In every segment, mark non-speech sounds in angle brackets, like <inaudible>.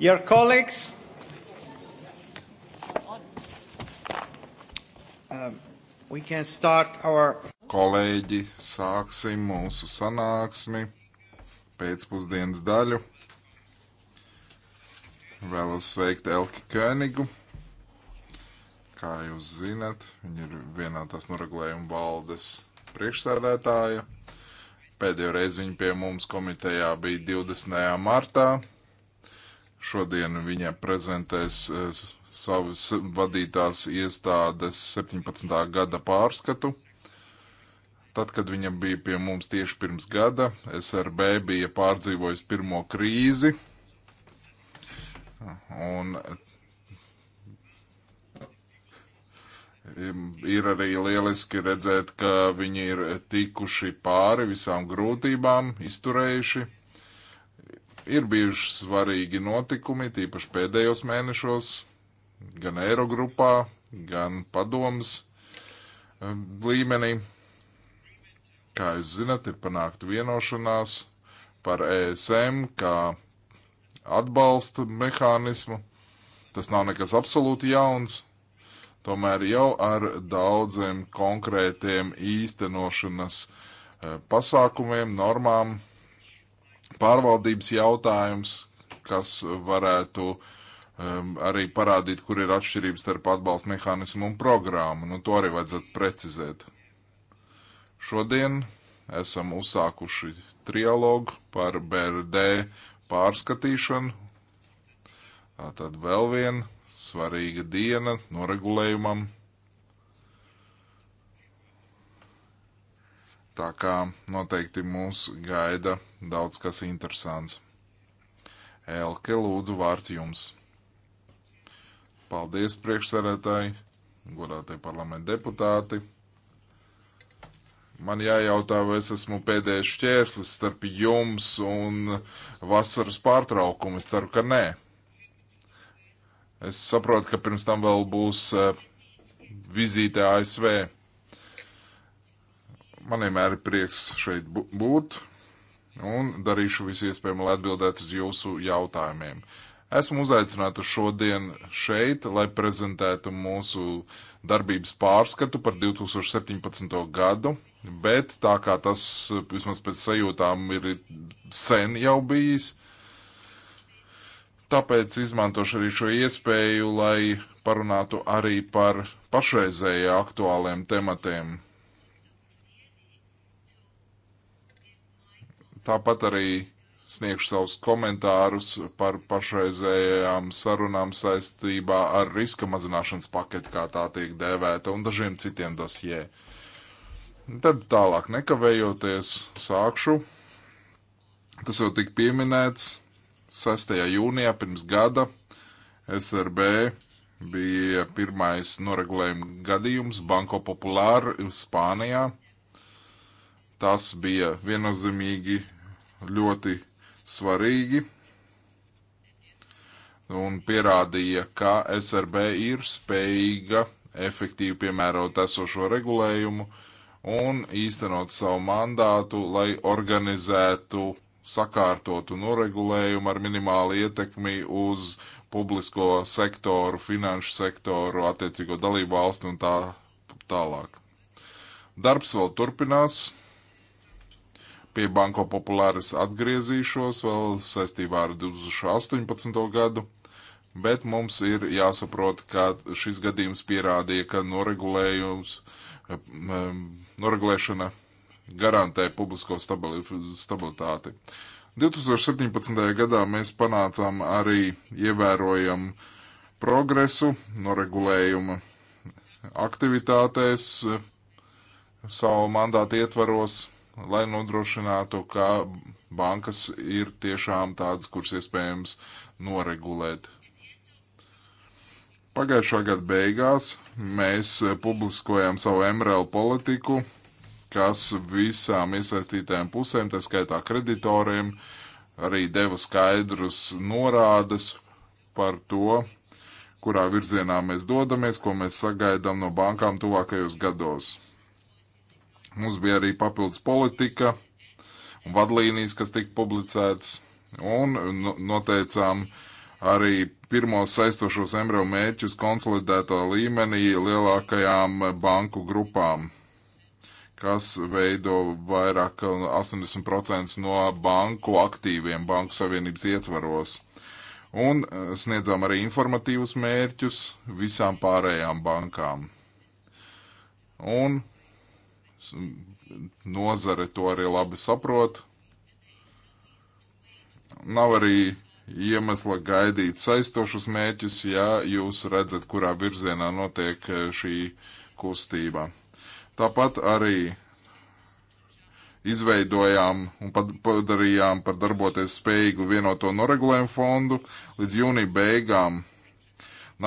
Your colleagues, um, we can start our. Kolēģi, sāksim mūsu sanāksmi pēcpusdienas daļu. Vēlos sveikt Elki Kēnigu. Kā jūs zinat, viņa ir vienā tās noregulējuma valdes priekšsēdētāja. Pēdējo reizi viņa pie mums komitejā bija 20. martā. Šodien viņa prezentēs eh, savas vadītās iestādes 17. gada pārskatu. Tad, kad viņa bija pie mums tieši pirms gada, SRB bija pārdzīvojis pirmo krīzi. Un ir arī lieliski redzēt, ka viņi ir tikuši pāri visām grūtībām, izturējuši. Ir bijuši svarīgi notikumi, tīpaši pēdējos mēnešos, gan Eirogrupā, gan padomas um, līmenī. Kā jūs zinat, ir panākta vienošanās par ESM kā atbalsta mehānismu. Tas nav nekas absolūti jauns, tomēr jau ar daudziem konkrētiem īstenošanas eh, pasākumiem, normām pārvaldības jautājums, kas varētu um, arī parādīt, kur ir atšķirības starp atbalsta mehānismu un programmu. Nu, to arī vajadzētu precizēt. Šodien esam uzsākuši trialogu par BRD pārskatīšanu. Tātad vēl viena svarīga diena noregulējumam. Tā kā noteikti mūs gaida daudz kas interesants. Elke, lūdzu, vārds jums. Paldies, priekšsarētāji, godātie parlamenta deputāti. Man jājautā, vai es esmu pēdējais šķērslis starp jums un vasaras pārtraukumu. Es ceru, ka nē. Es saprotu, ka pirms tam vēl būs eh, vizīte ASV. Man vienmēr ir prieks šeit būt un darīšu visu iespējamo, lai atbildētu uz jūsu jautājumiem. Esmu uzaicināta šodien šeit, lai prezentētu mūsu darbības pārskatu par 2017. gadu, bet tā kā tas vismaz pēc sajūtām ir sen jau bijis, tāpēc izmantošu arī šo iespēju, lai parunātu arī par pašreizēju aktuāliem tematiem Tāpat arī sniegšu savus komentārus par pašreizējām sarunām saistībā ar riska mazināšanas paketu, kā tā tiek dēvēta, un dažiem citiem dosjē. Tad tālāk nekavējoties sākšu. Tas jau tika pieminēts 6. jūnijā pirms gada SRB bija pirmais noregulējuma gadījums Banko Populāra Spānijā. Tas bija viennozīmīgi ļoti svarīgi un pierādīja, ka SRB ir spējīga efektīvi piemērot esošo regulējumu un īstenot savu mandātu, lai organizētu sakārtotu noregulējumu ar minimālu ietekmi uz publisko sektoru, finanšu sektoru, attiecīgo dalību valstu un tā tālāk. Darbs vēl turpinās. Pie Banko populāras atgriezīšos vēl saistībā ar 2018. gadu, bet mums ir jāsaprot, ka šis gadījums pierādīja, ka noregulējums, noregulēšana garantē publisko stabilitāti. 2017. gadā mēs panācām arī ievērojamu progresu noregulējuma aktivitātēs savu mandātu ietvaros lai nodrošinātu, ka bankas ir tiešām tādas, kuras iespējams noregulēt. Pagājušā gada beigās mēs publiskojām savu MRL politiku, kas visām iesaistītajām pusēm, tā skaitā kreditoriem, arī deva skaidrus norādes par to, kurā virzienā mēs dodamies, ko mēs sagaidām no bankām tuvākajos gados. Mums bija arī papildus politika un vadlīnijas, kas tika publicētas, un noteicām arī pirmos saistošos embriju mērķus konsolidēto līmenī lielākajām banku grupām, kas veido vairāk 80% no banku aktīviem Banku Savienības ietvaros. Un eh, sniedzām arī informatīvus mērķus visām pārējām bankām. Un nozare to arī labi saprot. Nav arī iemesla gaidīt saistošus mērķus, ja jūs redzat, kurā virzienā notiek e, šī kustība. Tāpat arī izveidojām un padarījām par darboties spējīgu vienoto noregulējumu fondu. Līdz jūnija beigām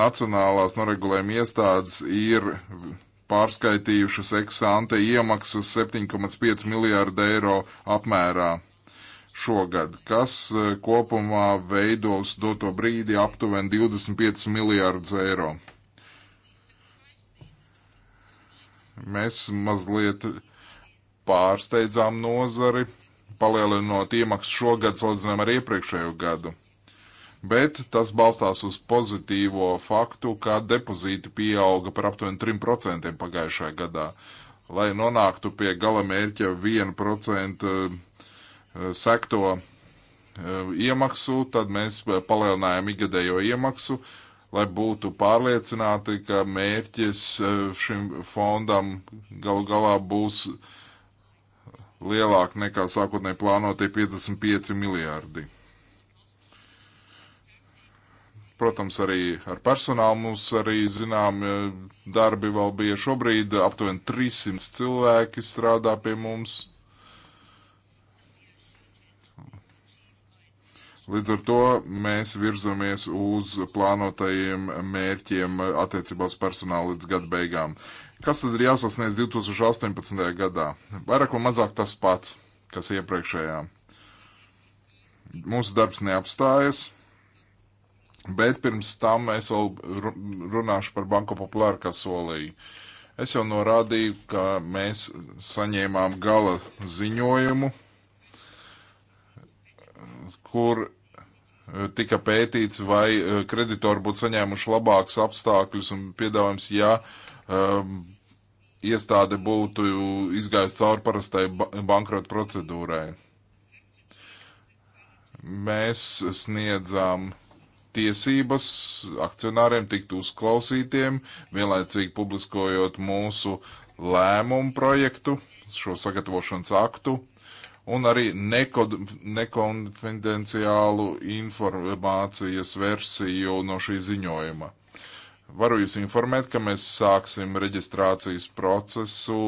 nacionālās noregulējuma iestādes ir pārskaitījušas eksante iemaksas 7,5 miljārdu eiro apmērā šogad, kas e, kopumā veidos doto brīdi aptuveni 25 miljārdus eiro. Mēs mazliet pārsteidzām nozari, palielinot iemaksas šogad salīdzinām ar iepriekšējo gadu bet tas balstās uz pozitīvo faktu, ka depozīti pieauga par aptuveni 3% pagājušajā gadā, lai nonāktu pie gala mērķa 1% eh, sekto eh, iemaksu, tad mēs eh, palielinājām igadējo iemaksu, lai būtu pārliecināti, ka mērķis šim fondam galu galā būs lielāk nekā sākotnēji plānotie 55 miljārdi. Protams, arī ar personālu mums arī, zinām, darbi vēl bija šobrīd. Aptuveni 300 cilvēki strādā pie mums. Līdz ar to mēs virzamies uz plānotajiem mērķiem attiecībā uz personālu līdz gada beigām. Kas tad ir jāsasniedz 2018. gadā? Vairāk vai mazāk tas pats, kas iepriekšējā. Mūsu darbs neapstājas Bet pirms tam es vēl runāšu par Banko Populāru, kā solīju. Es jau norādīju, ka mēs saņēmām gala ziņojumu, kur eh, tika pētīts, vai eh, kreditori būtu saņēmuši labākus apstākļus un piedāvājums, ja um, iestāde būtu izgājusi cauri parastai bankrota procedūrai. Mēs sniedzām tiesības akcionāriem tikt uzklausītiem, vienlaicīgi publiskojot mūsu lēmumu projektu, šo sagatavošanas aktu, un arī nekod, nekonfidenciālu informācijas versiju no šī ziņojuma. Varu jūs informēt, ka mēs sāksim reģistrācijas procesu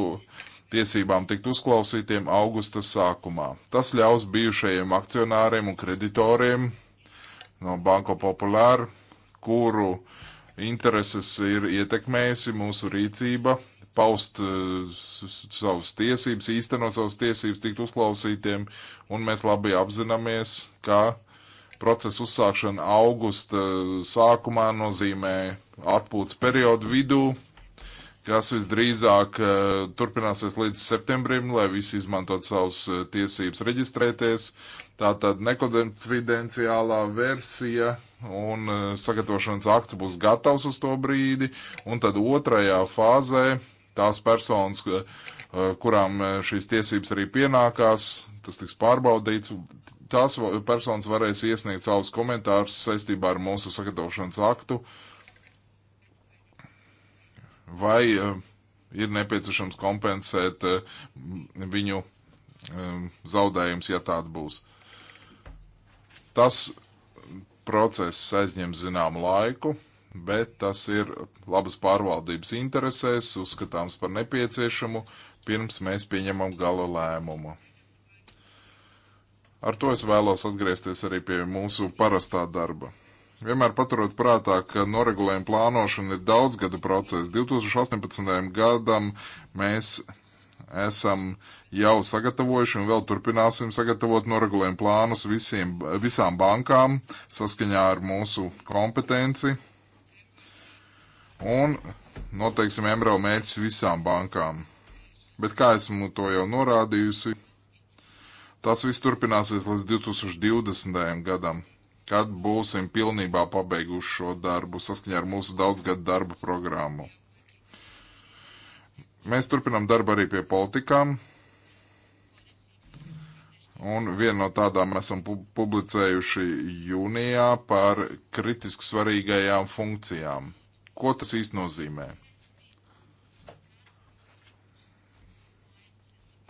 tiesībām tikt uzklausītiem augusta sākumā. Tas ļaus bijušajiem akcionāriem un kreditoriem no Banko Populāra, kuru intereses ir ietekmējusi mūsu rīcība, paust uh, savas tiesības, īstenot savas tiesības, tikt uzklausītiem, un mēs labi apzināmies, ka procesa uzsākšana augusta eh, sākumā nozīmē atpūtas periodu vidū, kas visdrīzāk uh, turpināsies līdz septembrim, lai visi izmantot savus tiesības reģistrēties, Tātad nekonfidenciālā versija un e, sagatavošanas akts būs gatavs uz to brīdi, un tad otrajā fāzē tās personas, e, e, kurām šīs tiesības arī pienākās, tas tiks pārbaudīts, tās personas varēs iesniegt savus komentārus saistībā ar mūsu sagatavošanas aktu, vai ir nepieciešams kompensēt viņu zaudējums, ja tāda būs. Tas process aizņem zināmu laiku, bet tas ir labas pārvaldības interesēs, uzskatāms par nepieciešamu, pirms mēs pieņemam gala lēmumu. Ar to es vēlos atgriezties arī pie mūsu parastā darba. Vienmēr paturot prātā, ka noregulējuma plānošana ir daudzgada process. 2018. gadam mēs esam jau sagatavojuši un vēl turpināsim sagatavot noregulējumu plānus visiem, visām bankām saskaņā ar mūsu kompetenci. Un noteiksim MRL mērķus visām bankām. Bet kā esmu to jau norādījusi, tas viss turpināsies līdz 2020. gadam, kad būsim pilnībā pabeiguši šo darbu saskaņā ar mūsu daudzgadu darba programmu. Mēs turpinām darbu arī pie politikām. Un vienu no tādām esam pu publicējuši jūnijā par kritiski svarīgajām funkcijām. Ko tas īsti nozīmē?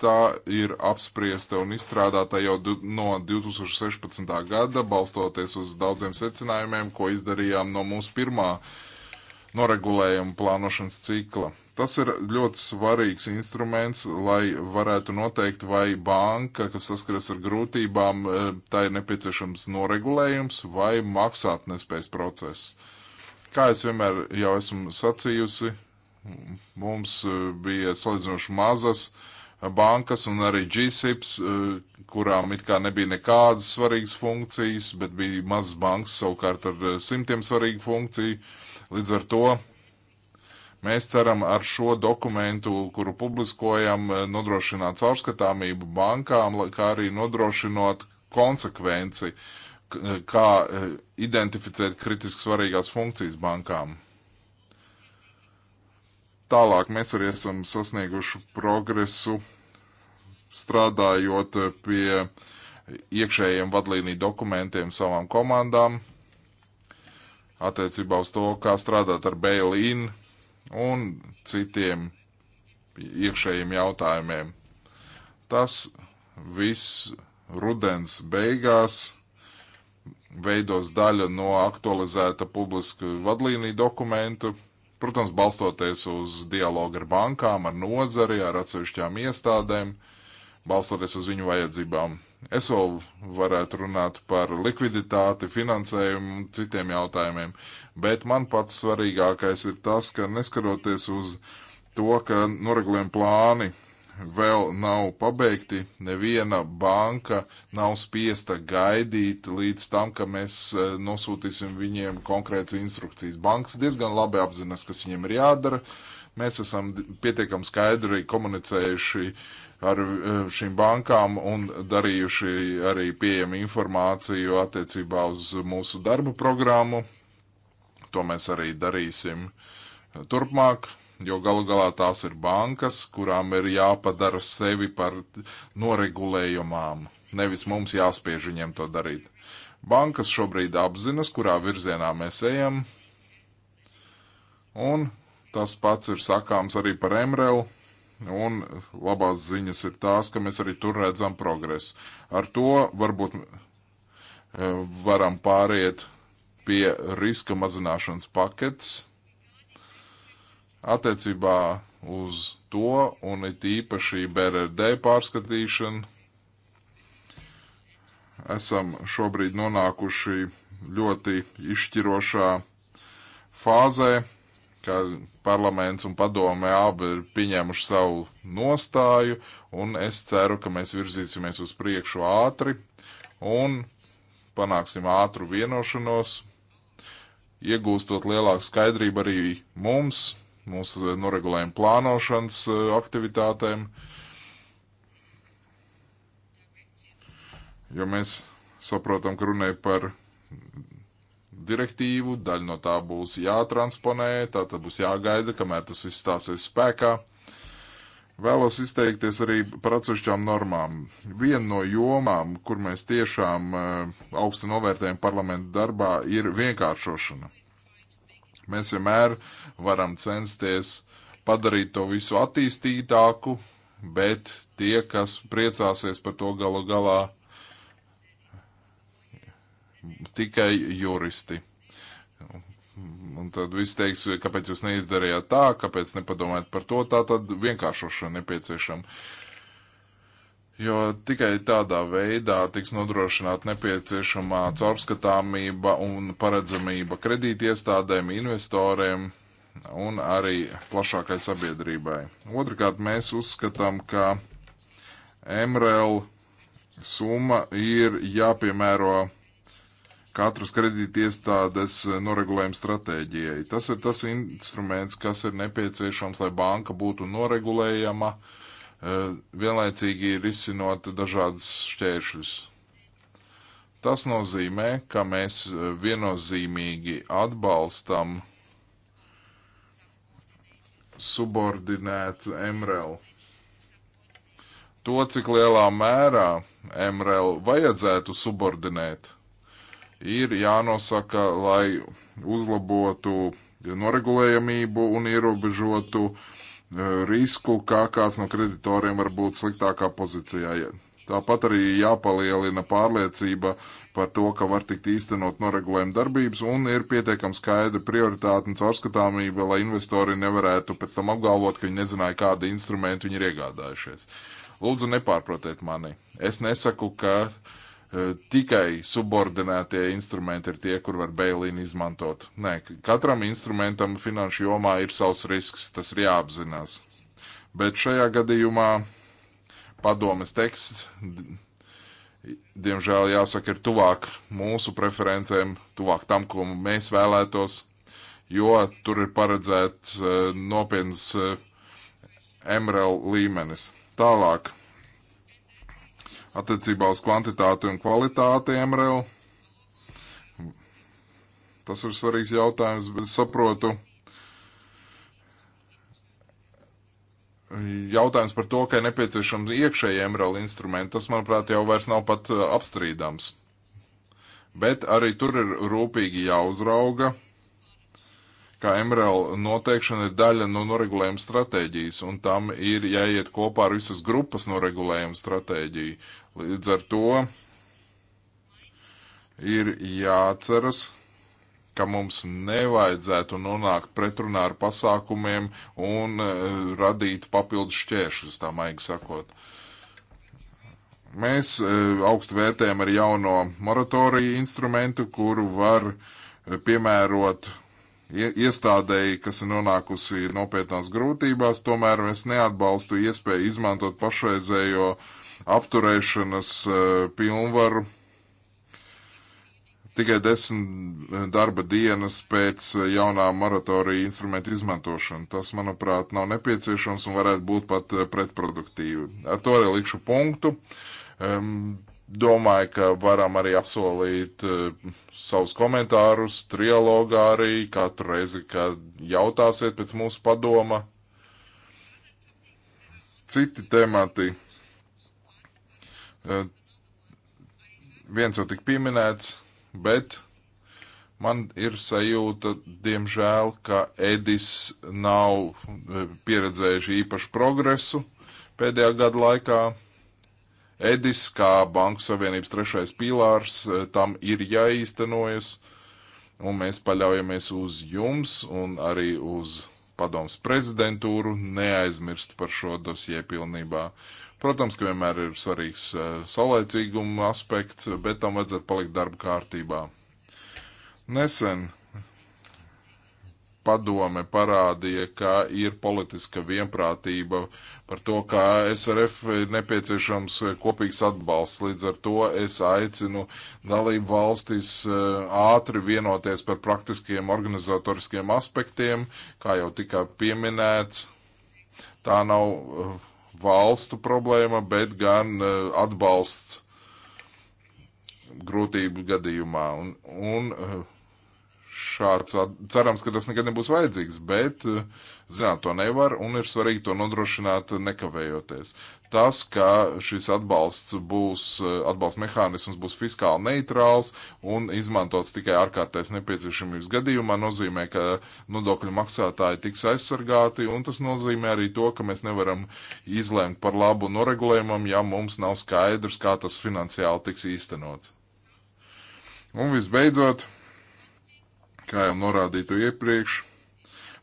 Tā ir apspriesta un izstrādāta jau no 2016. gada, balstoties uz daudziem secinājumiem, ko izdarījām no mūsu pirmā uh, noregulējuma plānošanas cikla. Tas ir ļoti svarīgs instruments, lai varētu noteikt, vai banka, kas saskaras ar grūtībām, eh, tā ir nepieciešams noregulējums vai maksātnespējas process. Kā es vienmēr jau esmu sacījusi, mums eh, bija salīdzinoši mazas eh, bankas un arī GSIPs, kurām it kā nebija nekādas svarīgas funkcijas, bet bija mazas bankas savukārt ar simtiem svarīgu funkciju Līdz ar to mēs ceram ar šo dokumentu, kuru publiskojam, nodrošināt caurskatāmību bankām, kā arī nodrošinot konsekvenci, kā e, identificēt kritiski svarīgās funkcijas bankām. Tālāk mēs arī esam sasnieguši progresu strādājot pie iekšējiem vadlīniju dokumentiem savām komandām attiecībā uz to, kā strādāt ar bail-in un citiem iekšējiem jautājumiem. Tas viss rudens beigās veidos daļa no aktualizēta publiska vadlīnija dokumenta, protams, balstoties uz dialogu ar bankām, ar nozari, ar atsevišķām iestādēm, balstoties uz viņu vajadzībām. Es vēl varētu runāt par likviditāti, finansējumu un citiem jautājumiem, bet man pats svarīgākais ir tas, ka neskaroties uz to, ka noregulējuma plāni vēl nav pabeigti, neviena banka nav spiesta gaidīt līdz tam, ka mēs e, nosūtīsim viņiem konkrētas instrukcijas. Bankas diezgan labi apzinās, kas viņiem ir jādara. Mēs esam pietiekami skaidri komunicējuši uh, ar eh, šīm bankām un darījuši arī pieejamu informāciju attiecībā uz mūsu darba programmu. To mēs arī darīsim eh, turpmāk, jo galu galā tās ir bankas, kurām ir jāpadara sevi par noregulējumām. Nevis mums jāspiež viņiem to darīt. Bankas šobrīd apzinas, kurā virzienā mēs ejam, un tas pats ir sakāms arī par Emrelu Un labās ziņas ir tās, ka mēs arī tur redzam progresu. Ar to varbūt eh, varam pāriet pie riska mazināšanas paketes attiecībā uz to un it īpaši BRD pārskatīšanu. Esam šobrīd nonākuši ļoti izšķirošā fāzē, ka parlaments un padome abi ir pieņēmuši savu nostāju, un es ceru, ka mēs virzīsimies uz priekšu ātri un panāksim ātru vienošanos, iegūstot lielāku skaidrību arī mums, mūsu noregulējumu plānošanas e, aktivitātēm, jo mēs saprotam, ka runē par direktīvu, daļa no tā būs jātransponē, tā tad būs jāgaida, kamēr tas viss stāsies spēkā. Vēlos izteikties arī par atsevišķām normām. Viena no jomām, kur mēs tiešām eh, augstu novērtējam parlamentu darbā, ir vienkāršošana. Mēs vienmēr varam censties padarīt to visu attīstītāku, bet tie, kas priecāsies par to galu galā, tikai juristi. Un tad viss teiks, kāpēc jūs neizdarījāt tā, kāpēc nepadomājat par to, tā tad vienkāršošana nepieciešama. Jo tikai tādā veidā tiks nodrošināta nepieciešamā caurskatāmība un paredzamība kredītiestādēm, investoriem un arī plašākai sabiedrībai. Otrakārt, mēs uzskatām, ka MRL summa ir jāpiemēro katras kredītiestādes noregulējuma stratēģijai. Tas ir tas instruments, kas ir nepieciešams, lai banka būtu noregulējama, e, vienlaicīgi risinot dažādas šķēršļus. Tas nozīmē, ka mēs viennozīmīgi atbalstam subordinētu MRL. To, cik lielā mērā MRL vajadzētu subordinēt, ir jānosaka, lai uzlabotu noregulējamību un ierobežotu e, risku, kā kāds no kreditoriem var būt sliktākā pozīcijā. Tāpat arī jāpalielina pārliecība par to, ka var tikt īstenot noregulējuma darbības un ir pietiekami skaidra prioritāte un caurskatāmība, lai investori nevarētu pēc tam apgalvot, ka viņi nezināja, kādi instrumenti viņi ir iegādājušies. Lūdzu, nepārprotiet mani. Es nesaku, ka uh, tikai subordinētie instrumenti ir tie, kur var bailīnu izmantot. Nē, katram instrumentam finanšu jomā ir savs risks, tas ir jāapzinās. Bet šajā gadījumā padomes teksts, diemžēl jāsaka, ir tuvāk mūsu preferencēm, tuvāk tam, ko mēs vēlētos, jo tur ir paredzēts nopietns MRL līmenis. Tālāk attiecībā uz kvantitāti un kvalitāti MRL. Tas ir svarīgs jautājums, bet saprotu. Jautājums par to, ka ir nepieciešams iekšēji MRL instrumenti, tas, manuprāt, jau vairs nav pat apstrīdams. Bet arī tur ir rūpīgi jāuzrauga, ka MRL noteikšana ir daļa no noregulējuma stratēģijas, un tam ir jāiet kopā ar visas grupas noregulējuma stratēģiju, Līdz ar to ir jāatceras, ka mums nevajadzētu nonākt pretrunā ar pasākumiem un e, radīt papildus šķēršļus, tā maigi sakot. Mēs e, augstu vērtējam ar jauno moratoriju instrumentu, kuru var e, piemērot iestādēji, kas ir nonākusi nopietnās grūtībās, tomēr es neatbalstu iespēju izmantot pašreizējo uh, apturēšanas e, pilnvaru tikai desmit darba dienas pēc jaunā moratorija instrumenta izmantošana. Tas, manuprāt, nav nepieciešams un varētu būt pat e, pretproduktīvi. Ar to arī likšu punktu. Um, domāju, ka varam arī apsolīt uh, savus komentārus, trialogā arī katru reizi, kad jautāsiet pēc mūsu padoma. Citi temati Eh, viens jau tik pieminēts, bet man ir sajūta, diemžēl, ka Edis nav eh, pieredzējuši īpašu progresu pēdējā gada laikā. Edis, kā Banku Savienības trešais pīlārs, eh, tam ir jāīstenojas, un mēs paļaujamies uz jums un arī uz padoms prezidentūru neaizmirst par šo dosie pilnībā. Uh, Protams, ka vienmēr ir svarīgs saulēcīguma aspekts, bet tam vajadzētu palikt darba kārtībā. Nesen padome parādīja, ka ir politiska vienprātība par to, ka SRF ir nepieciešams kopīgs atbalsts. Līdz ar to es aicinu dalību valstis ātri vienoties par praktiskiem organizatoriskiem aspektiem, kā jau tika pieminēts. Tā nav valstu problēma, bet gan e, atbalsts grūtību gadījumā. Un, un e, šāds, cerams, ka tas nekad nebūs vajadzīgs, bet eh, zināt, to nevar un ir svarīgi to nodrošināt nekavējoties. Tas, ka šis atbalsts būs, eh, atbalsts mehānisms būs fiskāli neitrāls un izmantots tikai ārkārtais nepieciešamības gadījumā, nozīmē, ka nodokļu maksātāji tiks aizsargāti un tas nozīmē arī to, ka mēs nevaram izlēmt par labu noregulējumam, ja mums nav skaidrs, kā tas finansiāli tiks īstenots. Un visbeidzot, Kā jau norādītu iepriekš,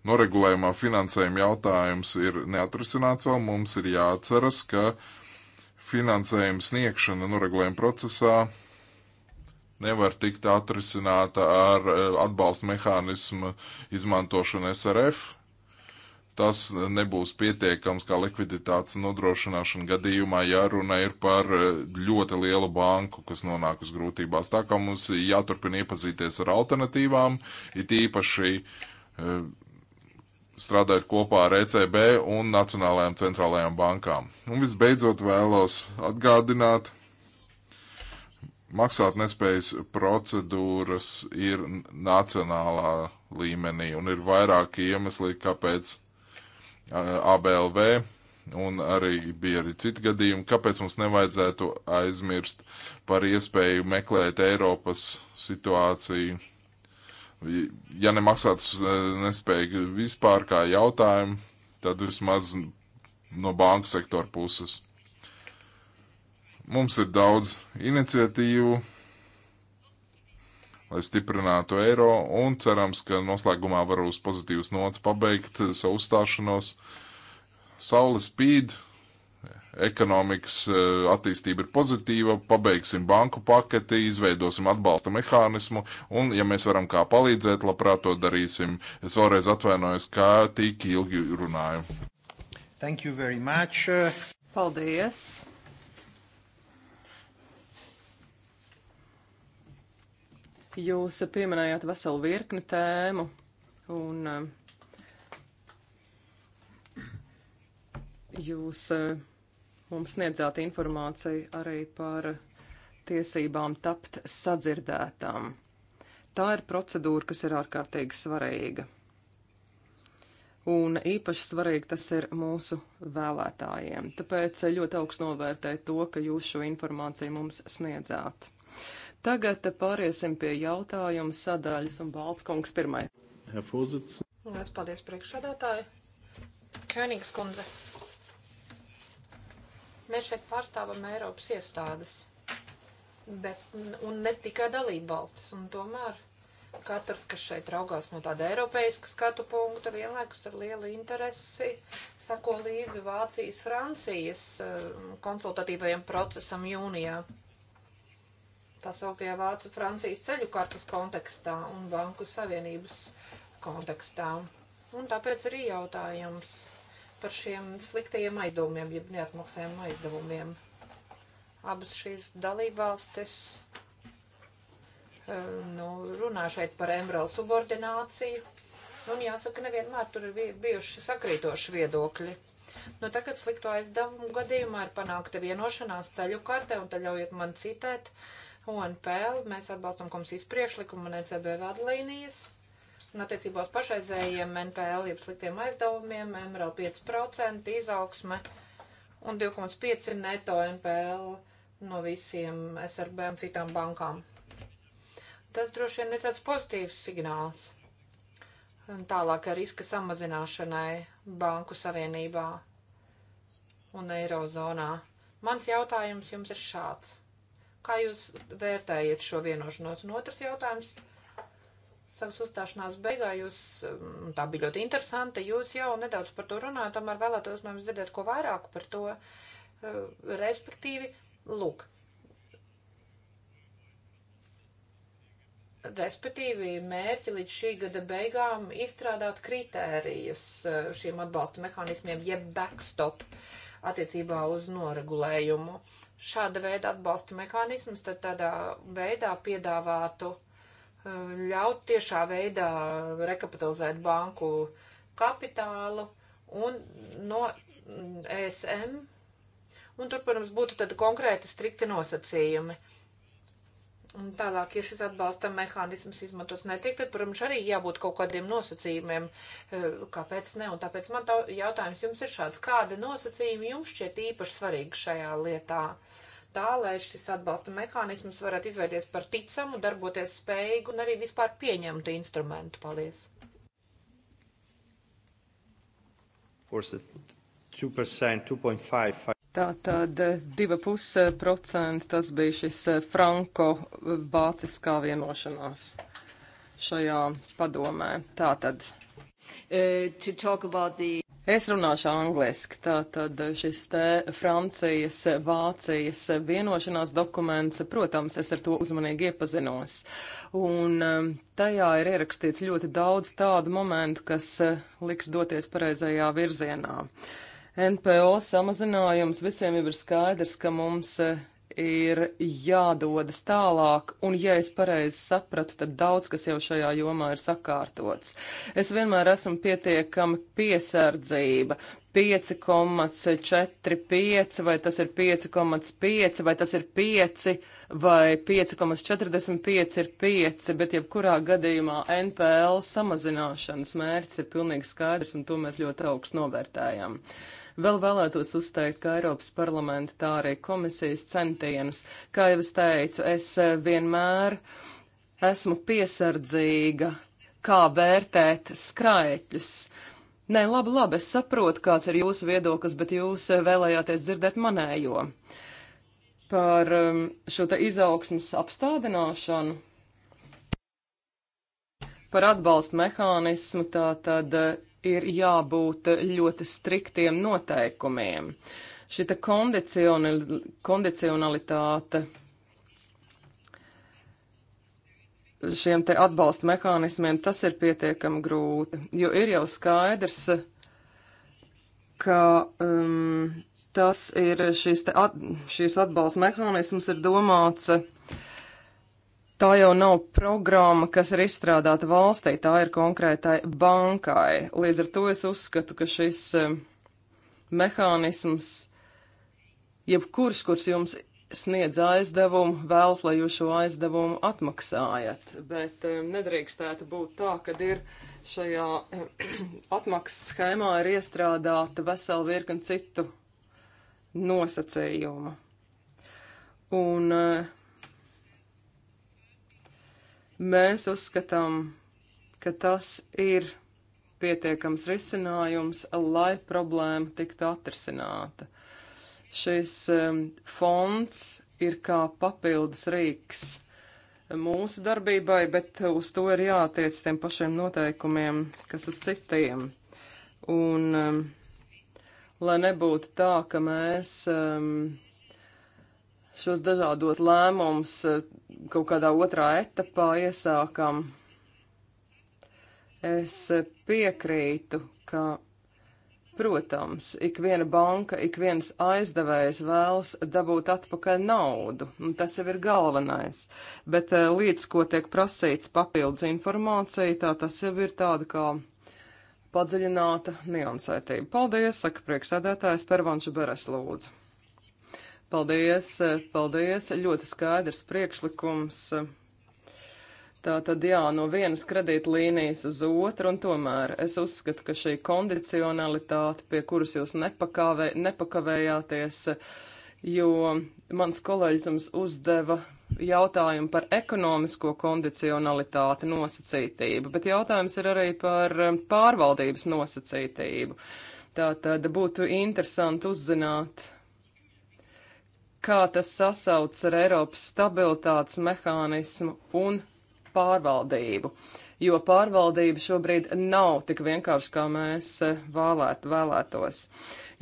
noregulējumā finansējuma jautājums ir neatrisināts vēl. Mums ir jāatceras, ka finansējuma sniegšana noregulējuma procesā nevar tikt atrisināta ar eh, atbalsta mehānismu izmantošanu SRF, tas nebūs pietiekams kā likviditātes nodrošināšana gadījumā, ja runa ir par eh, ļoti lielu banku, kas nonāk uz grūtībās. Tā kā mums jāturpina iepazīties ar alternatīvām, it īpaši eh, strādājot kopā ar ECB un Nacionālajām centrālajām bankām. Un visbeidzot vēlos atgādināt, maksātnespējas procedūras ir nacionālā līmenī un ir vairāki iemesli, kāpēc ABLV, un arī bija arī citi gadījumi, kāpēc mums nevajadzētu aizmirst par iespēju meklēt Eiropas situāciju. Ja nemaksāts nespēja vispār kā jautājumu, tad vismaz no banku sektora puses. Mums ir daudz iniciatīvu, lai stiprinātu eiro un cerams, ka noslēgumā var uz pozitīvas nots pabeigt savu uzstāšanos. Saule spīd, ekonomikas e, attīstība ir pozitīva, pabeigsim banku paketi, izveidosim atbalsta mehānismu un, ja mēs varam kā palīdzēt, labprāt to darīsim. Es vēlreiz atvainojos, kā tik ilgi runāju. Thank you very much. Paldies. Jūs pieminējāt veselu virkni tēmu, un eh, jūs eh, mums sniedzāt informāciju arī par tiesībām tapt sadzirdētām. Tā ir procedūra, kas ir ārkārtīgi svarīga. Un īpaši svarīgi tas ir mūsu vēlētājiem. Tāpēc ļoti augstu novērtēju to, ka jūs šo informāciju mums sniedzāt. Tagad pāriesim pie jautājumu sadaļas un Baltskungs pirmai. Lielas paldies priekšsādātāju. Čēnīgs kundze. Mēs šeit pārstāvam Eiropas iestādes, bet, un ne tikai dalību valstis, un tomēr katrs, kas šeit raugās no tāda eiropeiska skatu punkta, vienlaikus ar lielu interesi sako līdzi Vācijas, Francijas eh, konsultatīvajam procesam jūnijā tā sauktajā Vācu Francijas ceļu kartas kontekstā un Banku Savienības kontekstā. Un tāpēc arī jautājums par šiem sliktajiem aizdevumiem, jeb neatmaksājumiem aizdevumiem. Abas šīs dalībvalstis eh, nu, runā šeit par embrālu subordināciju. Un jāsaka, nevienmēr tur ir bijuši sakrītoši viedokļi. Nu, tagad slikto aizdevumu gadījumā ir panākta vienošanās ceļu kartē, un te ļaujiet man citēt ONPL mēs atbalstam komisijas priekšlikumu un ECB vadlīnijas. Un attiecībā uz pašreizējiem NPL jeb sliktiem aizdevumiem MRL 5% izaugsme un 2,5 neto NPL no visiem SRB un citām bankām. Tas droši vien ir tāds pozitīvs signāls. Un tālāk ar riska samazināšanai Banku Savienībā un Eirozonā. Mans jautājums jums ir šāds. Kā jūs vērtējat šo vienošanos? Un otrs jautājums savas uzstāšanās beigā jūs, mm, tā bija ļoti interesanti, jūs jau nedaudz par to runājat, tomēr vēlētos no jums dzirdēt ko vairāk par to, eh, respektīvi, lūk. Respektīvi, mērķi līdz šī gada beigām izstrādāt kritērijus eh, šiem atbalsta mehānismiem, jeb backstop attiecībā uz noregulējumu. Uh, šāda veida atbalsta mehānismus, tad tādā veidā piedāvātu uh, ļaut tiešā veidā rekapitalizēt banku kapitālu un no ESM. Mm, e un tur, protams, būtu tad konkrēti strikti nosacījumi. Uh, Un tālāk, ja šis atbalsta mehānisms izmantos netiek, tad, protams, arī jābūt kaut kādiem nosacījumiem, e, kāpēc ne. Un tāpēc man tā jautājums jums ir šāds, kādi nosacījumi jums šķiet īpaši svarīgi šajā lietā? Tā, lai šis atbalsta mehānisms varētu izveidies par ticamu, darboties spējīgu un arī vispār pieņemtu instrumentu. Paldies! Of course, 2%, 2.5, Tātad 2,5% eh, tas bija šis eh, franko-vāciskā eh, vienošanās šajā padomē. Tātad. Uh, the... Es runāšu angliski. Tātad šis te Francijas, Vācijas vienošanās dokuments, protams, es ar to uzmanīgi iepazinos. Un tajā ir ierakstīts ļoti daudz tādu momentu, kas liks doties pareizajā virzienā. Uh, NPO samazinājums visiem jau ir skaidrs, ka mums eh, ir jādodas tālāk, un, ja es pareizi sapratu, tad daudz kas jau šajā jomā ir sakārtots. Es vienmēr esmu pietiekami piesardzība. 5,45 vai tas ir 5,5 vai tas ir 5 vai 5,45 ir 5, bet jebkurā gadījumā NPL samazināšanas mērķis ir pilnīgi skaidrs un to mēs ļoti augstu novērtējam. Uh, Vēl vēlētos uzteikt, ka Eiropas parlamenta tā arī komisijas centienus. Kā jau es teicu, es eh, vienmēr esmu piesardzīga, kā vērtēt skaitļus. Nē, labi, labi, es saprotu, kāds ir jūsu viedoklis, bet jūs eh, vēlējāties dzirdēt manējo par um, šo te izaugsmas apstādināšanu, par atbalstu mehānismu, tā tad eh, ir jābūt ļoti striktiem noteikumiem. Šita kondicionalitāte šiem te atbalsta mehānismiem, tas ir pietiekami grūti, jo ir jau skaidrs, ka um, tas ir šīs, te at, šīs atbalsta mehānisms ir domāts uh, Tā jau nav programma, kas ir izstrādāta valstī, tā ir konkrētai bankai. Līdz ar to es uzskatu, ka šis eh, mehānisms, jebkurš, kurš jums sniedz aizdevumu, vēlas, lai jūs šo aizdevumu atmaksājat. Bet um, nedrīkstētu būt tā, ka ir šajā eh, <clears throat> atmaksas schēmā ir iestrādāta vesela virkni citu nosacījumu. Un uh, Mēs uzskatām, ka tas ir pietiekams risinājums, lai problēma tiktu atrisināta. Šis um, fonds ir kā papildus rīks mūsu darbībai, bet uz to ir jātiec tiem pašiem noteikumiem, kas uz citiem. Un, um, lai nebūtu tā, ka mēs um, šos dažādos lēmumus eh, kaut kādā otrā etapā iesākam. Es eh, piekrītu, ka, protams, ik viena banka, ik viens aizdevējs vēlas dabūt atpakaļ naudu, un tas jau ir galvenais. Bet eh, līdz ko tiek prasīts papildus informācija, tā tas jau ir tāda kā padziļināta niansētība. Paldies, saka priekšsēdētājs Pervanša Beres lūdzu. Paldies, paldies, ļoti skaidrs priekšlikums. Tā tad jā, no vienas kredītlīnijas uz otru, un tomēr es uzskatu, ka šī kondicionalitāte, pie kuras jūs nepakavē, nepakavējāties, jo mans kolēģis jums uzdeva jautājumu par ekonomisko kondicionalitāti nosacītību, bet jautājums ir arī par um, pārvaldības nosacītību. Tā tad būtu interesanti uzzināt kā tas sasauc ar Eiropas stabilitātes mehānismu un pārvaldību, jo pārvaldība šobrīd nav tik vienkārši, kā mēs eh, vēlēt, vēlētos.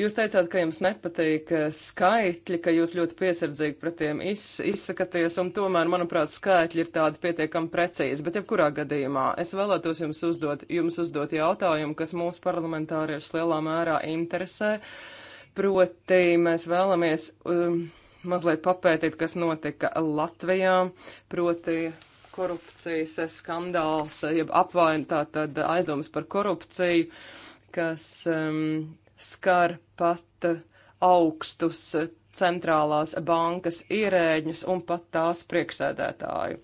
Jūs teicāt, ka jums nepatīk eh, skaitļi, ka jūs ļoti piesardzīgi pret tiem iz, izsakaties, un tomēr, manuprāt, skaitļi ir tādi pietiekami precīzi, bet jebkurā gadījumā es vēlētos jums uzdot, jums uzdot jautājumu, kas mūsu parlamentāriešus lielā mērā interesē, proti mēs vēlamies. Um, mazliet papētīt, kas notika Latvijā, proti korupcijas skandāls, jeb apvain tā tad aizdomas par korupciju, kas um, skar pat augstus centrālās bankas ierēģis un pat tās priekšsēdētāju.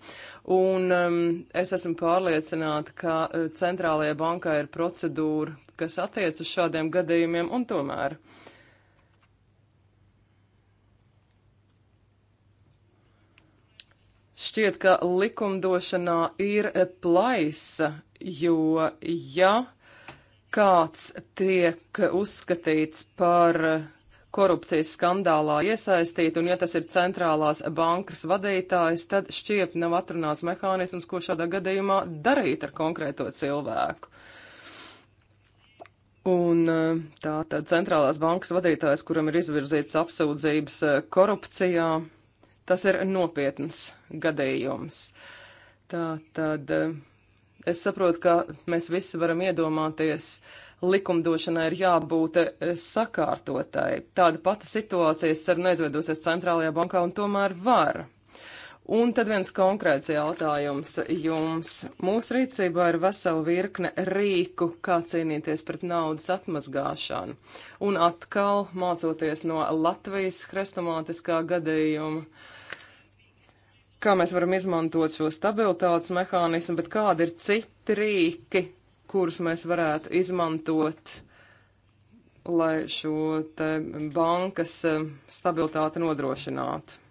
Un um, es esmu pārliecināta, ka uh, centrālajai bankai ir procedūra, kas attiec uz šādiem gadījumiem, un tomēr uh, Šķiet, ka likumdošanā ir plaisa, jo ja kāds tiek uzskatīts par korupcijas skandālā iesaistīti, un ja tas ir centrālās bankas vadītājs, tad šķiet nav atrunāts mehānisms, ko šādā gadījumā darīt ar konkrēto cilvēku. Un eh, tā tad centrālās bankas vadītājs, kuram ir izvirzīts apsūdzības eh, korupcijā, Tas ir nopietns gadījums. Tā tad eh, es saprotu, ka mēs visi varam iedomāties, likumdošanai ir jābūt eh, sakārtotai. Tāda pati situācija, es ceru, neizveidosies centrālajā bankā un tomēr var. Un tad viens konkrēts jautājums jums. Mūsu rīcībā ir vesela virkne rīku, kā cīnīties pret naudas atmazgāšanu. Un atkal, mācoties no Latvijas hrestomātiskā gadījuma, kā mēs varam izmantot šo stabilitātes mehānismu, bet kādi ir citi rīki, kurus mēs varētu izmantot, lai šo te bankas eh, stabilitāti nodrošinātu.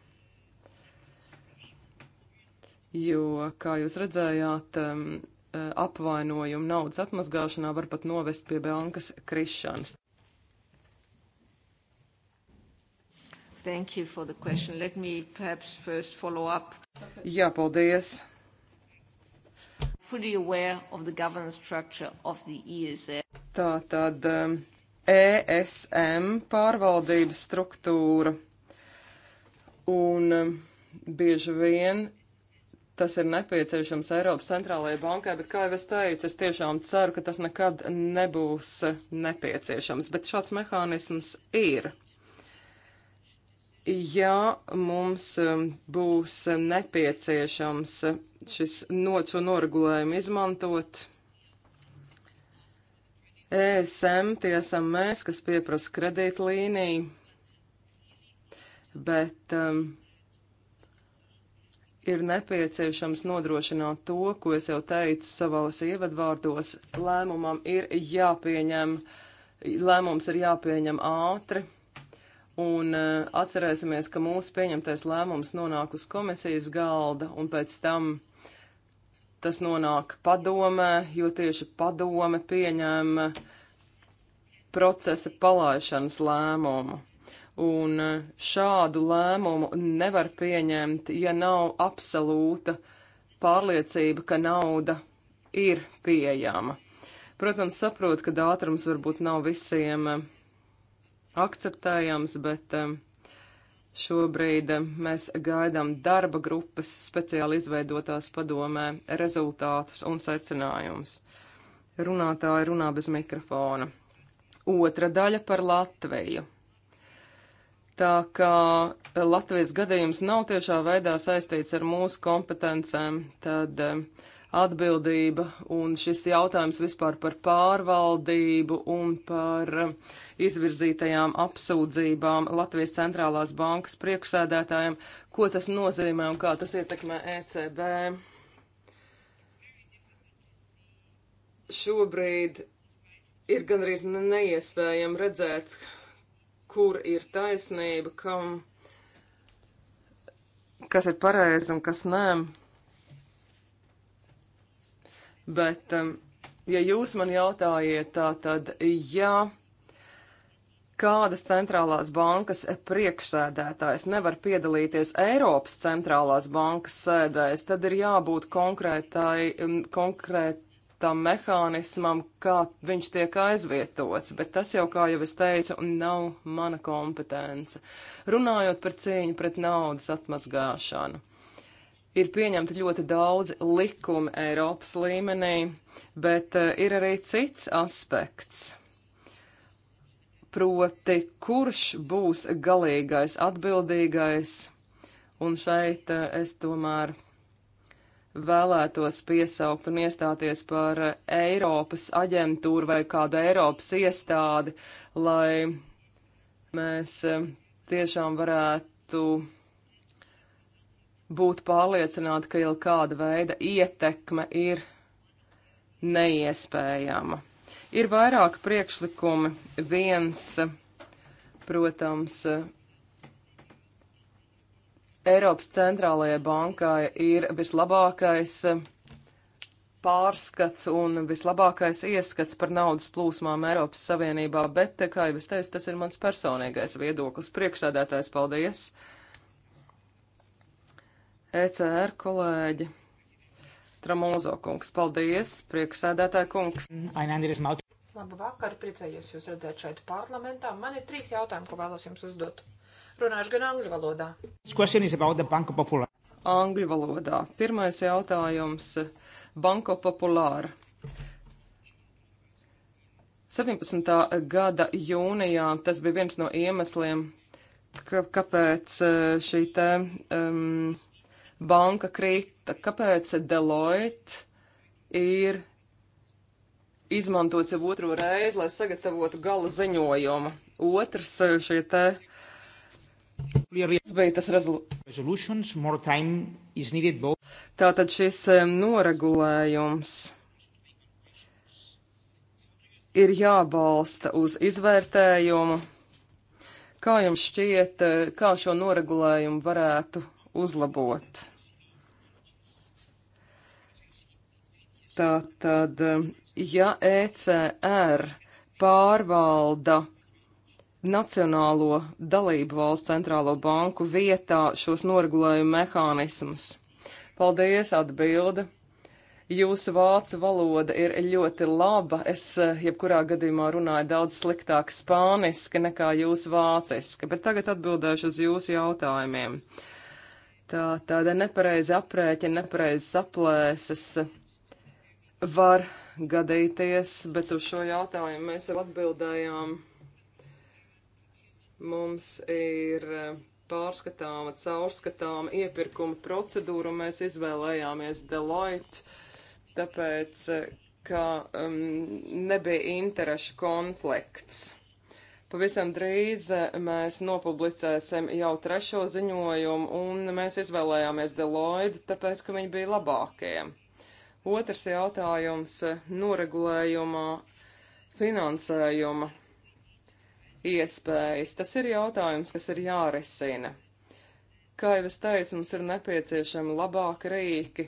Jo, kā jūs redzējāt, eh, apvainojumu naudas atmazgāšanā var pat novest pie bankas krišanas. Thank you for the question. Let me perhaps first follow up. Jā, paldies. Fully aware of the governance structure of the ESM. Tā tad um, ESM pārvaldības struktūra un um, bieži vien tas ir nepieciešams Eiropas centrālajai bankai, bet kā jau es teicu, es tiešām ceru, ka tas nekad nebūs nepieciešams, bet šāds mehānisms ir ja mums um, būs nepieciešams šis noču noregulējumu izmantot, ESM tie esam mēs, kas pieprasa kredītlīniju, bet um, ir nepieciešams nodrošināt to, ko es jau teicu savos ievadvārdos, lēmumam ir jāpieņem, lēmums ir jāpieņem ātri Un uh, atcerēsimies, ka mūsu pieņemtais lēmums nonāk uz komisijas galda, un pēc tam tas nonāk padomē, jo tieši padome pieņem procesa palaišanas lēmumu. Un uh, šādu lēmumu nevar pieņemt, ja nav absolūta pārliecība, ka nauda ir pieejama. Protams, saprotu, ka dātrums varbūt nav visiem uh, akceptējams, bet um, šobrīd um, mēs gaidām darba grupas speciāli izveidotās padomē rezultātus un secinājumus. Runātāji runā bez mikrofona. Otra daļa par Latviju. Tā kā eh, Latvijas gadījums nav tiešā veidā saistīts ar mūsu kompetencēm, tad eh, atbildība un šis jautājums vispār par pārvaldību un par izvirzītajām apsūdzībām Latvijas centrālās bankas priekšsēdētājiem, ko tas nozīmē un kā tas ietekmē ECB. Šobrīd ir gandrīz neiespējami redzēt, kur ir taisnība, kam, kas ir pareizi un kas nē. Bet, um, ja jūs man jautājiet, tā tad, ja kādas centrālās bankas priekšsēdētājs nevar piedalīties Eiropas centrālās bankas sēdēs, tad ir jābūt konkrētai, um, konkrētam mehānismam, kā viņš tiek aizvietots, bet tas jau, kā jau es teicu, nav mana kompetence. Runājot par cīņu pret naudas atmazgāšanu ir pieņemti ļoti daudz likumu Eiropas līmenī, bet eh, ir arī cits aspekts. Proti, kurš būs galīgais atbildīgais, un šeit eh, es tomēr vēlētos piesaukt un iestāties par eh, Eiropas aģentūru vai kādu Eiropas iestādi, lai mēs tiešām varētu būt pārliecināti, ka jau kāda veida ietekme ir neiespējama. Ir vairāk priekšlikumi. Viens, protams, Eiropas centrālajai bankai ir vislabākais pārskats un vislabākais ieskats par naudas plūsmām Eiropas Savienībā, bet, kā jau es teicu, tas ir mans personīgais viedoklis. Priekšsēdētājs, paldies! ECR kolēģi. Tramūzo kungs, paldies, priekšsēdētāja kungs. Labu vakaru, priecājos jūs redzēt šeit parlamentā. Man ir trīs jautājumi, ko vēlos jums uzdot. Runāšu gan angļu valodā. Angļu valodā. Pirmais jautājums - Banko populāra. 17. gada jūnijā tas bija viens no iemesliem, ka, kāpēc eh, šī te. Um, banka krita, kāpēc Deloitte ir izmantots jau otro reizi, lai sagatavotu gala ziņojumu. Otrs eh, šie te. Tātad šis eh, noregulējums ir jābalsta uz izvērtējumu. Kā jums šķiet, eh, kā šo noregulējumu varētu uzlabot. Tātad, ja ECR pārvalda Nacionālo dalību valsts centrālo banku vietā šos noregulējumu mehānismus. Paldies, atbilde! Jūsu vācu valoda ir ļoti laba. Es eh, jebkurā gadījumā runāju daudz sliktāk spāniski nekā jūsu vāciski, bet tagad atbildēšu uz jūsu jautājumiem. Uh, Tā tāda nepareiza aprēķina, nepareizas aplēses var gadīties, bet uz šo jautājumu mēs jau atbildējām. Mums ir pārskatāma, caurskatāma iepirkuma procedūra, un mēs izvēlējāmies Deloitte, tāpēc, ka um, nebija interešu konflikts. Pavisam drīz eh, mēs nopublicēsim jau trešo ziņojumu, un mēs izvēlējāmies Deloitte, tāpēc, ka viņi bija labākie. Otrs jautājums - noregulējuma finansējuma iespējas. Tas ir jautājums, kas ir jārisina. Kā jau es teicu, mums ir nepieciešami labāki rīki,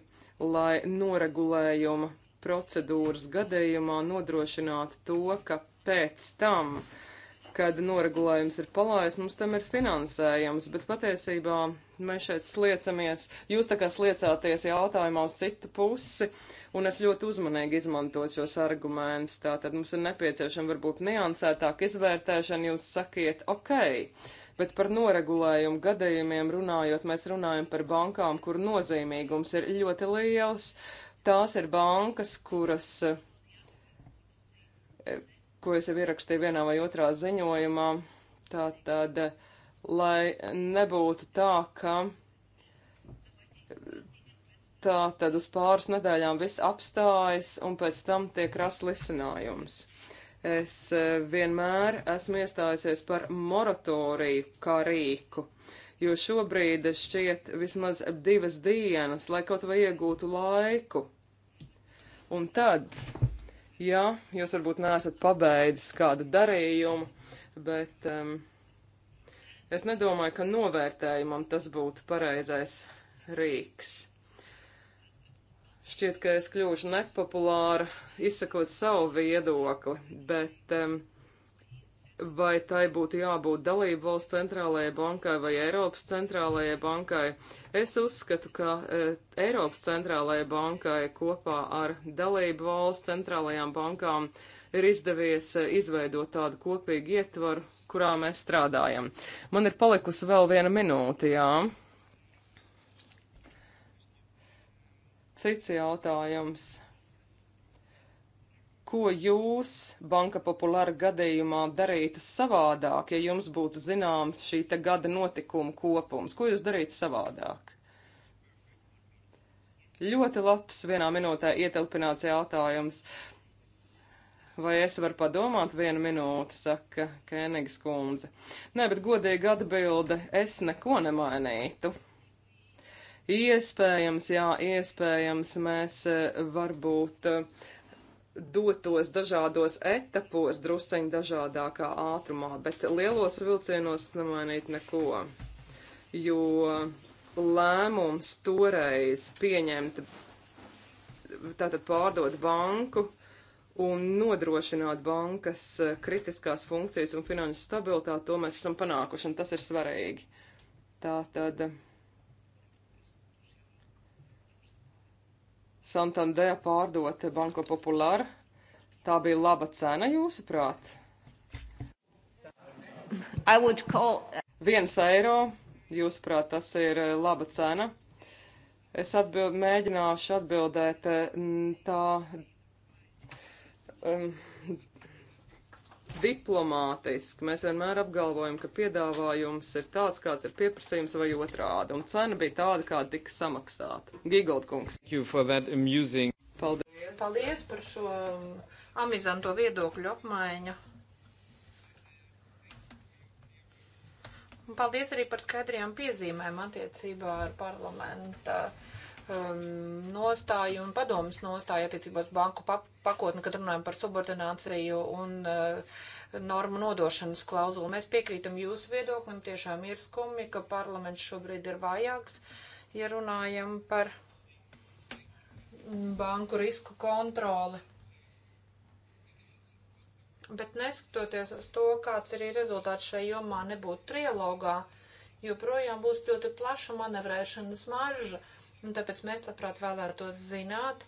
lai noregulējuma procedūras gadījumā nodrošinātu to, ka pēc tam uh, kad noregulējums ir palaists, mums tam ir finansējums, bet patiesībā mēs šeit sliecamies, jūs tā kā sliecāties jautājumā uz citu pusi, un es ļoti uzmanīgi izmantot šos argumentus, tātad mums ir nepieciešama varbūt niansētāk izvērtēšana, jūs sakiet, ok, bet par noregulējumu gadījumiem runājot, mēs runājam par bankām, kur nozīmīgums ir ļoti liels. Tās ir bankas, kuras ko es jau ierakstīju vienā vai otrā ziņojumā. Tātad, lai nebūtu tā, ka tā tad uz pāris nedēļām viss apstājas un pēc tam tiek rasts risinājums. Es e, vienmēr esmu iestājusies par moratoriju kā rīku, jo šobrīd šķiet vismaz divas dienas, lai kaut vai iegūtu laiku. Un tad Jā, jūs varbūt neesat pabeidzis kādu darījumu, bet um, es nedomāju, ka novērtējumam tas būtu pareizais rīks. Šķiet, ka es kļūšu nepopulāra, izsakot savu viedokli, bet um, vai tai būtu jābūt dalību valsts centrālajai bankai vai Eiropas centrālajai bankai. Es uzskatu, ka e, Eiropas centrālajai bankai kopā ar dalību valsts centrālajām bankām ir izdevies eh, izveidot tādu kopīgu ietvaru, kurā mēs strādājam. Man ir palikusi vēl viena minūte, jā. Cits jautājums ko jūs Banka Populāra gadījumā darītu savādāk, ja jums būtu zināms šī te gada notikuma kopums? Ko jūs darītu savādāk? Ļoti labs vienā minūtē ietilpināts jautājums. Vai es varu padomāt vienu minūti, saka Kēnigas kundze. Nē, bet godīgi atbilde, es neko nemainītu. Iespējams, jā, iespējams, mēs eh, varbūt uh, dotos dažādos etapos druseņ dažādākā ātrumā, bet lielos vilcienos nemainīt neko, jo lēmums toreiz pieņemt, tātad pārdot banku un nodrošināt bankas kritiskās funkcijas un finanšu stabilitāti, to mēs esam panākuši, un tas ir svarīgi. Tātad. tad Santandeja pārdota Banko Populāra. Tā bija laba cena, jūsuprāt? Call... Uh, Viens eiro, jūsuprāt, tas ir uh, laba cena. Es atbild, mēģināšu atbildēt uh, tā. Um, diplomātiski. Mēs vienmēr apgalvojam, ka piedāvājums ir tāds, kāds ir pieprasījums vai otrādi, un cena bija tāda, kāda tika samaksāta. Gigoldkungs. Paldies. Paldies par šo um, amizanto viedokļu apmaiņu. Un paldies arī par skaidrajām piezīmēm attiecībā ar parlamenta uh, um, nostāju un padomas nostāju attiecībās banku pakotni, kad runājam par subordināciju un uh, normu nodošanas klauzulu. Mēs piekrītam jūsu viedoklim, tiešām ir skumji, ka parlaments šobrīd ir vājāks, ja runājam par banku risku kontroli. Bet neskatoties uz to, kāds arī rezultāts šai jomā nebūtu trialogā, joprojām būs ļoti plaša manevrēšanas marža Un nu, tāpēc mēs labprāt vēlētos zināt,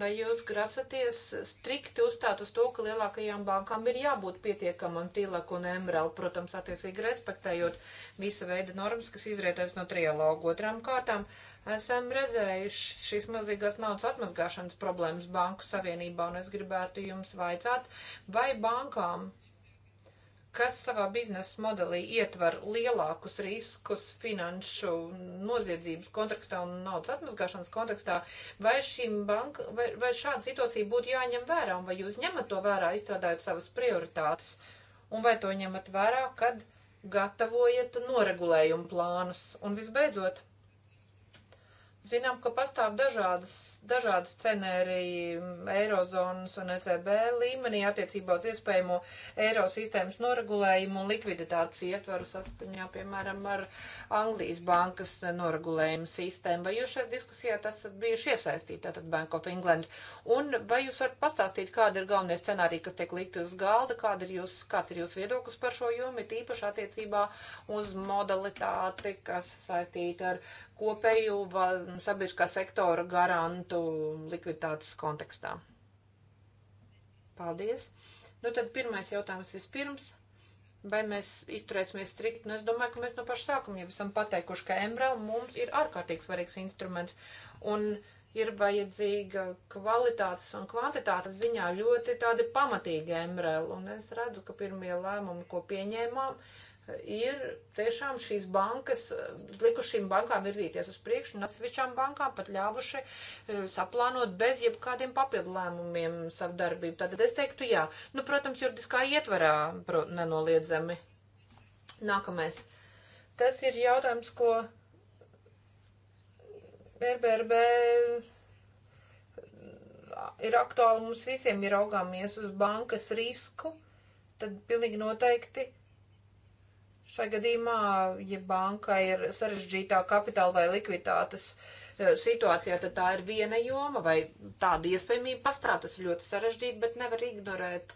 vai jūs grasaties strikti uzstāt uz to, ka lielākajām bankām ir jābūt pietiekamam tīlāk un emrēl, protams, attiecīgi respektējot visa veida normas, kas izrietēs no trialogu. Otrām kārtām esam redzējuši šīs mazīgās naudas atmazgāšanas problēmas Banku Savienībā, un es gribētu jums vaicāt, vai bankām kas savā biznesa modelī ietver lielākus riskus finanšu noziedzības kontekstā un naudas atmazgāšanas kontekstā, vai, banka, vai, vai šāda situācija būtu jāņem vērā, un vai jūs ņemat to vērā, izstrādājot savas prioritātes, un vai to ņemat vērā, kad gatavojat noregulējumu plānus. Un visbeidzot, Zinām, ka pastāv dažādas, dažādas scenēriji mm, Eirozonas un ECB līmenī attiecībā uz iespējamo eiro sistēmas noregulējumu un likviditātes ietvaru saskaņā, piemēram, ar Anglijas bankas noregulējumu sistēmu. Vai jūs šajā diskusijā esat bijuši iesaistīti, tātad Bank of England? Un vai jūs varat pastāstīt, kāda ir galvenie scenāriji, kas tiek likti uz galda, kāda ir jūs, kāds ir jūsu viedoklis par šo jomu, ir tīpaši attiecībā uz modalitāti, kas saistīta ar kopēju sabiedriskā sektora garantu likviditātes kontekstā. Paldies. Nu tad pirmais jautājums vispirms. Vai mēs izturēsimies strikti? Nu, es domāju, ka mēs no paša sākuma jau esam pateikuši, ka MRL mums ir ārkārtīgi svarīgs instruments. Un ir vajadzīga kvalitātes un kvantitātes ziņā ļoti tādi pamatīgi MRL. Un es redzu, ka pirmie lēmumi, ko pieņēmām, uh, ir tiešām šīs bankas, eh, likuši šīm bankām virzīties uz priekšu un atsevišķām bankām pat ļāvuši eh, saplānot bez jebkādiem papildu lēmumiem savu darbību. Tātad es teiktu, jā, nu, protams, juridiskā ietvarā pro, nenoliedzami. Nākamais. Tas ir jautājums, ko RBRB eh, ir aktuāli mums visiem, ir augāmies uz bankas risku, tad pilnīgi noteikti Šai gadījumā, ja banka ir sarežģītā kapitāla vai likviditātes eh, situācijā, tad tā ir viena joma vai tāda iespējamība pastāv. Tas ir ļoti sarežģīti, bet nevar ignorēt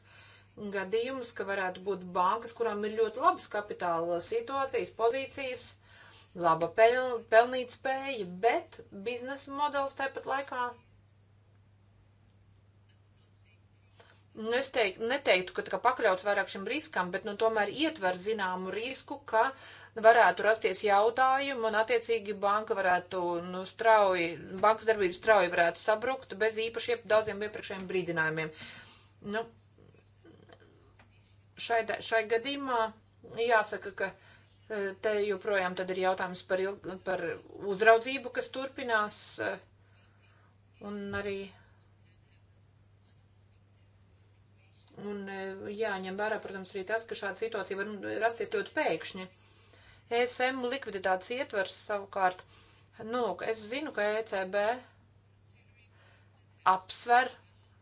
gadījumus, ka varētu būt bankas, kurām ir ļoti labas kapitāla situācijas, pozīcijas, laba pel pelnīt spēja, bet biznesa modelis tāpat laikā nu, es teik, neteiktu, ka, ka pakļauts vairāk šim riskam, bet nu, tomēr ietver zināmu risku, ka varētu rasties jautājumi un attiecīgi banka varētu nu, strauji, bankas darbība strauji varētu sabrukt bez īpašiem daudziem iepriekšējiem brīdinājumiem. Nu, šai, šai gadījumā jāsaka, ka. E, te joprojām tad ir jautājums par, ilg, par uzraudzību, kas turpinās, e, un arī Un e, jāņem vērā, protams, arī tas, ka šāda situācija var rasties ļoti pēkšņi. ESM likviditātes ietvers savukārt, nu, lūk, es zinu, ka ECB apsver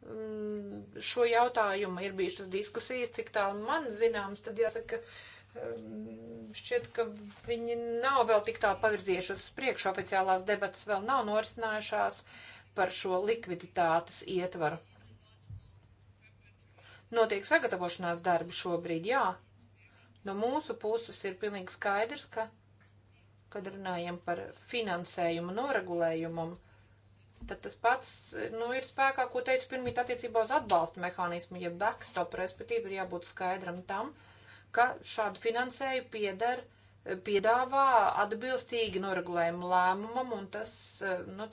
mm, šo jautājumu. Ir bijušas diskusijas, cik tālu man zināms, tad jāsaka, mm, šķiet, ka viņi nav vēl tik tālu pavirzījušas uz priekšu. Oficiālās debatas vēl nav norisinājušās par šo likviditātes ietvaru. Notiek sagatavošanās darbi šobrīd, jā. No mūsu puses ir pilnīgi skaidrs, ka, kad runājam par finansējumu noregulējumam, tad tas pats, nu, ir spēkā, ko teicu pirmīt attiecībā uz atbalsta mehānismu, jeb ja backstop, respektīvi ir jābūt skaidram tam, ka šādu finansēju pieder piedāvā atbilstīgi noregulējumu lēmumam, un tas nu,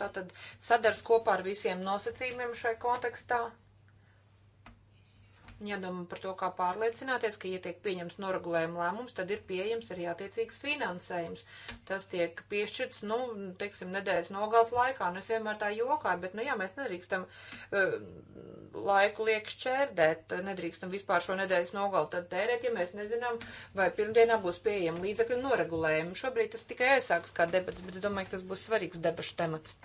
sadars kopā ar visiem nosacījumiem šai kontekstā jādomā par to, kā pārliecināties, ka, ja tiek pieņems noregulējuma lēmums, tad ir pieejams arī attiecīgs finansējums. Tas tiek piešķirts, nu, teiksim, nedēļas nogals laikā, un es vienmēr tā jokāju, bet, nu, jā, mēs nedrīkstam uh, laiku liek šķērdēt, nedrīkstam vispār šo nedēļas nogalu tad tērēt, ja mēs nezinām, vai pirmdienā būs pieejama līdzekļu noregulējuma. Šobrīd tas tikai iesāks kā debats, bet es domāju, ka tas būs svarīgs debašu temats.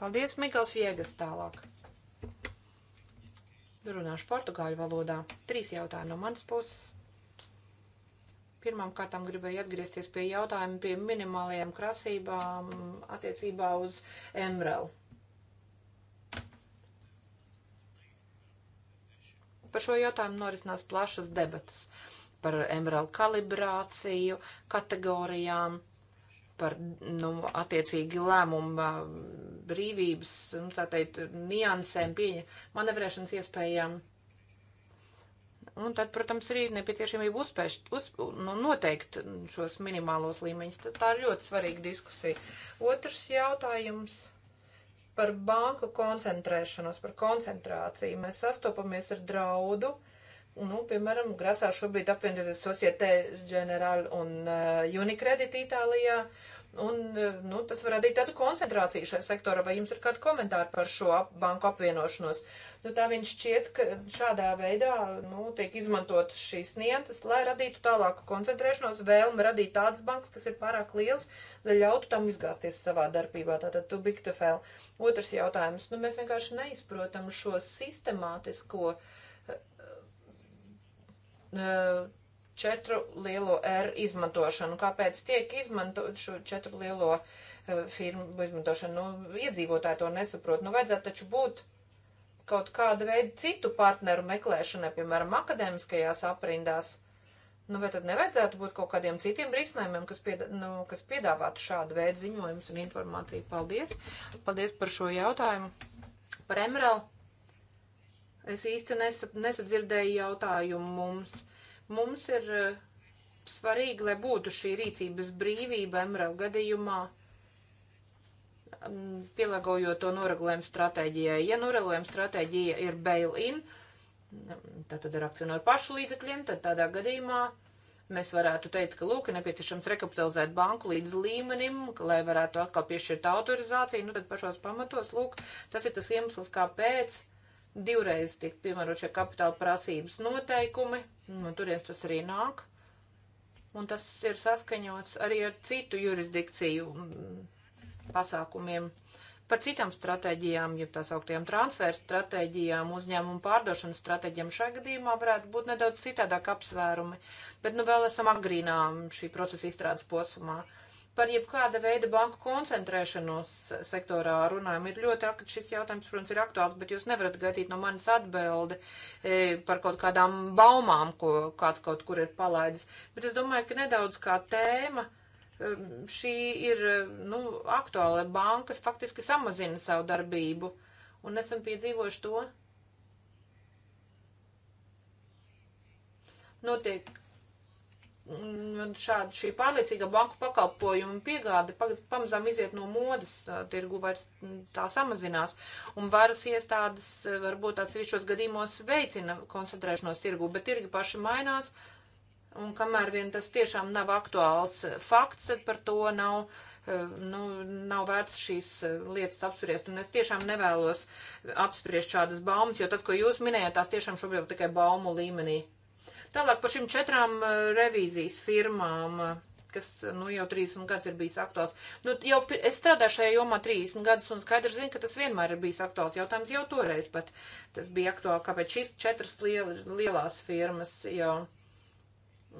Paldies, Mikls Viegas tālāk. Runāšu portugāļu valodā. Trīs jautājumi no manas puses. Pirmām kārtām gribēju atgriezties pie jautājuma pie minimālajām krasībām attiecībā uz MRL. Par šo jautājumu norisinās plašas debatas par MRL kalibrāciju, kategorijām par, nu, attiecīgi lēmuma brīvības, nu, tā teikt, niansēm, pieņa manevrēšanas iespējām. Un tad, protams, arī nepieciešamība uzspēšt, uz, nu, noteikt šos minimālos līmeņus. Tad tā ir ļoti svarīga diskusija. Otrs jautājums par banku koncentrēšanos, par koncentrāciju. Mēs sastopamies ar draudu. Nu, piemēram, grasā šobrīd apvienoties Societe Generāla un uh, Unicredit Itālijā. Uh, Un, e, nu, tas var radīt tādu koncentrāciju šajā sektorā, vai jums ir kādi komentāri par šo ap, banku apvienošanos? Nu, tā viņš šķiet, ka šādā veidā, nu, tiek izmantot šīs nianses, lai radītu tālāku koncentrēšanos, vēlmi radīt tādas bankas, kas ir pārāk liels, lai ļautu tam izgāzties savā darbībā. Tātad, tu big to fail. Otrs jautājums. Nu, mēs vienkārši neizprotam šo sistemātisko uh, uh, četru lielo R izmantošanu. Kāpēc tiek izmantot šo četru lielo e, firmu izmantošanu? Nu, iedzīvotāji to nesaprot. Nu, vajadzētu taču būt kaut kāda veida citu partneru meklēšanai, piemēram, akadēmiskajās aprindās. Nu, vai tad nevajadzētu būt kaut kādiem citiem risinājumiem, kas, pied, nu, kas piedāvātu šādu veidu ziņojumus un informāciju? Paldies! Paldies par šo jautājumu! Par Emerelu! Es īsti nesa, nesadzirdēju jautājumu mums. Mums ir eh, svarīgi, lai būtu šī rīcības brīvība MRL gadījumā, mm, pielāgojot to noregulējumu stratēģijai. Ja noregulējuma stratēģija ir bail-in, tātad ar akcionāru pašu līdzekļiem, tad tādā gadījumā mēs varētu teikt, ka lūk, ir nepieciešams rekapitalizēt banku līdz līmenim, lai varētu atkal piešķirt autorizāciju. Nu, tad pašos pamatos, lūk, tas ir tas iemesls, kāpēc divreiz tiek piemērot šie kapitāla prasības noteikumi, no turienes tas arī nāk, un tas ir saskaņots arī ar citu jurisdikciju mm, pasākumiem. Par citām stratēģijām, jeb tās augtajām transfer stratēģijām, uzņēmumu pārdošanas stratēģiem šajā gadījumā varētu būt nedaudz citādāk apsvērumi, bet nu vēl esam agrīnā šī procesa izstrādes posmā. Uh, par jebkāda veida banku koncentrēšanos sektorā runājam. Ir ļoti, šis jautājums, protams, ir aktuāls, bet jūs nevarat gaidīt no manis atbildi e, par kaut kādām baumām, ko kāds kaut kur ir palaidis. Bet es domāju, ka nedaudz kā tēma e, šī ir, e, nu, aktuāla bankas faktiski samazina savu darbību. Un esam piedzīvojuši to. Notiek Mm, šāda šī pārliecīga banku pakalpojumu piegāde pamazām iziet no modas, tirgu vairs mm, tā samazinās, un varas iestādes varbūt atsevišķos gadījumos veicina koncentrēšanos tirgu, bet tirgi paši mainās, un kamēr vien tas tiešām nav aktuāls fakts, tad par to nav. Nu, nav vērts šīs lietas apspriest, un es tiešām nevēlos apspriest šādas baumas, jo tas, ko jūs minējāt, tās tiešām šobrīd tikai baumu līmenī. Tālāk par šīm četrām eh, revīzijas firmām eh, kas eh, nu, jau 30 gadus ir bijis aktuāls. Nu, jau es strādāju šajā jomā 30 gadus, un skaidrs zinu, ka tas vienmēr ir bijis aktuāls jautājums. Jau toreiz pat tas bija aktuāli, kāpēc šīs četras liel, lielās firmas jau.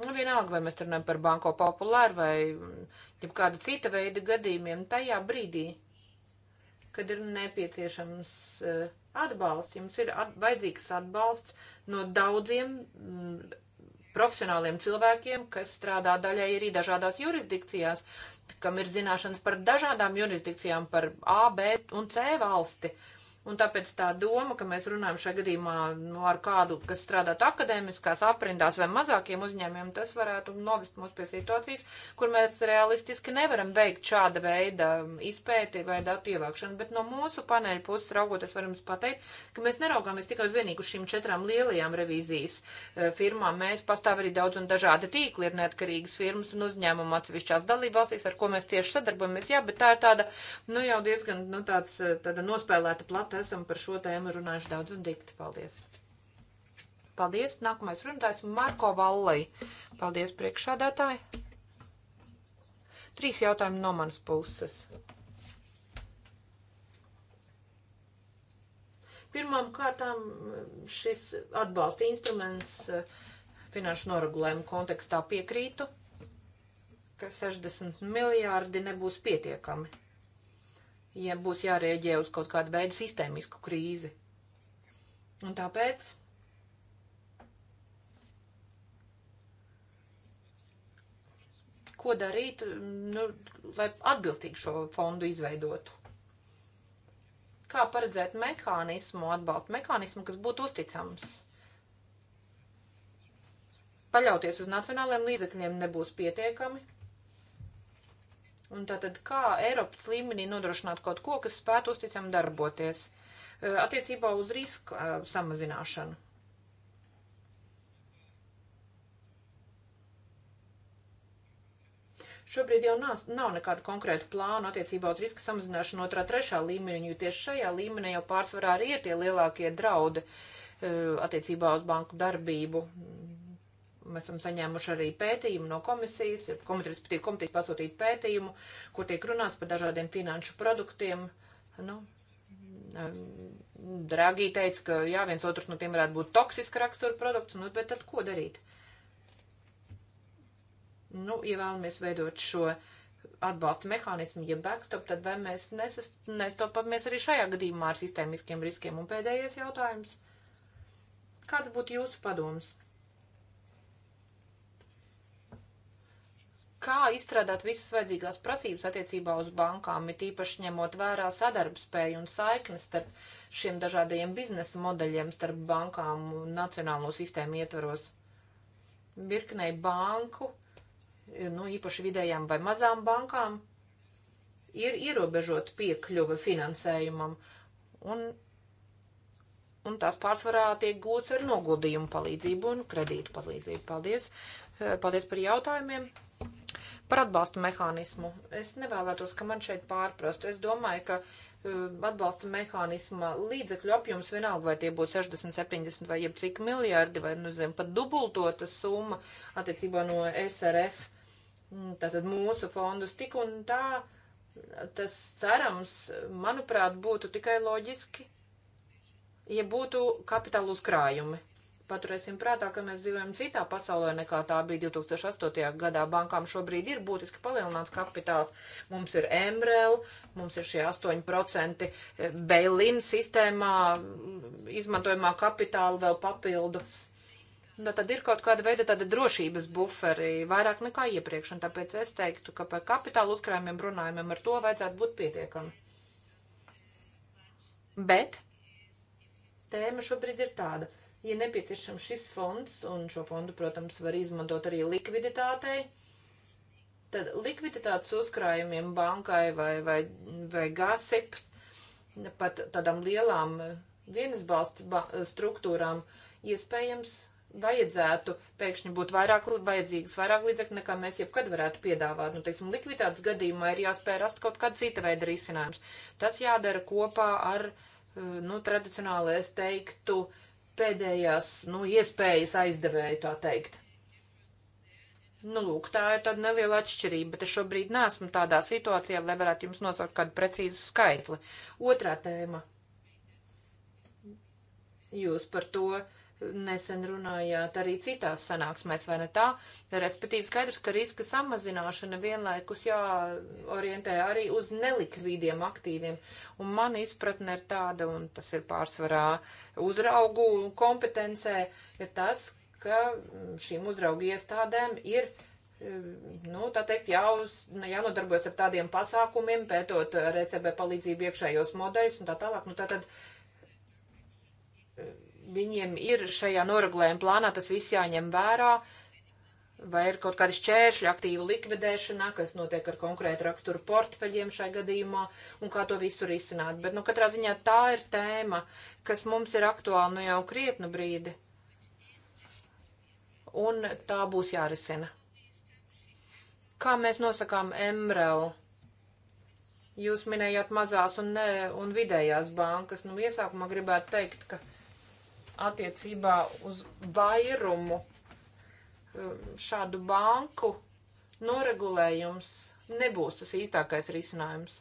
Nu, vienalga, vai mēs runājam par banko populāru vai mm, kādu cita veida gadījumiem, tajā brīdī, kad ir nepieciešams uh, atbalsts. Jums ir at vajadzīgs atbalsts no daudziem m, mm, profesionāliem cilvēkiem, kas strādā daļai arī dažādās jurisdikcijās, kam ir zināšanas par dažādām jurisdikcijām, par A, B un C valsti. Uh, Un tāpēc tā doma, ka mēs runājam šajā gadījumā nu, ar kādu, kas strādātu akadēmiskās aprindās vai mazākiem uzņēmiem, tas varētu novest mūs pie situācijas, kur mēs realistiski nevaram veikt šāda veida izpēti vai datu ievākšanu. Bet no mūsu paneļa puses raugoties varam jums pateikt, ka mēs neraugāmies tikai uz vienīgu šīm četrām lielajām revīzijas eh, firmām. Mēs pastāv arī daudz un dažādi tīkli, ir neatkarīgas firmas un uzņēmumu atsevišķās dalībvalstīs, ar ko mēs tieši sadarbojamies. Jā, bet tā ir tāda, nu jau diezgan, nu tāds, eh, tāda nospēlēta plata klāt, esam par šo tēmu runājuši daudz un dikti. Paldies! Paldies! Nākamais runātājs Marko Vallai. Paldies, priekšādātāji! Trīs jautājumi no manas puses. Pirmām kārtām mm, šis atbalsta instruments eh, finanšu noregulējumu kontekstā piekrītu, ka 60 miljārdi nebūs pietiekami ja būs jārēģē uz kaut kādu veidu sistēmisku krīzi. Un tāpēc ko darīt, nu, lai atbilstīgi šo fondu izveidotu? Kā paredzēt mehānismu, atbalstu mehānismu, kas būtu uzticams? Paļauties uz nacionālajiem līdzekļiem nebūs pietiekami. Un tātad kā Eiropas līmenī nodrošināt kaut ko, kas spētu uzticam darboties attiecībā uz riska samazināšanu? Šobrīd jau nav, nav nekādu konkrētu plānu attiecībā uz riska samazināšanu otrā, trešā līmenī, jo tieši šajā līmenī jau pārsvarā arī ir tie lielākie draudi attiecībā uz banku darbību Mēs esam saņēmuši arī pētījumu no komisijas, komitejas, tiek komitejas pasūtīt pētījumu, kur tiek runāts par dažādiem finanšu produktiem. Nu, Dragī teica, ka jā, viens otrs no tiem varētu būt toksiska rakstura produkts, nu, bet tad ko darīt? Nu, ja vēlamies veidot šo atbalsta mehānismu, ja backstop, tad vai mēs nesas, nestopamies arī šajā gadījumā ar sistēmiskiem riskiem? Un pēdējais jautājums. Kāds būtu jūsu padoms? kā izstrādāt visas vajadzīgās prasības attiecībā uz bankām, it īpaši ņemot vērā sadarbspēju un saiknes starp šiem dažādajiem biznesa modeļiem, starp bankām un nacionālo sistēmu ietvaros. Virknei banku, nu īpaši vidējām vai mazām bankām, ir ierobežot piekļuve finansējumam, un, un tās pārsvarā tiek gūts ar noguldījumu palīdzību un kredītu palīdzību. Paldies! Paldies par jautājumiem! Par atbalstu mehānismu. Es nevēlētos, ka man šeit pārprastu. Es domāju, ka eh, atbalsta mehānisma līdzekļu apjoms vienalga, vai tie būtu 60, 70 vai jeb cik miljardi, vai, nu, zinu, pat dubultota summa attiecībā no SRF, mm, tātad mūsu fondus tik un tā, tas cerams, manuprāt, būtu tikai loģiski, ja būtu kapitāla uzkrājumi. Paturēsim prātā, ka mēs dzīvojam citā pasaulē nekā tā bija 2008. gadā. Bankām šobrīd ir būtiski palielināts kapitāls. Mums ir MRL, mums ir šie 8% eh, bailīna sistēmā mm, izmantojamā kapitāla vēl papildus. Nu, tad ir kaut kāda veida tāda drošības buferi, vairāk nekā iepriekš, un tāpēc es teiktu, ka par kapitālu uzkrājumiem runājumiem ar to vajadzētu būt pietiekami. Bet tēma šobrīd ir tāda ja nepieciešams šis fonds, un šo fondu, protams, var izmantot arī likviditātei, tad likviditātes uzkrājumiem bankai vai, vai, vai GASIP, pat tādām lielām eh, vienas balsts ba eh, struktūrām, iespējams, vajadzētu pēkšņi būt vairāk, vajadzīgas vairāk līdzekļu, nekā mēs jebkad varētu piedāvāt. Nu, teiksim, likviditātes gadījumā ir jāspēj rast kaut kādu cita veida risinājums. Tas jādara kopā ar, eh, nu, tradicionāli, es teiktu, uh, pēdējās, nu, iespējas aizdevēju tā teikt. Nu, lūk, tā ir tāda neliela atšķirība, bet es šobrīd neesmu tādā situācijā, lai varētu jums nosaukt kādu precīzu skaitli. Otrā tēma. Jūs par to uh, nesen runājāt arī citās sanāksmēs, vai ne tā? Respektīvi skaidrs, ka riska samazināšana vienlaikus jāorientē arī uz nelikvīdiem aktīviem. Un man izpratne ir tāda, un tas ir pārsvarā uzraugu kompetencē, ir tas, ka šīm uzraugu iestādēm ir nu, tā teikt, jāuz, jānodarbojas ar tādiem pasākumiem, pētot ar eh, ECB palīdzību iekšējos modeļus un tā tālāk. Nu, tā tad viņiem ir šajā noregulējuma plānā tas viss jāņem vērā, vai ir kaut kādi šķēršļi aktīvu likvidēšanā, kas notiek ar konkrētu raksturu portfeļiem šai gadījumā, un kā to visu risināt. Bet, nu, katrā ziņā tā ir tēma, kas mums ir aktuāla nu jau krietnu brīdi, un tā būs jārisina. Kā mēs nosakām MRL? Jūs minējāt mazās un, ne, un vidējās bankas. Nu, iesākumā gribētu teikt, ka attiecībā uz vairumu um, šādu banku noregulējums nebūs tas īstākais risinājums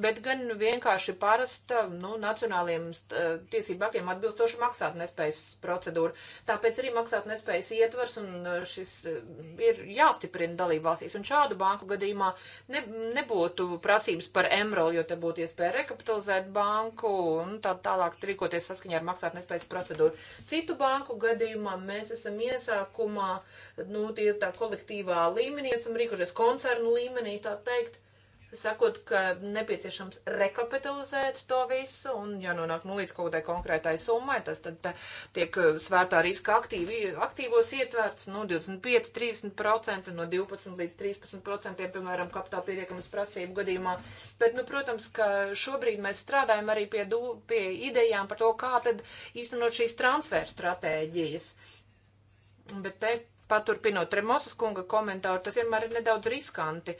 bet gan nu, vienkārši parasta nu, nacionāliem eh, tiesību aktiem atbilstoša maksātnespējas procedūra. Tāpēc arī maksātnespējas ietvers un eh, šis eh, ir jāstiprina dalībvalstīs. Un šādu banku gadījumā ne, nebūtu prasības par MRL, jo te būtu iespēja rekapitalizēt banku un tā tālāk rīkoties saskaņā ar maksātnespējas procedūru. Citu banku gadījumā mēs esam iesākumā, nu, tie tā kolektīvā līmenī, esam rīkojušies koncernu līmenī, tā teikt sakot, ka nepieciešams rekapitalizēt to visu, un ja nonāk nu līdz kaut kādai konkrētai summai, tas tad eh, tiek eh, svērtā riska aktīvi, aktīvos ietverts, nu, 25-30%, no 12 līdz 13%, piemēram, kapitāla pietiekamas prasību gadījumā. Bet, nu, protams, ka šobrīd mēs strādājam arī pie, du, pie idejām par to, kā tad īstenot šīs transferstratēģijas. Bet te paturpinot Remosas kunga komentāru, tas vienmēr ir nedaudz riskanti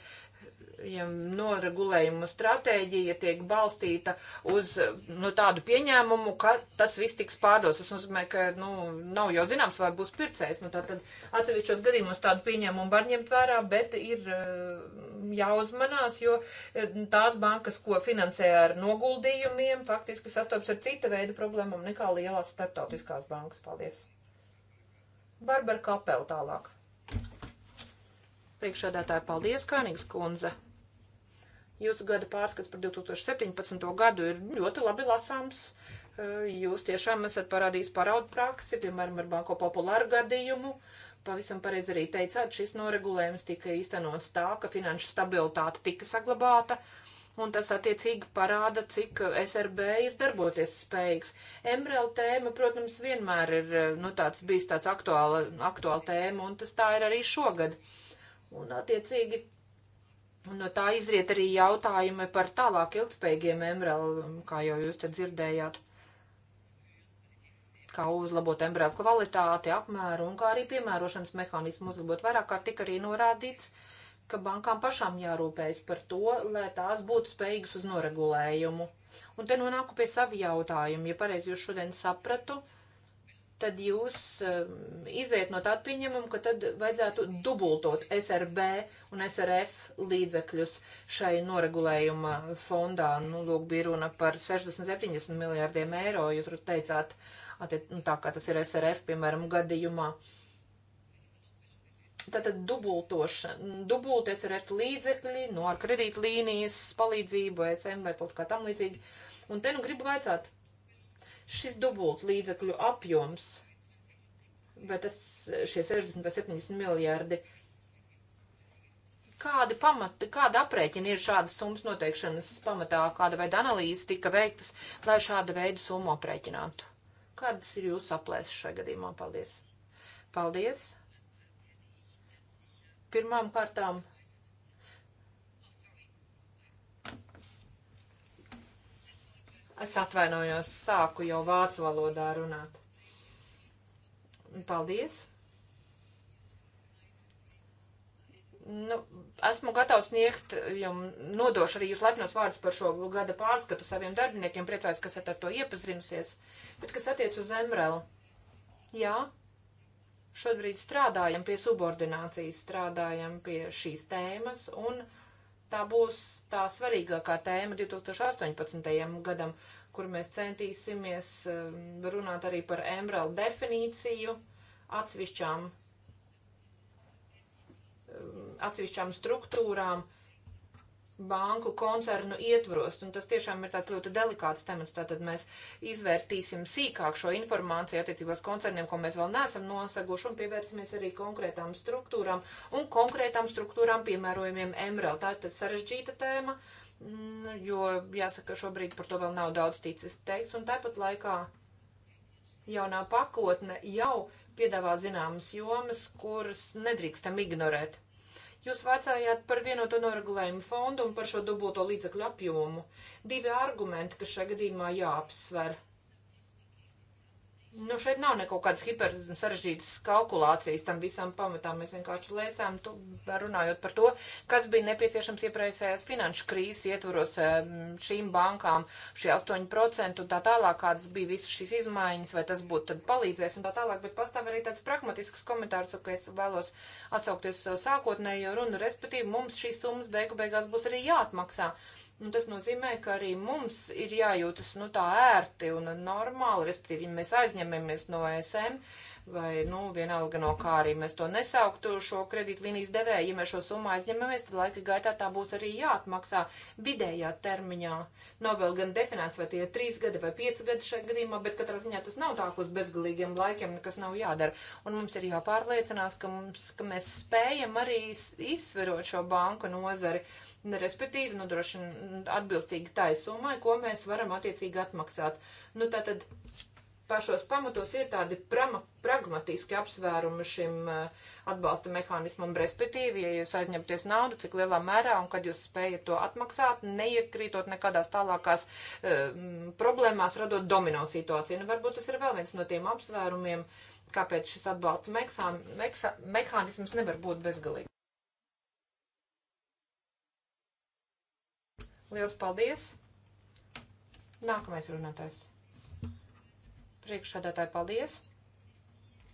ja noregulējumu stratēģija tiek balstīta uz nu, tādu pieņēmumu, ka tas viss tiks pārdos. Es nozīmē, ka nu, nav jau zināms, vai būs pircējs. Nu, tad atsevišķos gadījumos tādu pieņēmumu var ņemt vērā, bet ir eh, jāuzmanās, jo eh, tās bankas, ko finansē ar noguldījumiem, faktiski sastopas ar cita veida problēmām nekā lielās starptautiskās bankas. Paldies! Barbara Kapela tālāk. Priekšādātāja, paldies, Kānīgs kundze. Jūsu gada pārskats par 2017. gadu ir ļoti labi lasāms. Jūs tiešām esat parādījis paraudu praksi, piemēram, ar Banko Populāru gadījumu. Pavisam pareizi arī teicāt, šis noregulējums tika īstenots tā, ka finanšu stabilitāte tika saglabāta un tas attiecīgi parāda, cik SRB ir darboties spējīgs. MRL tēma, protams, vienmēr ir nu, tāds, bijis tāds aktuāla, aktuāla tēma, un tas tā ir arī šogad. Un attiecīgi No nu, tā izriet arī jautājumi par tālāk ilgspējīgiem embrēlu, kā jau jūs te dzirdējāt, kā uzlabot embrēlu kvalitāti, apmēru un kā arī piemērošanas mehānismu uzlabot. Vairāk kārt tika arī norādīts, ka bankām pašām jārūpējas par to, lai tās būtu spējīgas uz noregulējumu. Un te nonāku pie savu jautājumu, ja pareizi jūs šodien sapratu. Uh, tad jūs um, iziet no tāda pieņemuma, ka tad vajadzētu dubultot SRB un SRF līdzekļus šai noregulējuma fondā. Nu, lūk, bija runa par 60-70 miljārdiem eiro, jūs teicāt, atiet, nu, tā kā tas ir SRF, piemēram, gadījumā. Tātad dubultošana, dubult SRF līdzekļi, no nu, ar kredītlīnijas palīdzību, SM vai kaut kā tam līdzīgi. Un te nu gribu vaicāt, Šis dubult līdzekļu apjoms, vai tas šie 60 vai 70 miljārdi, kādi pamati, kāda aprēķina ir šādas summas noteikšanas pamatā, kāda veida analīze tika veiktas, lai šāda veida summu aprēķinātu? Kādas ir jūsu aplēses šajā gadījumā? Paldies! Paldies! Pirmām kārtām Es atvainojos, sāku jau vācu valodā runāt. Paldies! Nu, esmu gatavs sniegt, jums nodošu arī jūs lepnos vārdus par šo gada pārskatu saviem darbiniekiem, priecājos, ka esat ar to iepazinusies, bet kas attiec uz MRL. Jā, šobrīd strādājam pie subordinācijas, strādājam pie šīs tēmas un. Uh, tā būs tā svarīgākā tēma 2018. gadam, kur mēs centīsimies um, runāt arī par embrālu definīciju atsevišķām, um, atsevišķām struktūrām, uh, banku koncernu ietvaros, un tas tiešām ir tāds ļoti delikāts temats. Tātad mēs izvērtīsim sīkāk šo informāciju attiecībās koncerniem, ko mēs vēl neesam noseguši, un pievērsimies arī konkrētām struktūrām un konkrētām struktūrām piemērojumiem MRL. Tā ir sarežģīta tēma, mm, jo jāsaka, šobrīd par to vēl nav daudz ticis teikts, un tāpat laikā jaunā pakotne jau piedāvā zināmas jomas, kuras nedrīkstam ignorēt Jūs vācājāt par vienoto noregulējumu fondu un par šo dubulto līdzekļu apjomu. Divi argumenti, kas šajā gadījumā jāapsver. Nu, šeit nav neko kādas hiper sarežģītas kalkulācijas tam visam pamatām. Mēs vienkārši lēsām, tu, runājot par to, kas bija nepieciešams iepriekšējās finanšu krīzes ietvaros šīm bankām, šie 8% un tā tālāk, kādas bija visas šīs izmaiņas, vai tas būtu tad palīdzēs un tā tālāk. Bet pastāv arī tāds pragmatisks komentārs, ko es vēlos atsaukties uz eh, savu sākotnējo runu, respektīvi mums šīs summas beigu beigās būs arī jāatmaksā. Nu, tas nozīmē, ka arī mums ir jājūtas nu, tā ērti un normāli, respektīvi, ja mēs aizņemamies no ESM, vai, nu, vienalga no kā arī mēs to nesauktu šo kredītlīnijas devēju, ja mēs šo summu aizņemamies, tad laika gaitā tā būs arī jāatmaksā vidējā termiņā. Nav vēl gan definēts, vai tie ir trīs gadi vai pieci gadi šajā gadījumā, bet katrā ziņā tas nav tā, ka uz bezgalīgiem laikiem nekas nav jādara. Un mums ir jāpārliecinās, ka, mums, ka mēs spējam arī izsverot šo banku nozari respektīvi nodrošina atbilstīgi tai summai, ko mēs varam attiecīgi atmaksāt. Nu, tātad pašos pamatos ir tādi prama, pragmatiski apsvērumi šim uh, atbalsta mehānismam, respektīvi, ja jūs aizņemties naudu, cik lielā mērā un kad jūs spējat to atmaksāt, neiekrītot nekādās tālākās uh, problēmās, radot domino situāciju. Nu, varbūt tas ir vēl viens no tiem apsvērumiem, kāpēc šis atbalsta meksā, meksā, mehānisms nevar būt bezgalīgs. Liels paldies! Nākamais runātājs. Priekšsādātāji, paldies!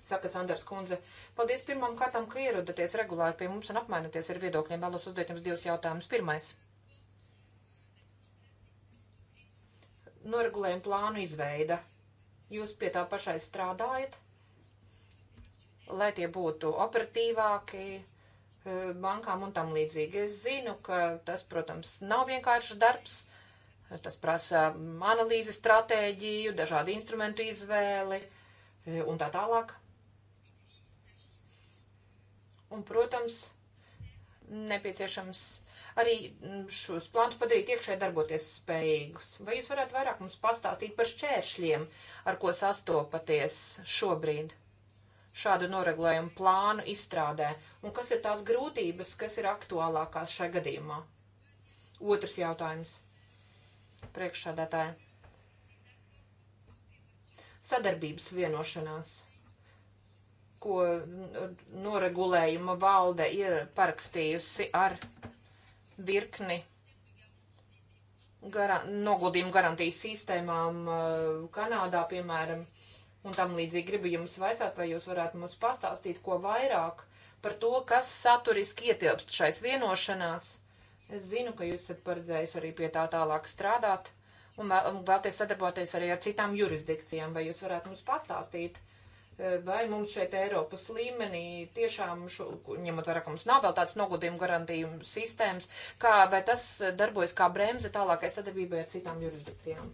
Saka Sanders Kunze, paldies pirmām kārtām, ka ierodaties regulāri pie mums un apmainaties ar viedokļiem. Vēlos uzdot jums divus jautājumus. Pirmais. Noregulējuma plānu izveida. Jūs pie tā pašai strādājat, lai tie būtu operatīvāki, eh, bankām un tam līdzīgi. Es zinu, ka tas, protams, nav vienkāršs darbs. Tas prasa analīzes stratēģiju, dažādu instrumentu izvēli e, un tā tālāk. Un, protams, nepieciešams arī šos plantus padarīt iekšē darboties spējīgus. Vai jūs varētu vairāk mums pastāstīt par šķēršļiem, ar ko sastopaties šobrīd šādu noregulējumu plānu izstrādē, un kas ir tās grūtības, kas ir aktuālākās šajā gadījumā? Otrs jautājums priekšsādātāji. Sadarbības vienošanās, ko noregulējuma valde ir parakstījusi ar virkni gara, noguldījumu garantijas sistēmām eh, Kanādā, piemēram, un tam līdzīgi gribu jums vaicāt, vai jūs varētu mums pastāstīt ko vairāk par to, kas saturiski ietilpst šais vienošanās Es zinu, ka jūs esat paredzējis arī pie tā tālāk strādāt un vēlaties sadarboties arī ar citām jurisdikcijām. Vai jūs varētu mums pastāstīt, e, vai mums šeit Eiropas līmenī tiešām, šo, ņemot vērā, ka mums nav vēl tāds nogodījumu garantījumu sistēmas, kā, vai tas darbojas kā bremze tālākai sadarbībai ar citām jurisdikcijām?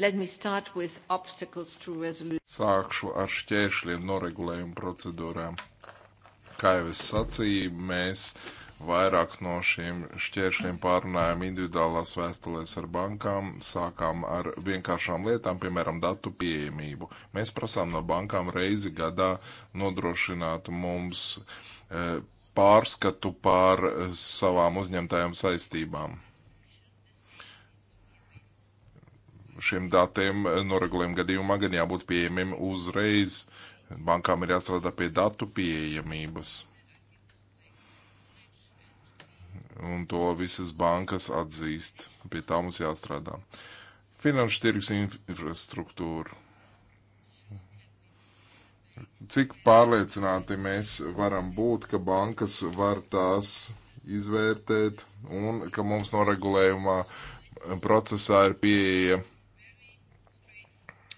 Sākšu ar šķēršļiem noregulējumu procedūrām. Kā jau es sacīju, mēs vairākus no šiem šķēršļiem pārunājām individuālās vēstulēs ar bankām, sākām ar vienkāršām lietām, piemēram, datu pieejamību. Mēs prasām no bankām reizi gadā nodrošināt mums e, pārskatu pār eh, savām uzņemtajām saistībām šiem datiem eh, noregulējuma gadījumā gan jābūt pieejamiem uzreiz. Bankām ir jāstrādā pie datu pieejamības. Un to visas bankas atzīst. Pie tā mums jāstrādā. Finanšu tirgus infrastruktūra. Cik pārliecināti mēs varam būt, ka bankas var tās izvērtēt un ka mums noregulējumā procesā ir pieeja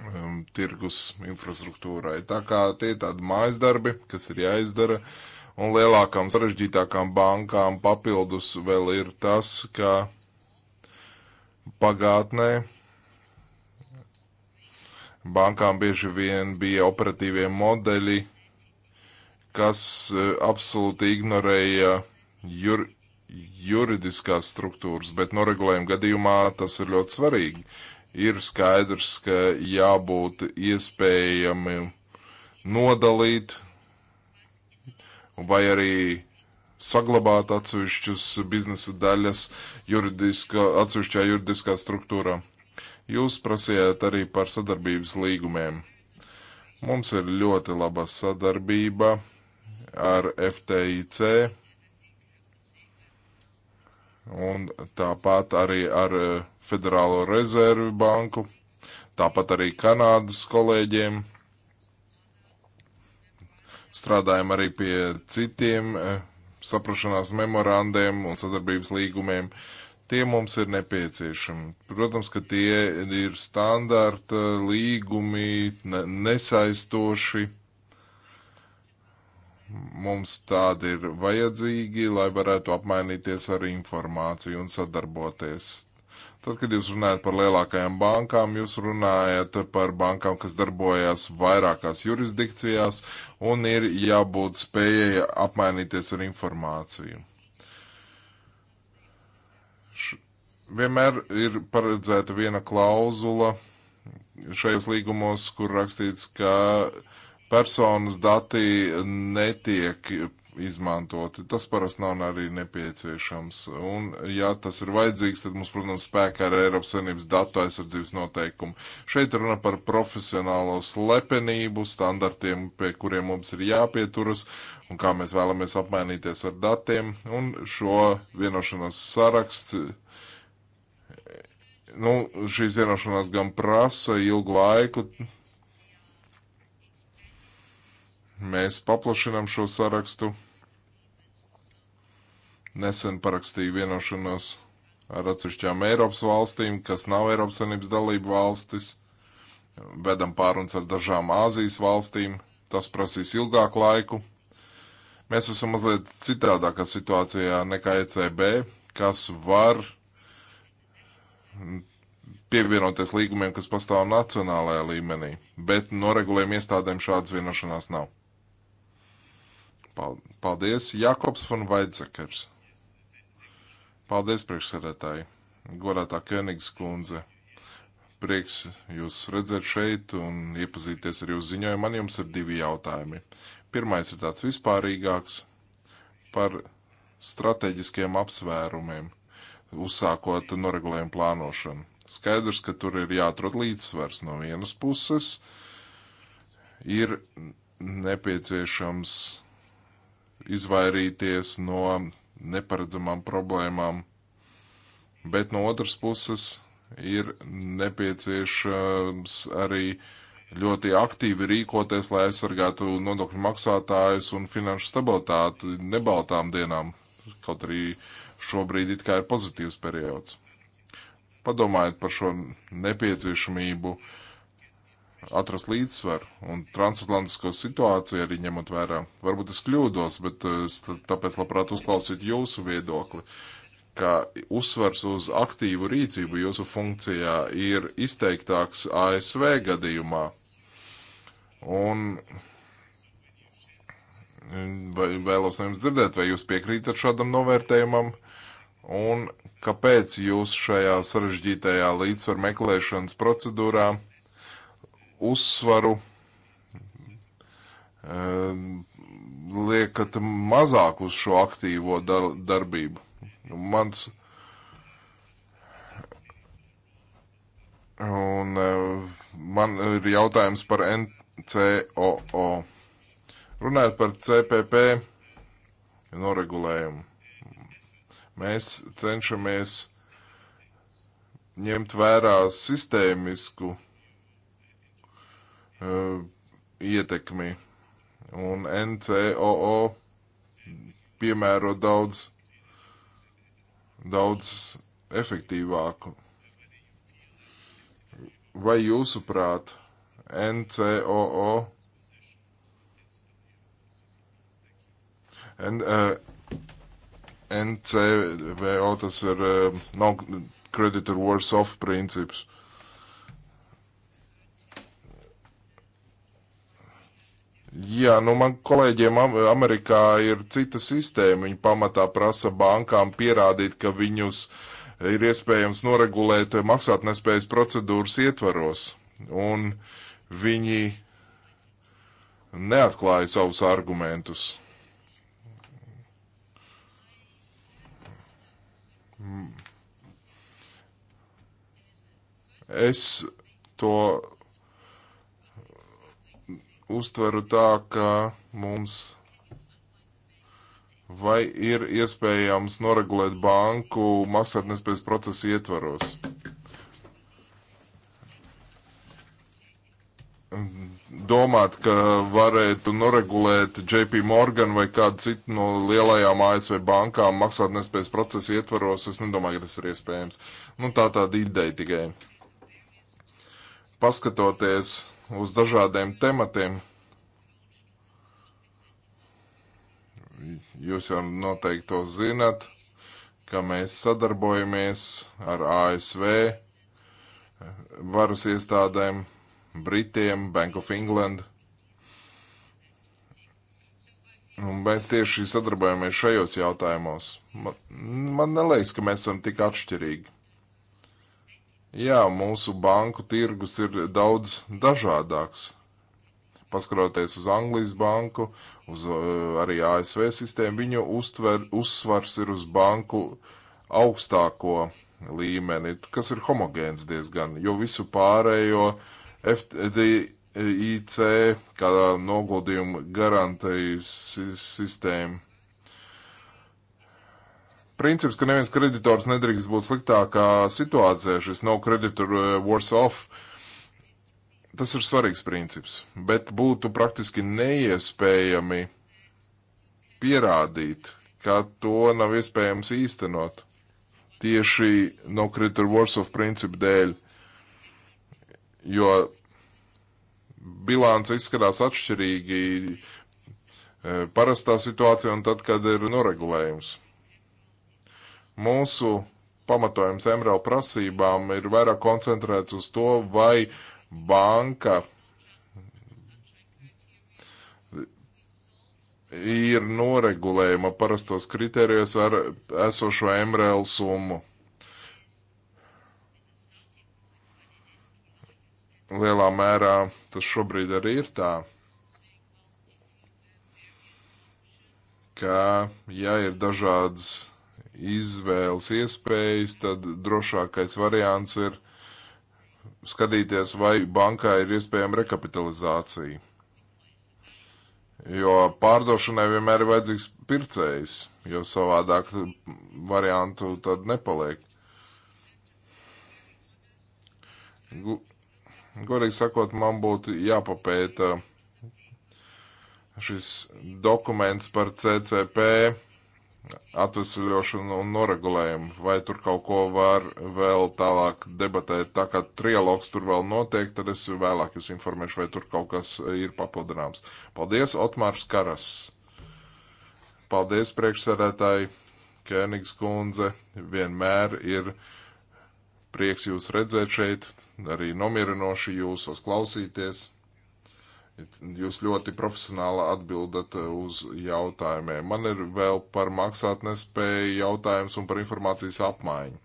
um, tirgus infrastruktūrai. Tā kā tie ir tādi mājas darbi, kas ir jāizdara, un lielākām sarežģītākām bankām papildus vēl ir tas, ka pagātnē bankām bieži vien bija operatīvie modeļi, kas uh, absolūti ignorēja jur, juridiskās struktūras, bet noregulējuma gadījumā tas ir ļoti svarīgi, ir skaidrs, ka jābūt iespējami nodalīt vai arī saglabāt atsevišķas biznesa daļas juridiska, atsevišķā juridiskā struktūrā. Jūs prasījāt arī par sadarbības līgumiem. Mums ir ļoti laba sadarbība ar FTIC, un tāpat arī ar eh, Federālo rezervi banku, tāpat arī Kanādas kolēģiem. Strādājam arī pie citiem eh, saprašanās memorandiem un sadarbības līgumiem. Tie mums ir nepieciešami. Protams, ka tie ir standarta līgumi, nesaistoši Mums tādi ir vajadzīgi, lai varētu apmainīties ar informāciju un sadarboties. Tad, kad jūs runājat par lielākajām bankām, jūs runājat par bankām, kas darbojas vairākās jurisdikcijās un ir jābūt spējai apmainīties ar informāciju. Vienmēr ir paredzēta viena klauzula šajos līgumos, kur rakstīts, ka uh, personas dati netiek izmantoti. Tas parasti nav arī nepieciešams. Un, ja tas ir vajadzīgs, tad mums, protams, spēkā ir Eiropas Savienības datu aizsardzības noteikumi. Šeit runa par profesionālo slepenību, standartiem, pie kuriem mums ir jāpieturas un kā mēs vēlamies apmainīties ar datiem. Un šo vienošanos saraksts. Nu, šīs vienošanās gan prasa ilgu laiku, Mēs paplašinām šo sarakstu. Nesen parakstīju vienošanos ar atsevišķām Eiropas valstīm, kas nav Eiropas Savienības dalība valstis. Vedam pārunas ar dažām Āzijas valstīm. Tas prasīs ilgāku laiku. Mēs esam mazliet citādākā situācijā nekā ECB, kas var pievienoties līgumiem, kas pastāv nacionālajā līmenī, bet noregulējuma iestādēm šādas vienošanās nav. Paldies, Jakobs un Vaidzekers. Paldies, priekšsēdētāji, godātā Kenigs kundze. Prieks jūs redzēt šeit un iepazīties ar jūsu ziņojumu. Man jums ir divi jautājumi. Pirmais ir tāds vispārīgāks par strateģiskiem apsvērumiem, uzsākot noregulējumu plānošanu. Skaidrs, ka tur ir jāatrod līdzsvars no vienas puses, ir nepieciešams izvairīties no neparedzamām problēmām. Bet no otras puses ir nepieciešams arī ļoti aktīvi rīkoties, lai aizsargātu nodokļu maksātājus un finanšu stabilitāti nebaltām dienām, kaut arī šobrīd it kā ir pozitīvs periods. Padomājiet par šo nepieciešamību uh, atrast līdzsvaru un transatlantisko situāciju arī ņemot vērā. Varbūt es kļūdos, bet eh, es tāpēc labprāt uzklausītu jūsu viedokli, ka uzsvars uz aktīvu rīcību jūsu funkcijā ir izteiktāks ASV gadījumā. Un mm, vai, vēlos jums dzirdēt, vai jūs piekrītat šādam novērtējumam un kāpēc jūs šajā sarežģītajā līdzsvaru meklēšanas procedūrā uzsvaru ehm, liekat mazāk uz šo aktīvo dar darbību. Mans un eh, man ir jautājums par NCOO. Runājot par CPP noregulējumu. Mēs cenšamies ņemt vērā sistēmisku uh, ietekmi. Un NCOO piemēro daudz, daudz efektīvāku. Vai jūsuprāt, NCOO N, uh, NCVO tas ir uh, no creditor worse off princips. Jā, nu man kolēģiem Amerikā ir cita sistēma. Viņi pamatā prasa bankām pierādīt, ka viņus ir iespējams noregulēt maksātnespējas procedūras ietvaros. Un viņi neatklāja savus argumentus. Mm. Es to uztveru tā, ka mums vai ir iespējams noregulēt banku maksātnespējas procesa ietvaros. Domāt, ka varētu noregulēt JP Morgan vai kādu citu no lielajām ASV bankām maksātnespējas procesa ietvaros, es nedomāju, ka tas ir iespējams. Nu, tā tāda ideja tikai. Paskatoties uz dažādiem tematiem. Jūs jau noteikti to zinat, ka mēs sadarbojamies ar ASV varas iestādēm, Britiem, Bank of England. Un mēs tieši sadarbojamies šajos jautājumos. Man, man neliekas, ka mēs esam tik atšķirīgi. Jā, mūsu banku tirgus ir daudz dažādāks. Paskaroties uz Anglijas banku, uz uh, arī ASV sistēmu, viņu uztver, uzsvars ir uz banku augstāko līmeni, kas ir homogēns diezgan, jo visu pārējo FDIC, kā noguldījumu garantēju sistēmu, princips, ka neviens kreditors nedrīkst būt sliktākā situācijā, šis no creditor eh, worse off, tas ir svarīgs princips, bet būtu praktiski neiespējami pierādīt, ka to nav iespējams īstenot tieši no creditor worse off principu dēļ, jo bilāns izskatās atšķirīgi eh, parastā situācija un tad, kad ir noregulējums. Mūsu pamatojums MRL prasībām ir vairāk koncentrēts uz to, vai banka ir noregulējama parastos kriterijos ar esošo MRL summu. Lielā mērā tas šobrīd arī ir tā, ka, ja ir dažādas izvēles iespējas, tad drošākais variants ir skatīties, vai bankā ir iespējama rekapitalizācija. Jo pārdošanai vienmēr ir vajadzīgs pircējs, jo savādāk variantu tad nepaliek. Gorīgi sakot, man būtu jāpapēta šis dokuments par CCP atvesļošanu un noregulējumu. Vai tur kaut ko var vēl tālāk debatēt, tā kā trialogs tur vēl notiek, tad es vēlāk jūs informēšu, vai tur kaut kas ir papildināms. Paldies, Otmārs Karas. Paldies, priekšsēdētāji, Kēnigs kundze. Vienmēr ir prieks jūs redzēt šeit, arī nomierinoši jūsos klausīties. Jūs ļoti profesionāli atbildat eh, uz jautājumiem. Man ir vēl par maksātnespēju jautājums un par informācijas apmaiņu.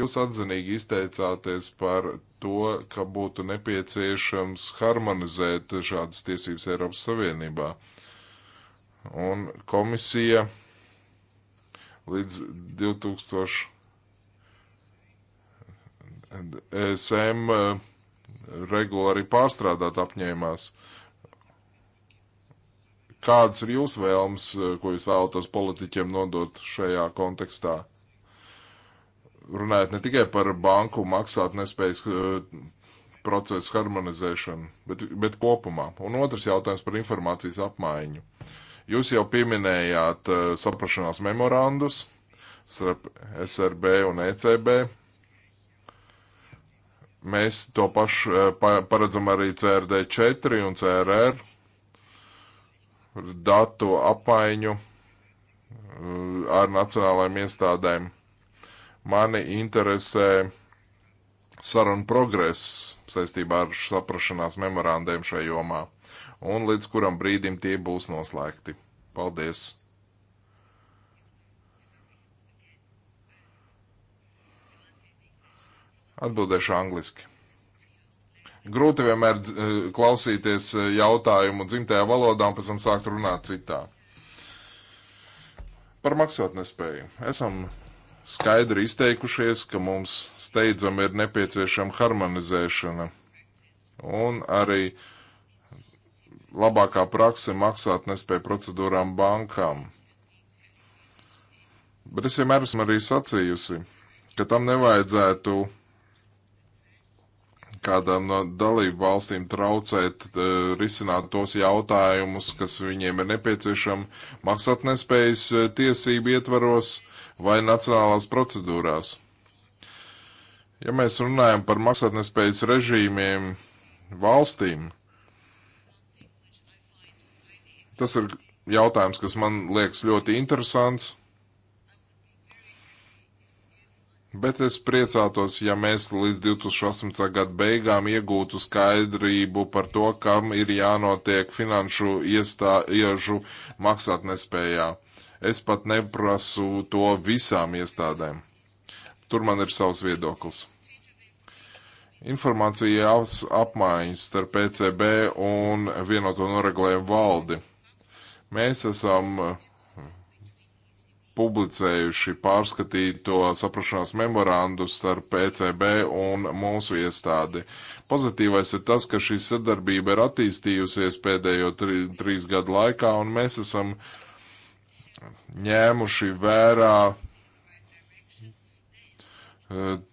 Jūs atzinīgi izteicāties par to, ka būtu nepieciešams harmonizēt šādas tiesības Eiropas Savienībā. Un komisija līdz 2000 ESM eh, regulāri pārstrādāt apņēmās. Uh, Kādas ir jūsu vēlmes, eh, ko jūs vēlatos politiķiem nodot šajā kontekstā? Runājot ne tikai par banku maksāt nespējas eh, procesu harmonizēšanu, bet, bet kopumā. Un otrs jautājums par informācijas apmaiņu. Jūs jau pieminējāt eh, saprašanās memorandus starp SRB un ECB. Mēs to pašu paredzam arī CRD4 un CRR datu apmaiņu eh, ar nacionālajiem iestādēm. Mani interesē saruna progress saistībā ar saprašanās memorandiem šajā jomā un līdz kuram brīdim tie būs noslēgti. Paldies! Atbildēšu angliski. Grūti vienmēr eh, klausīties eh, jautājumu dzimtajā valodā un pēc tam sākt runāt citā. Par maksātnespēju. Esam skaidri izteikušies, ka mums steidzam ir nepieciešama harmonizēšana un arī labākā prakse maksātnespēju procedūrām bankām. Bet es vienmēr esmu arī sacījusi, ka tam nevajadzētu kādām no dalību valstīm traucēt uh, risināt tos jautājumus, kas viņiem ir nepieciešami maksatnespējas uh, eh, tiesību ietvaros vai nacionālās procedūrās. Ja mēs runājam par maksātnespējas režīmiem valstīm, tas ir jautājums, kas man liekas ļoti interesants. Bet es priecātos, ja mēs līdz 2018. gada beigām iegūtu skaidrību par to, kam ir jānotiek finanšu iestāžu maksātnespējā. Es pat neprasu to visām iestādēm. Tur man ir savs viedoklis. Informācija apmaiņas starp PCB un vienoto noreglējumu valdi. Mēs esam publicējuši pārskatīto saprašanās memorandu starp ECB un mūsu iestādi. Pozitīvais ir tas, ka šī sadarbība ir attīstījusies pēdējo tri, trīs gadu laikā, un mēs esam ņēmuši vērā e,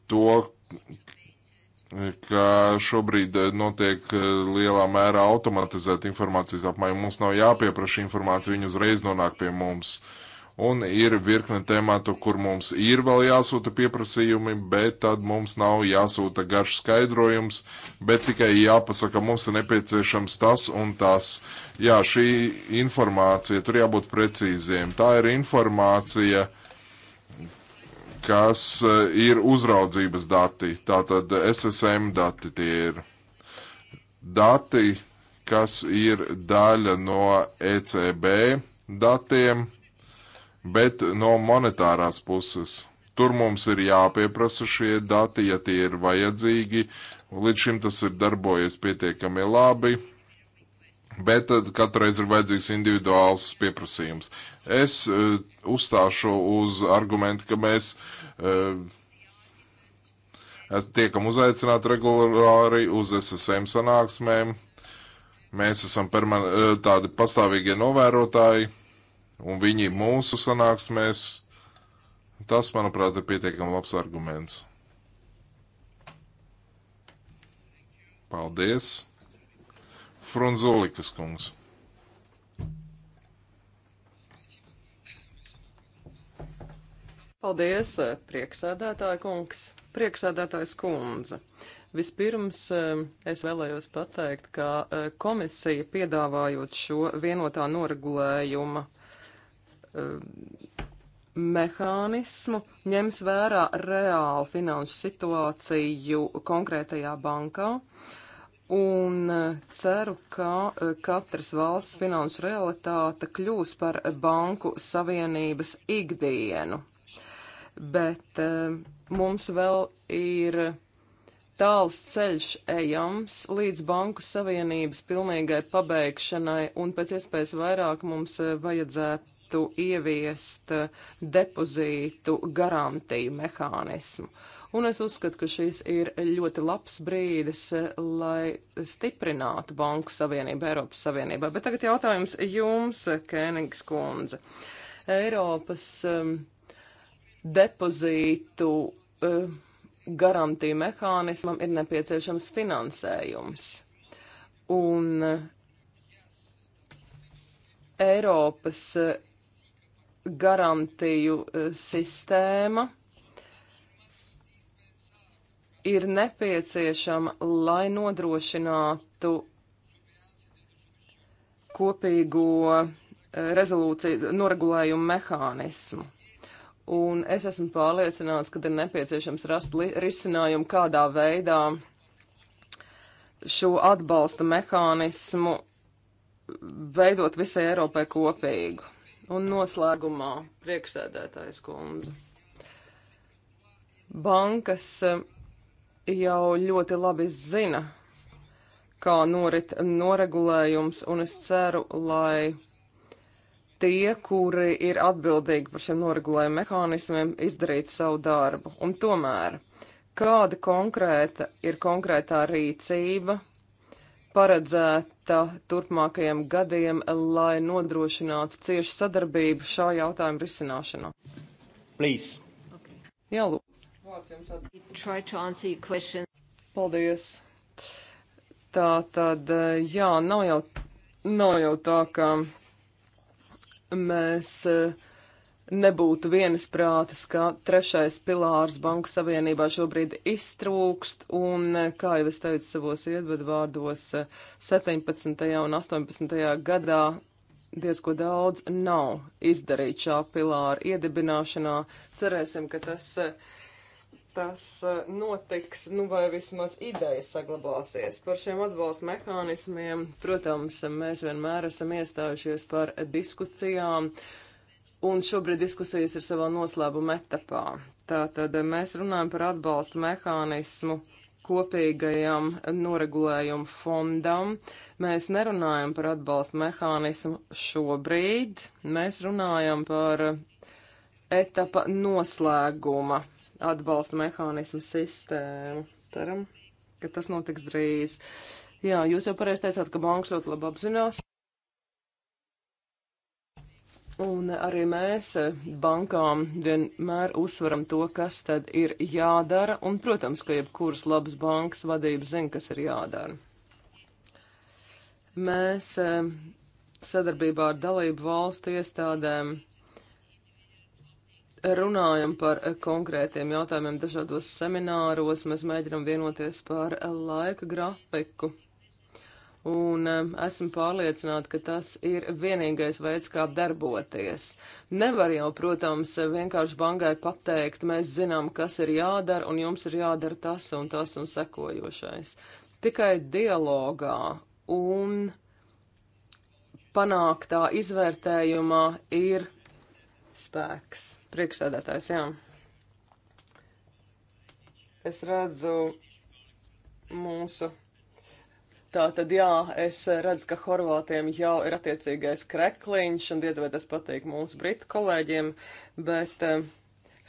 to, ka šobrīd e, notiek e, lielā mērā automatizēta informācijas apmaiņa. Mums nav jāpieprasa informācija, viņa uzreiz nonāk pie mums. Uh, Un ir virkne tēmātu, kur mums ir vēl jāsūta pieprasījumi, bet tad mums nav jāsūta garš skaidrojums, bet tikai jāpasaka, mums ir nepieciešams tas un tas. Jā, šī informācija, tur jābūt precīziem. Tā ir informācija, kas eh, ir uzraudzības dati, tātad SSM dati tie ir. Dati, kas ir daļa no ECB datiem bet no monetārās puses. Tur mums ir jāpieprasa šie dati, ja tie ir vajadzīgi. Līdz šim tas ir darbojies pietiekami labi, bet tad katreiz ir vajadzīgs individuāls pieprasījums. Es uh, uzstāšu uz argumentu, ka mēs uh, tiekam uzaicināti regulāri uz SSM sanāksmēm. Mēs esam e, tādi pastāvīgie novērotāji un viņi mūsu sanāksmēs, tas, manuprāt, ir pietiekami labs arguments. Paldies! Frunzulikas kungs. Paldies, eh, prieksēdētāja kungs, prieksēdētājs kundze. Vispirms eh, es vēlējos pateikt, ka eh, komisija piedāvājot šo vienotā noregulējuma uh, Um, mehānismu ņems vērā reālu finanšu situāciju konkrētajā bankā. Un uh, ceru, ka uh, katras valsts finanšu realitāte kļūs par banku savienības ikdienu. Bet um, mums vēl ir tāls ceļš ejams līdz banku savienības pilnīgai pabeigšanai, un pēc iespējas vairāk mums uh, vajadzētu varētu ieviest eh, depozītu garantiju mehānismu. Un es uzskatu, ka šis ir ļoti labs brīdis, eh, lai stiprinātu Banku Savienību Eiropas Savienībā. Bet tagad jautājums jums, eh, Kēnigs kundze. Eiropas um, depozītu uh, garantiju mehānismam ir nepieciešams finansējums. Un Eiropas garantiju eh, sistēma ir nepieciešama, lai nodrošinātu kopīgo eh, rezolūciju, noregulējumu mehānismu. Un es esmu pārliecināts, ka ir nepieciešams rast risinājumu, kādā veidā šo atbalsta mehānismu veidot visai Eiropai kopīgu. Un noslēgumā priekšsēdētājs kundze. Bankas eh, jau ļoti labi zina, kā norit noregulējums, un es ceru, lai tie, kuri ir atbildīgi par šiem noregulējuma mehānismiem, izdarītu savu darbu. Un tomēr, kāda konkrēta ir konkrētā rīcība paredzēta veikta turpmākajiem gadiem, lai nodrošinātu ciešu sadarbību šā jautājuma risināšanā? Please. Okay. Jā, lūdzu. Vārds jums atbildēt. Paldies. Tā tad, jā, nav jau, nav jau tā, ka mēs. Uh, nebūtu vienisprātis, ka trešais pilārs Banku Savienībā šobrīd iztrūkst, un, kā jau es teicu savos iedvedvārdos, 17. un 18. gadā diezko daudz nav izdarīt šā pilāra iedibināšanā. Cerēsim, ka tas, tas notiks, nu vai vismaz ideja saglabāsies. Par šiem atbalsta mehānismiem, protams, mēs vienmēr esam iestājušies par diskusijām un šobrīd diskusijas ir savā noslēguma etapā. Tātad eh, mēs runājam par atbalstu mehānismu kopīgajam noregulējumu fondam. Mēs nerunājam par atbalstu mehānismu šobrīd, mēs runājam par etapa noslēguma atbalsta mehānismu sistēmu. Ceram, ka tas notiks drīz. Jā, jūs jau pareizi teicāt, ka banks ļoti labi apzinās. Un arī mēs eh, bankām vienmēr uzsveram to, kas tad ir jādara, un, protams, ka jebkuras labas bankas vadības zina, kas ir jādara. Mēs eh, sadarbībā ar dalību valstu iestādēm runājam par eh, konkrētiem jautājumiem dažādos semināros, mēs mēģinam vienoties par laika grafiku un um, esmu pārliecināta, ka tas ir vienīgais veids, kā darboties. Nevar jau, protams, vienkārši bankai pateikt, mēs zinām, kas ir jādara, un jums ir jādara tas un tas un sekojošais. Tikai dialogā un panāktā izvērtējumā ir spēks. Priekšsēdētājs, jā. Es redzu mūsu Tā tad jā, es redzu, ka Horvātiem jau ir attiecīgais krekliņš, un diez vai tas patīk mūsu britu kolēģiem, bet eh,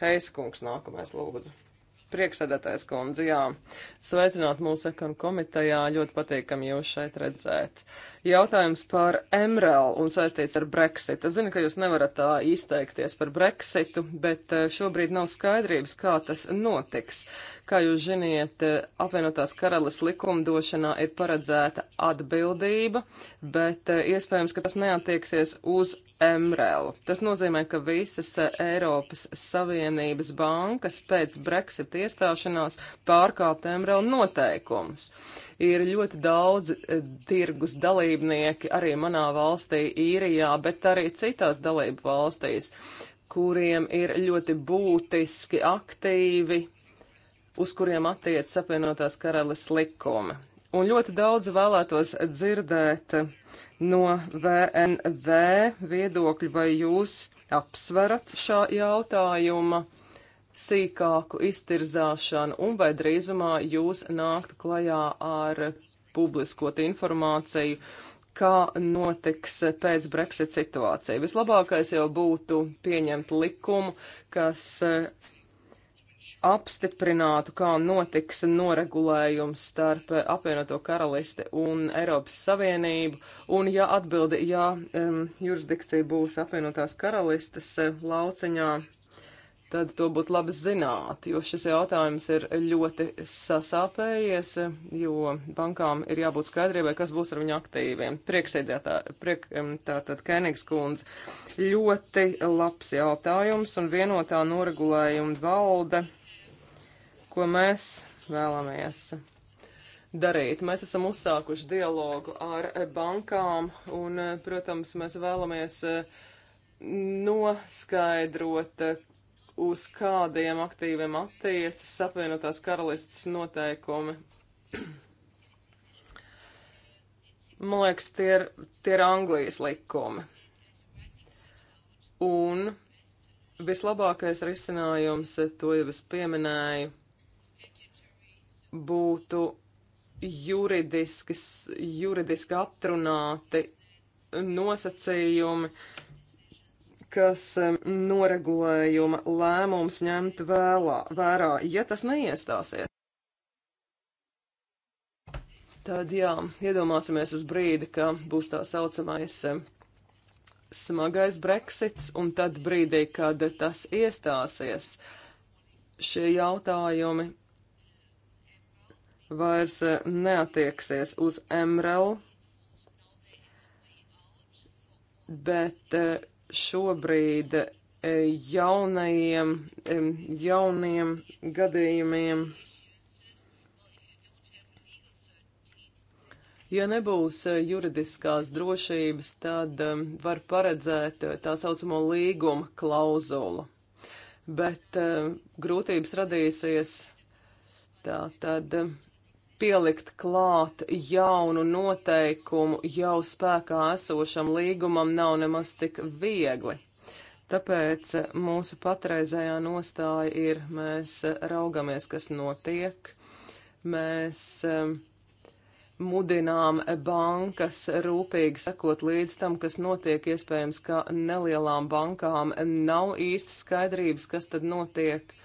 Heiskungs nākamais lūdzu. Prieksēdētājs kundze, jā. Sveicināt mūsu ekonu komitejā, ļoti patīkam jūs šeit redzēt. Jautājums par MRL un saistīts ar Brexit. Es zinu, ka jūs nevarat tā izteikties par Brexitu, bet šobrīd nav skaidrības, kā tas notiks. Kā jūs ziniet, apvienotās karalis likumdošanā ir paredzēta atbildība, bet iespējams, ka tas neatieksies uz MREL. Tas nozīmē, ka visas eh, Eiropas Savienības bankas pēc Brexit iestāšanās pārkāpt MREL noteikumus. Ir ļoti daudz eh, tirgus dalībnieki arī manā valstī, īrijā, bet arī citās dalību valstīs, kuriem ir ļoti būtiski aktīvi, uz kuriem attiec apvienotās karalis likumi. Un ļoti daudz vēlētos dzirdēt No VNV viedokļa vai jūs apsverat šā jautājuma sīkāku iztirzāšanu un vai drīzumā jūs nākt klajā ar publiskot informāciju, kā notiks pēc Brexit situācija. Vislabākais jau būtu pieņemt likumu, kas apstiprinātu, kā notiks noregulējums starp apvienoto karalisti un Eiropas Savienību, un ja atbildi, ja um, jurisdikcija būs apvienotās karalistas eh, lauciņā, tad to būtu labi zināt, jo šis jautājums ir ļoti sasāpējies, jo bankām ir jābūt skaidrībai, kas būs ar viņu aktīviem. Prieksēdētā, priek, tātad Kenigs kundze, ļoti labs jautājums un vienotā noregulējuma valde ko mēs vēlamies darīt. Mēs esam uzsākuši dialogu ar bankām un, protams, mēs vēlamies eh, noskaidrot, eh, uz kādiem aktīviem attiecas apvienotās karalistas noteikumi. <clears throat> Man liekas, tie ir, tie ir Anglijas likumi. Un vislabākais risinājums, eh, to jau es pieminēju, būtu juridiski, juridiski atrunāti nosacījumi, kas noregulējuma lēmums ņemt vēlā, vērā, ja tas neiestāsies. Tad jā, iedomāsimies uz brīdi, ka būs tā saucamais smagais Brexits, un tad brīdī, kad tas iestāsies, šie jautājumi vairs eh, neatieksies uz MRL, bet eh, šobrīd eh, jaunajiem, jauniem gadījumiem. Ja nebūs juridiskās drošības, tad var paredzēt tā saucamo līguma klauzulu. Bet grūtības radīsies tā tad pielikt klāt jaunu noteikumu jau spēkā esošam līgumam nav nemaz tik viegli. Tāpēc mūsu patreizējā nostāja ir, mēs raugamies, kas notiek, mēs um, mudinām bankas rūpīgi sekot līdz tam, kas notiek. Iespējams, ka nelielām bankām nav īsti skaidrības, kas tad notiek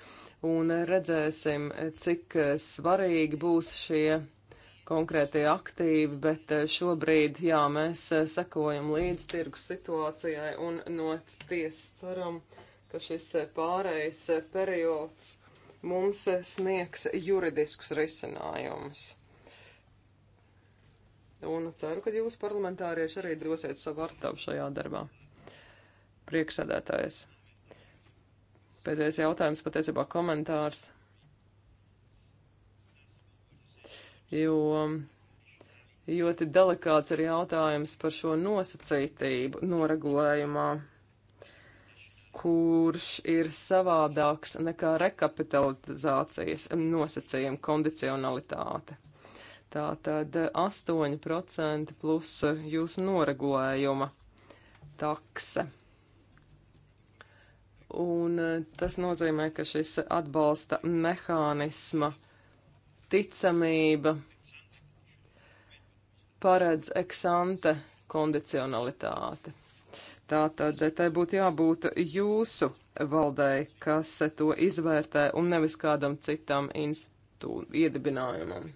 un redzēsim, cik svarīgi būs šie konkrētie aktīvi, bet eh, šobrīd, jā, mēs eh, sekojam līdz tirgus situācijai un no tiesas ceram, ka šis eh, pārējais periods mums sniegs juridiskus risinājumus. Un ceru, ka jūs parlamentārieši arī dosiet savu artavu šajā darbā. Prieksēdētājs. Pēdējais jautājums, patiesībā komentārs. Jo ļoti delikāts ir jautājums par šo nosacītību noregulējumā, kurš ir savādāks nekā rekapitalizācijas nosacījuma kondicionalitāte. Tātad 8% plus jūsu noregulējuma takse un e, tas nozīmē, ka šis atbalsta mehānisma ticamība paredz eksante kondicionalitāti. Tātad te būtu jābūt jūsu valdei, kas e, to izvērtē, un nevis kādam citam iedibinājumam.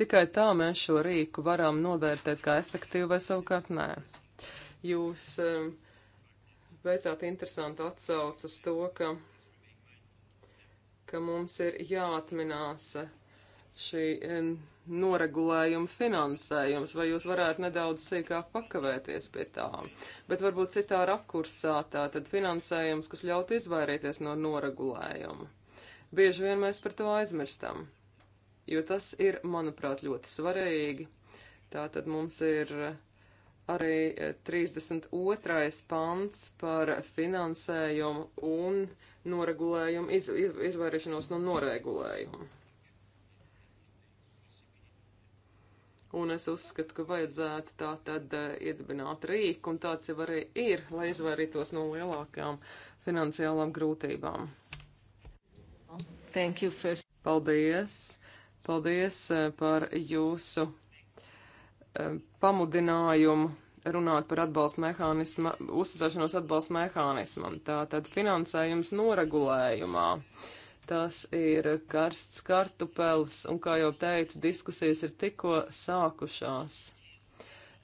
Tikai tā mēs šo rīku varam novērtēt kā efektīvu vai savukārt nē. Jūs uh, veicāt interesantu atsaucu uz to, ka, ka mums ir jāatminās šī eh, noregulējuma finansējums, vai jūs varētu nedaudz sīkāk pakavēties pie tā. Bet varbūt citā rakursā tā tad finansējums, kas ļaut izvairīties no noregulējuma. Bieži vien mēs par to aizmirstam, jo tas ir, manuprāt, ļoti svarīgi. Tā tad mums ir arī 32. Eh, pants par finansējumu un noregulējumu, iz, iz, izvairīšanos no noregulējuma. Un es uzskatu, ka vajadzētu tā tad eh, iedibināt rīku, un tāds jau arī ir, lai izvairītos no lielākām finansiālām grūtībām. Thank you first. Paldies! Paldies eh, par jūsu Um, pamudinājumu runāt par atbalsta mehānismu, uzticēšanos atbalsta mehānismam. Tātad finansējums noregulējumā. Tas ir karsts kartupels, un, kā jau teicu, diskusijas ir tikko sākušās.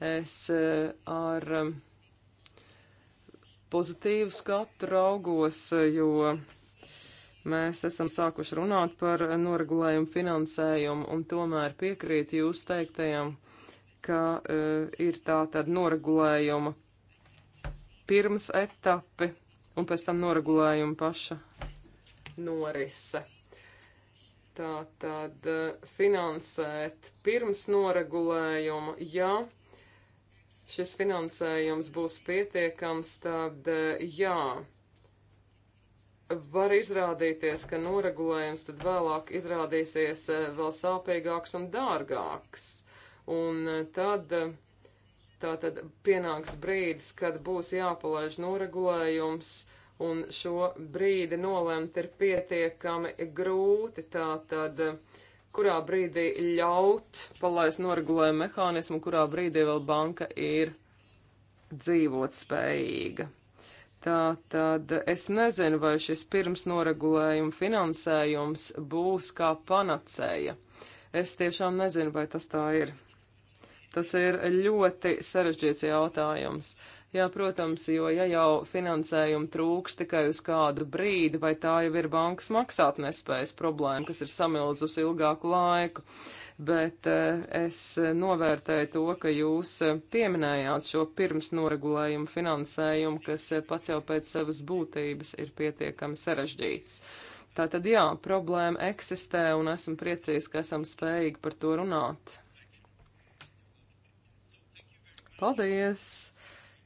Es uh, ar um, pozitīvu skatu raugos, uh, jo mēs esam sākuši runāt par noregulējumu finansējumu, un tomēr piekrīt jūs teiktajam, ka ka uh, ir tā tad noregulējuma pirms etapi un pēc tam noregulējuma paša norise. Tā tad eh, finansēt pirms noregulējuma, ja šis finansējums būs pietiekams, tad eh, jā, var izrādīties, ka noregulējums tad vēlāk izrādīsies vēl sāpīgāks un dārgāks. Un e, tad, e, tā tad pienāks brīdis, kad būs jāpalaiž noregulējums, un šo brīdi nolemt ir pietiekami grūti. Tā tad, e, kurā brīdī ļaut palaist noregulējumu mehānismu, kurā brīdī vēl banka ir dzīvot spējīga. Tā tad es nezinu, vai šis pirms noregulējuma finansējums būs kā panacēja. Es tiešām nezinu, vai tas tā ir. Tas ir ļoti sarežģīts jautājums. Jā, protams, jo ja jau finansējumu trūks tikai uz kādu brīdi, vai tā jau ir bankas maksātnespējas problēma, kas ir samilzusi ilgāku laiku. Bet eh, es novērtēju to, ka jūs eh, pieminējāt šo pirms noregulējumu finansējumu, kas eh, pats jau pēc savas būtības ir pietiekami sarežģīts. Tātad jā, problēma eksistē un esmu priecīgs, ka esam spējīgi par to runāt. Paldies!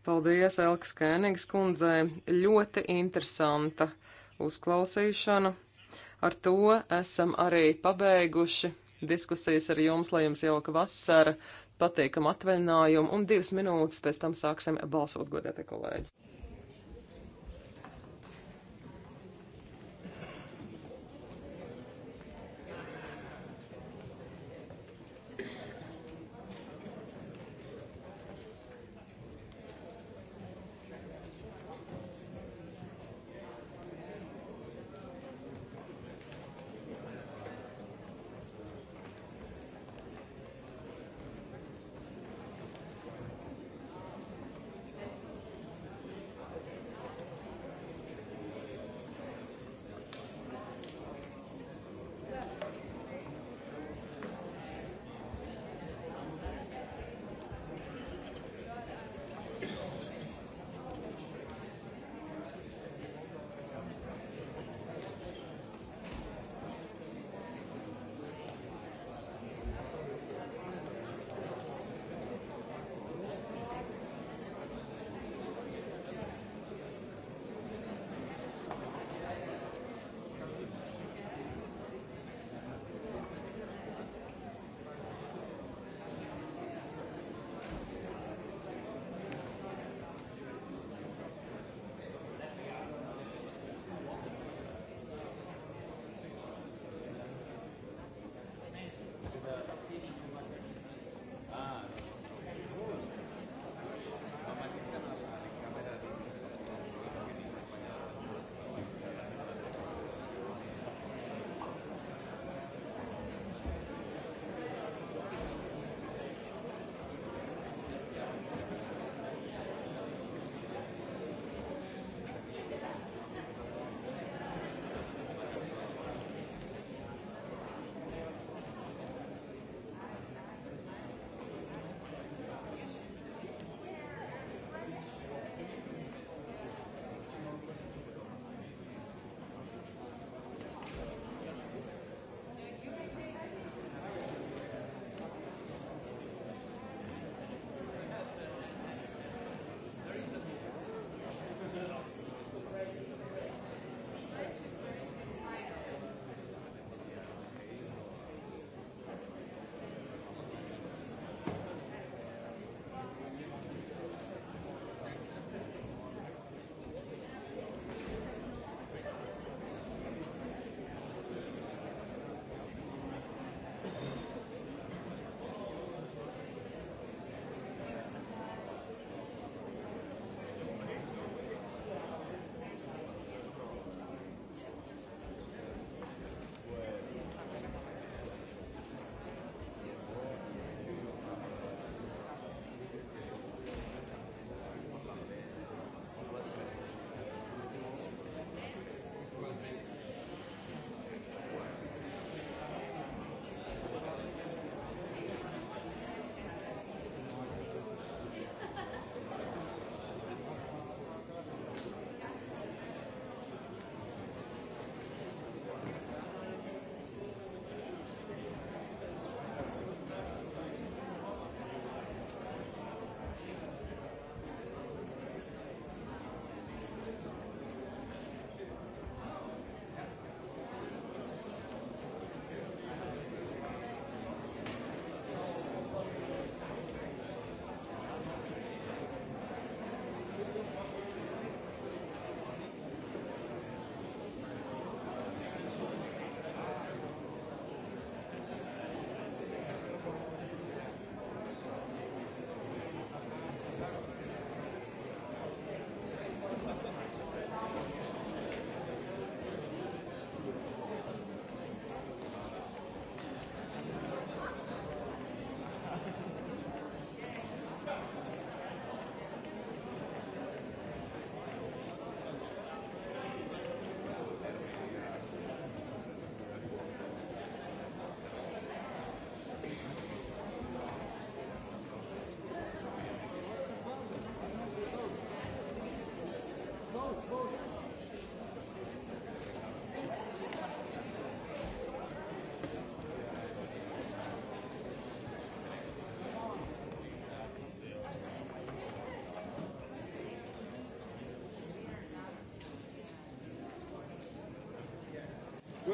Paldies Elkas Kēnigas kundzei! Ļoti interesanta uzklausīšana. Ar to esam arī pabeiguši diskusijas ar jums, lai jums jauka vasara, patīkam atvaļinājumu un divas minūtes pēc tam sāksim balsot, godētie kolēģi.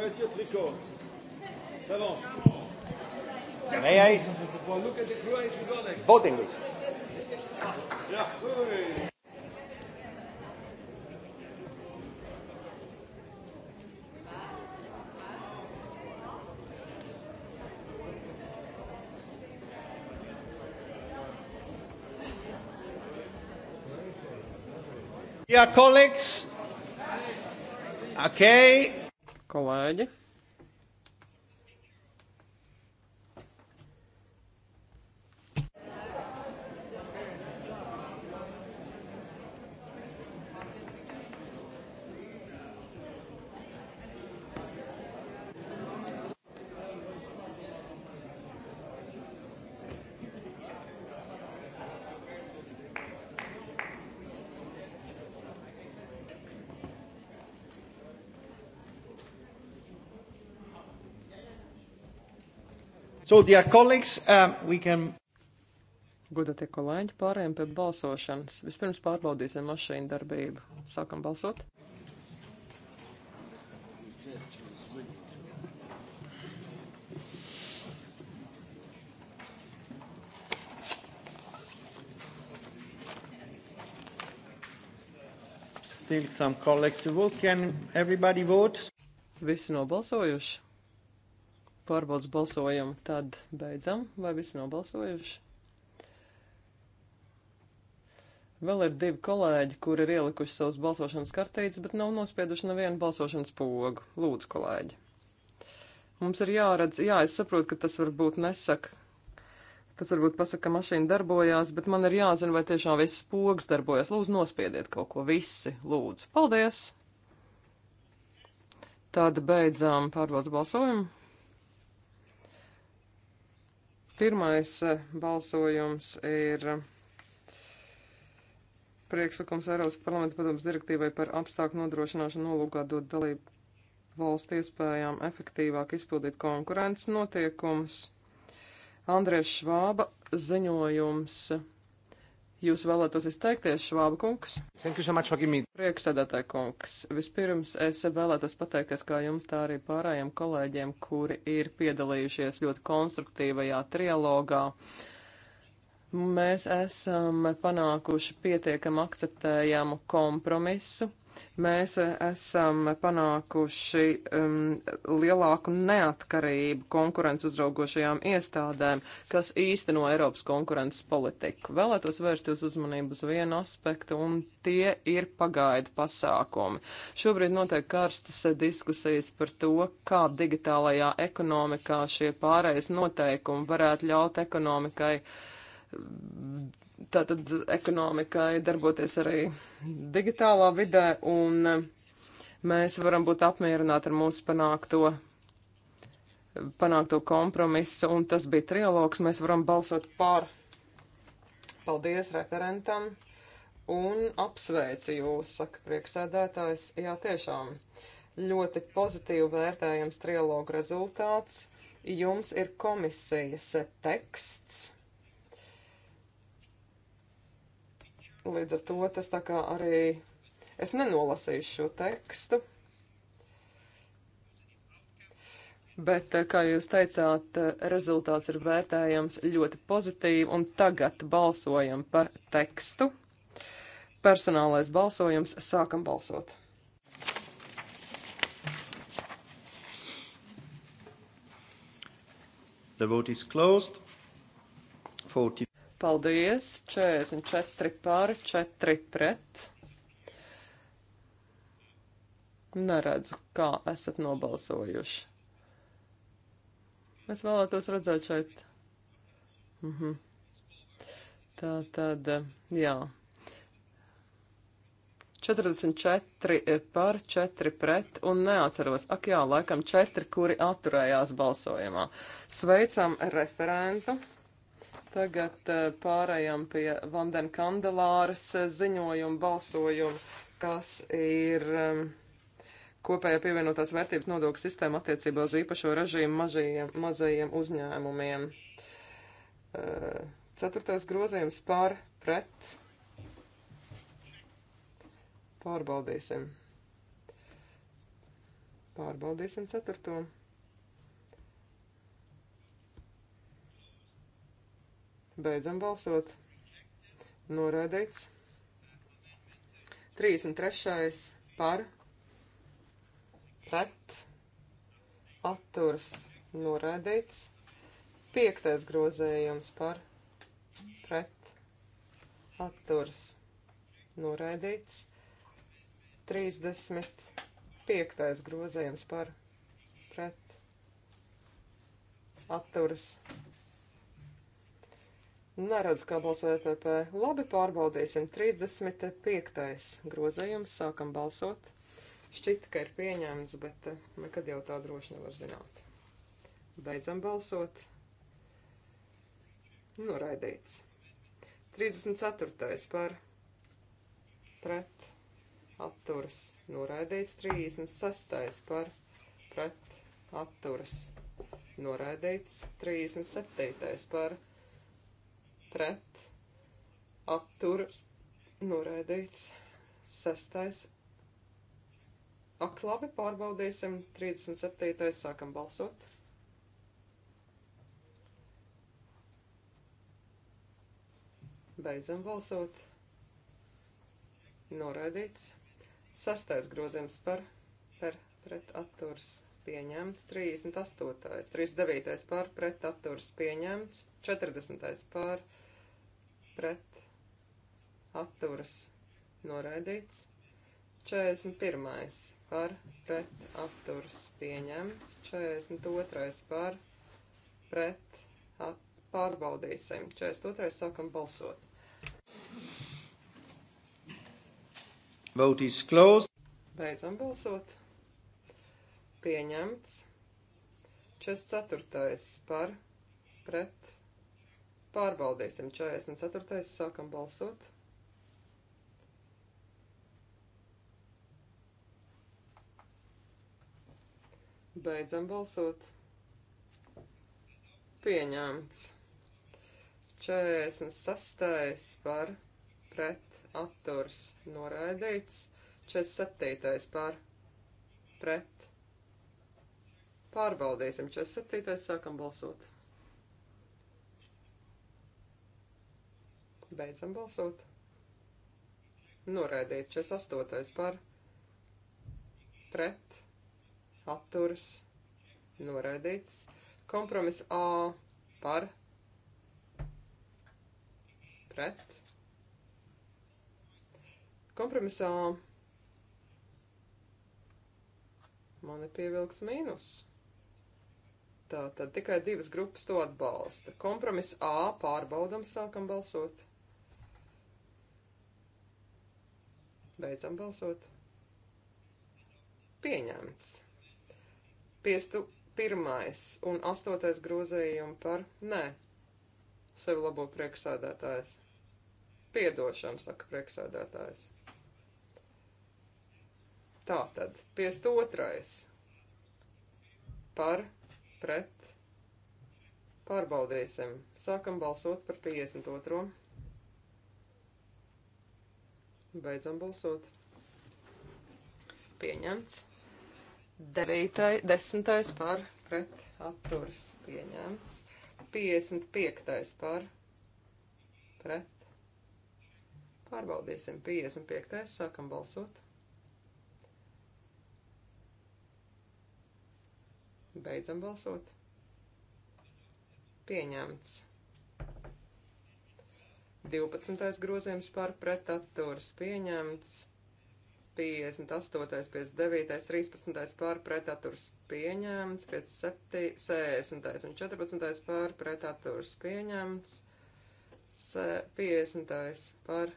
Where's your tricot? Come on. May I? Well, look at the Croatian Codex. Eh? Voting list. Yeah. Hey. Dear colleagues, okay, kolēģi! So, dear colleagues, um, we can. Gudatie kolēģi, pārējiem pie balsošanas. Vispirms pārbaudīsim mašīnu darbību. Sākam balsot. Still some colleagues to vote. Can everybody vote? Visi nobalsojuši pārbaudas balsojumu, tad beidzam. Vai visi nobalsojuši? Vēl ir divi kolēģi, kuri ir ielikuši savus balsošanas kartītes, bet nav nospieduši nevienu balsošanas pogu. Lūdzu, kolēģi. Mums ir jāredz, jā, es saprotu, ka tas varbūt nesaka, tas varbūt pasaka, ka mašīna darbojās, bet man ir jāzina, vai tiešām viss pogas darbojas. Lūdzu, nospiediet kaut ko, visi, lūdzu. Paldies! Tad beidzām pārbaudas balsojumu. Pirmais eh, balsojums ir eh, priekšlikums Eiropas parlamenta padomas direktīvai par apstākļu nodrošināšanu nolūkā dot dalību valstu iespējām efektīvāk izpildīt konkurences notiekums. Andrēs Švāba ziņojums Jūs vēlētos izteikties, Švāba kungs? Priekšsēdētāja kungs, vispirms es vēlētos pateikties kā jums, tā arī pārējiem kolēģiem, kuri ir piedalījušies ļoti konstruktīvajā trialogā. Mēs esam panākuši pietiekam akceptējamu kompromisu Mēs esam panākuši um, lielāku neatkarību konkurences uzraugošajām iestādēm, kas īsteno Eiropas konkurences politiku. Vēlētos vērst jūs uzmanību uz vienu aspektu, un tie ir pagaidu pasākumi. Šobrīd notiek karstas diskusijas par to, kā digitālajā ekonomikā šie pārējais noteikumi varētu ļaut ekonomikai tātad ekonomikai darboties arī digitālā vidē, un mēs varam būt apmierināti ar mūsu panākto, panākto kompromisu, un tas bija trialogs, mēs varam balsot pār. Paldies referentam, un apsveicu jūs, saka prieksēdētājs, jā tiešām ļoti pozitīvi vērtējams trialogu rezultāts. Jums ir komisijas teksts Līdz ar to tas tā kā arī es nenolasīšu šo tekstu. Bet, eh, kā jūs teicāt, eh, rezultāts ir vērtējams ļoti pozitīvi, un tagad balsojam par tekstu. Personālais balsojums sākam balsot. The vote is closed. 40. Paldies! 44 pār, 4 pret. Neredzu, kā esat nobalsojuši. Es vēlētos redzēt šeit. Mhm. Mm Tā tad, jā. 44 par 4 pret un neatceros, ak jā, laikam 4, kuri atturējās balsojumā. Sveicam referentu. Tagad eh, pārējām pie Vandena Kandelāras eh, ziņojuma balsojuma, kas ir um, kopējā pievienotās vērtības nodokļu sistēma attiecībā uz īpašo režīmu mažajiem, mazajiem uzņēmumiem. Uh, ceturtais grozījums pār pret. Pārbaudīsim. Pārbaudīsim ceturto. Beidzam balsot. Noraidīts. 33. par pret atturs noraidīts. 5. grozējums par pret atturs noraidīts. 35. grozējums par pret atturs noraidīts Neredz, kā balso EPP. Labi, pārbaudīsim. 35. grozījums. Sākam balsot. Šķita, ka ir pieņemts, bet eh, nekad jau tā droši nevar zināt. Beidzam balsot. Noraidīts. 34. par pret atturas. Noraidīts. 36. par pret atturas. Noraidīts. 37. par pret pret attur noraidīts. Sestais. Ak, labi, pārbaudīsim. 37. sākam balsot. Beidzam balsot. Noraidīts. Sastais grozījums par, par pretaturs pieņemts. 38. 39. par pretaturs pieņemts. 40. par pretaturs pieņemts pret atturas noraidīts. 41. par pret atturas pieņemts. 42. par pret at, pārbaudīsim. 42. sākam balsot. Vote is closed. Beidzam balsot. Pieņemts. 44. par pret Pārbaudīsim 44. sākam balsot. Beidzam balsot. Pieņemts. 46. par pret atturs noraidīts, 47. par pret. Pārbaudīsim, 47. sākam balsot. Beidzam balsot. Noraidīt 48. par pret atturas noraidīts. Kompromiss A par pret. Kompromisā man ir pievilkts mīnus. Tā tad tikai divas grupas to atbalsta. Kompromiss A pārbaudam, sākam balsot. Beidzam balsot. Pieņemts. Piestu pirmais un astotais grozējumi par nē. Sevi labo priekšsādātājs. Piedošana, saka priekšsādātājs. Tātad, piest otrais par, pret, pārbaudīsim. Sākam balsot par 52. Beidzam balsot. Pieņemts. 9. 10. par pret atturs pieņemts. 55. par pret. Pārbaudīsim 55. sākam balsot. Beidzam balsot. Pieņemts. 12. grozījums par pretatturas pieņemts. 58, 59, 13 pār pretaturs pieņemts, 60 un 14 pār pretaturs pieņemts, 50 pār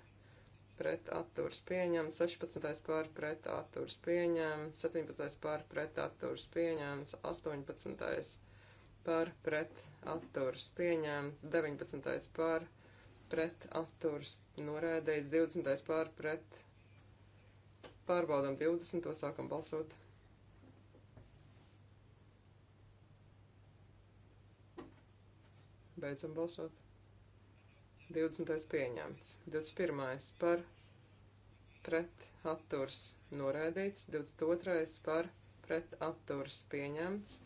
pretaturs pieņemts, 16 pār pretaturs pieņemts, 17 pār pretaturs pieņemts, 18 pār pretaturs pieņemts, 19 pār pretaturs pieņemts pret atturs norēdīts, 20. pār pret pārbaudam 20. sākam balsot. Beidzam balsot. 20. pieņemts. 21. par pret atturs norēdīts, 22. par pret atturs pieņemts,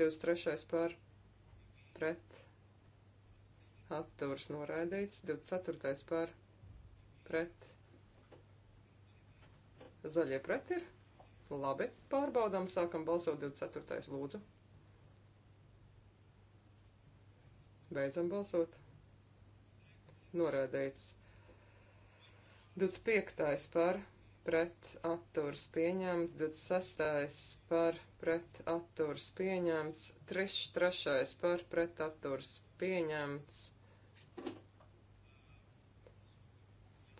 23. par pret atturs atturas noraidīts, 24. par pret. Zaļie pret ir. Labi, pārbaudām, sākam balsot 24. lūdzu. Beidzam balsot. Noraidīts. 25. par pret atturs pieņemts, 26. par pret atturs pieņemts, 3. par pret atturs pieņemts.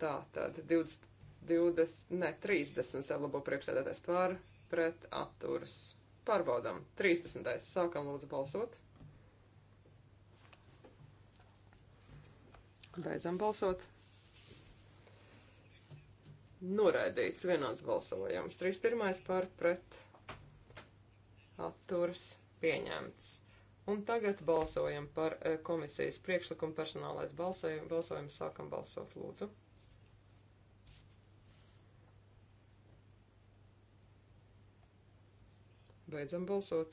Tā tad 20, 20 ne, 30 salabo priekšsēdētājs pār, pret, atturas. Pārbaudām. 30. Sākam lūdzu balsot. Beidzam balsot. Noraidīts vienāds balsojums. 31. par pret atturs pieņemts. Un tagad balsojam par eh, komisijas priekšlikumu personālais balsojums. Balsojums sākam balsot lūdzu. Beidzam balsot.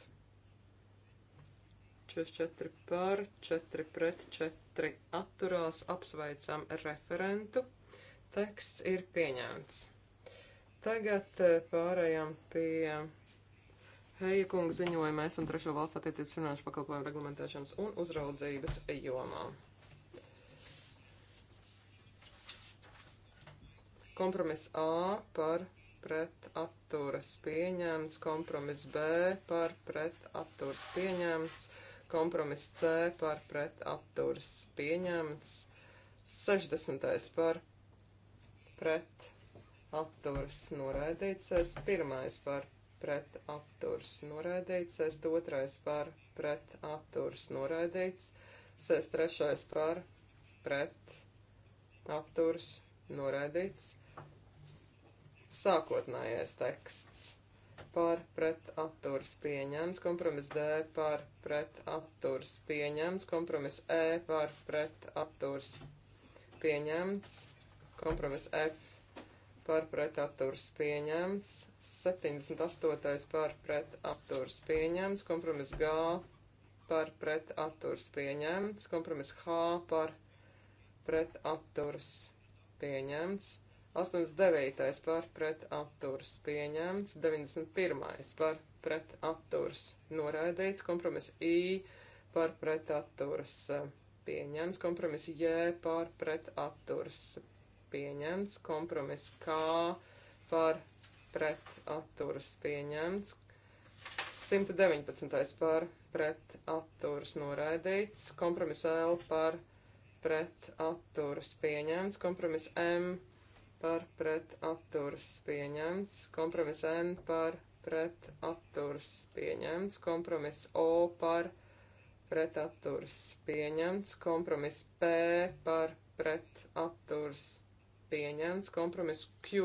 44 pār, 4 pret, 4 atturās, apsveicam referentu. Teksts ir pieņemts. Tagad eh, pārējām pie Heija kunga ziņojuma es un trešo valstu attiecības finanšu pakalpojumu reglamentēšanas un uzraudzības jomā. Kompromiss A par pret atturas pieņemts, kompromiss B par pret atturas pieņemts, kompromiss C par pret atturas pieņemts, 60. par pret atturas noraidītsies, pirmais par pret atturas noraidītsies, otrais par pret atturas noraidīts, 63. par pret atturas noraidīts. Sākotnējais teksts par pret atturas pieņemts, kompromiss D par pret atturas pieņemts, kompromiss E par pret atturas pieņemts, kompromiss F par pret atturas pieņemts, 78. par pret atturas pieņemts, kompromiss G par pret atturas pieņemts, kompromiss H par pret atturas pieņemts. 89. par pret apturs pieņemts, 91. par pret apturs noraidīts, kompromiss I par pret apturs eh, pieņemts, kompromiss J par pret apturs pieņemts, kompromiss K par pret apturs pieņemts, 119. par pret atturas noraidīts, kompromiss L par pret atturas pieņemts, kompromiss M par pret atturas pieņemts, kompromiss N par pret atturas pieņemts, kompromiss O par pret atturas pieņemts, kompromiss P par pret atturas pieņemts, kompromiss Q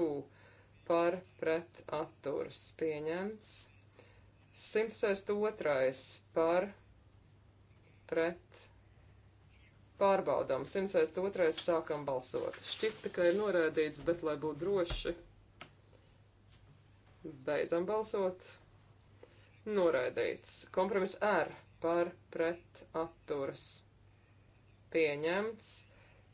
par pret atturas pieņemts, 162 par pret Pārbaudām, 102. sākam balsot. Šķita, ka ir norādīts, bet lai būtu droši, beidzam balsot. Noraidīts. Kompromiss R par pret atturas. Pieņemts.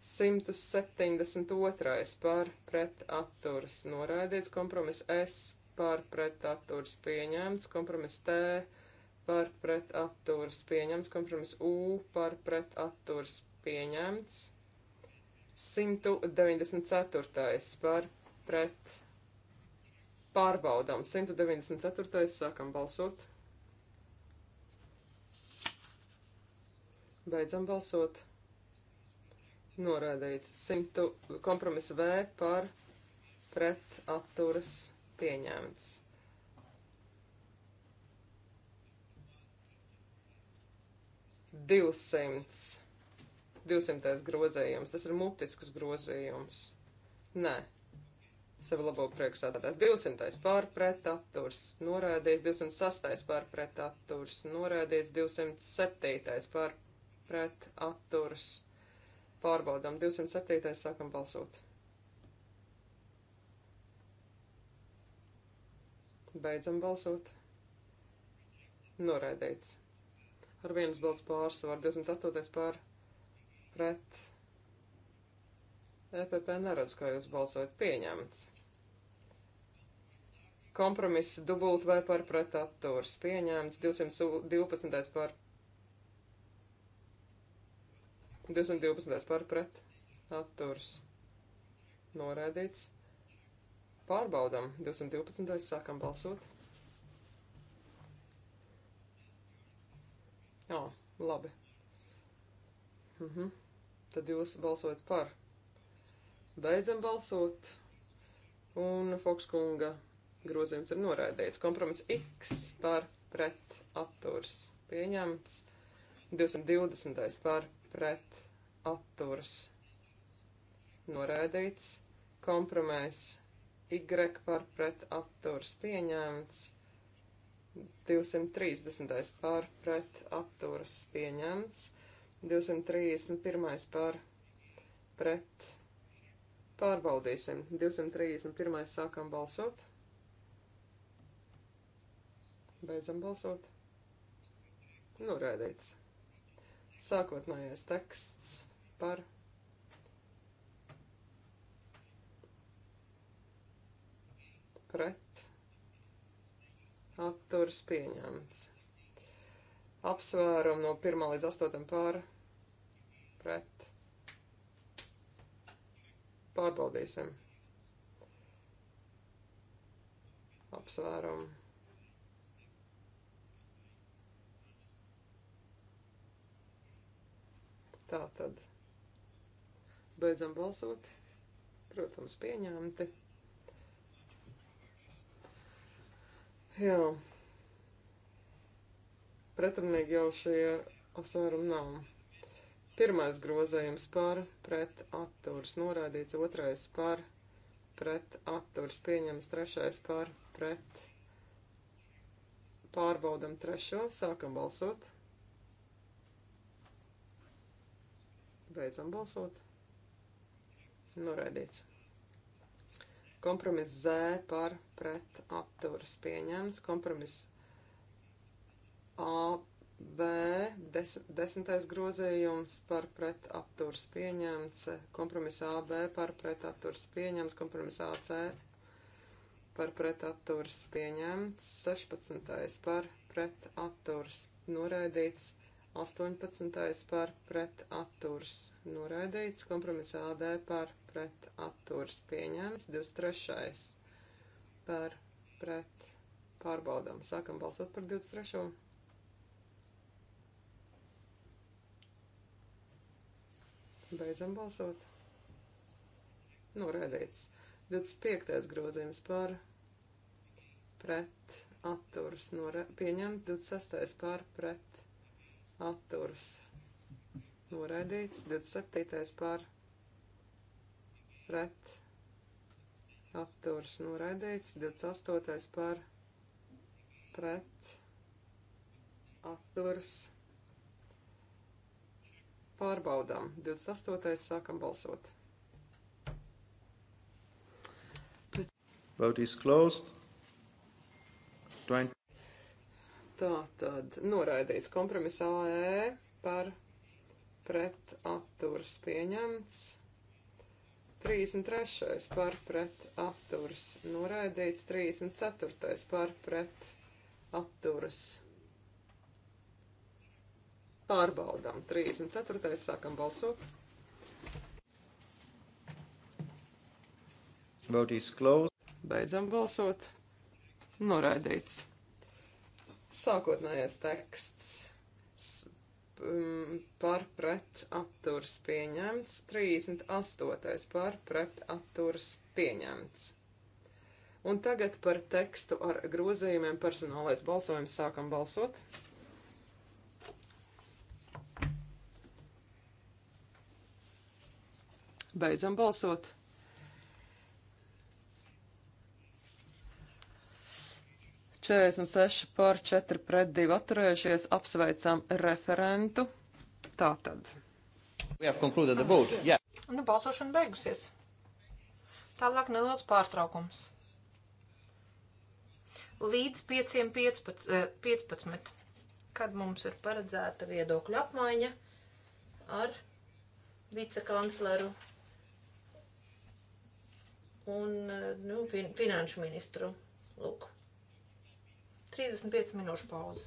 172. par pret atturas. Noraidīts. Kompromiss S par pret atturas. Pieņemts. Kompromiss T par pret atturas. Pieņemts. Kompromiss U par pret atturas pieņemts. 194. par pret pārbaudām. 194. sākam balsot. Beidzam balsot. Norādīts 100 kompromisa V par pret atturas pieņēmts. Divsimts. 200. grozējums. Tas ir mutisks grozējums. Nē. Sevi labo priekšsādātājs. 200. pārpret atturs. Norēdies 206. pārpret atturs. Norēdies 207. pārpret atturs. Pārbaudām 207. sākam balsot. Beidzam balsot. Noraidīts. Ar vienas balss pārsvaru 28. pār pret. EPP neredz, kā jūs balsojat pieņemts. Kompromiss dubult vai par pret atturs pieņemts. 212 par 212 par pret atturs norēdīts. Pārbaudam. 212. sākam balsot. Jā, labi. Mhm. Mm tad jūs balsojat par. Beidzam balsot, un Fokskunga grozījums ir noraidīts. Kompromiss X par pret atturs pieņemts, 220. par pret atturs noraidīts, kompromiss Y par pret atturs pieņemts, 230. par pret atturs pieņemts, 231. par pret. Pārbaudīsim. 231. sākam balsot. Beidzam balsot. Noraidīts. Nu, Sākotnējais teksts par pret. Atturs pieņemts apsvērumu no 1 līdz 8 pār pret. Pārbaudīsim. Apsvērumu. Tā tad. Beidzam balsot. Protams, pieņemti. Jā. Pretrunīgi jau šie apsvērumi nav. Pirmais grozējums par pret atturs norādīts, otrais par pret atturs pieņems, trešais par pret pārbaudam trešo, sākam balsot. Beidzam balsot. Noraidīts. Kompromiss Z par pret atturas pieņemts. Kompromiss AB des, desmitais grozījums par pretapturs pieņemts, kompromisa AB par pretapturs pieņemts, kompromisa AC par pretapturs pieņemts, 16. par pretapturs noraidīts, 18. par pretapturs noraidīts, kompromisa AD par pretapturs pieņemts, 23. par pret pārbaudām. Sākam balsot par 23. Beidzam balsot. Noraidīts. 25. grozījums par pret atturs. Nore... Pieņemt 26. par pret atturs. Noraidīts. 27. par pret atturs. Noraidīts. 28. par pret atturs. Pārbaudām. 28. sākam balsot. Vote is closed. 20. Tā tad noraidīts kompromisā AE par pret atturs pieņemts. 33. par pret atturs noraidīts. 34. par pret atturs pieņemts Pārbaudām. 34. sākam balsot. Vote is closed. Beidzam balsot. Noraidīts. Sākotnējais teksts mm, par pret atturs pieņemts, 38. par pret atturs pieņemts. Un tagad par tekstu ar grozījumiem personālais balsojums sākam balsot. Beidzam balsot. Četrdesmit seši par četri pret divi atturējušies. Apsveicam referentu. Tātad. Yeah. Nu, balsošana beigusies. Tālāk neliels pārtraukums. Līdz 5.15. Eh, kad mums ir paredzēta viedokļa apmaiņa ar vicekancleru un nu, fin finanšu ministru. Lūk, 35 minūšu pauze.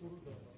kuru da var.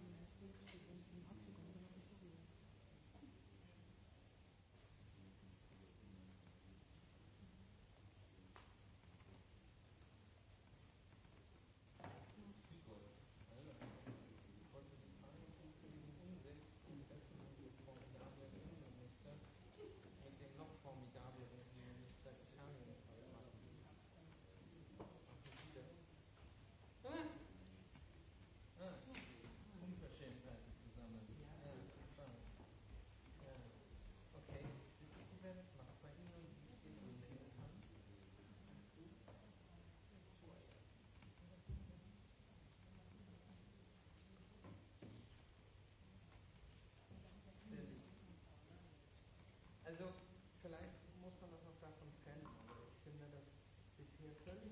Also vielleicht muss man das auch davon trennen. Also ich finde das bisher völlig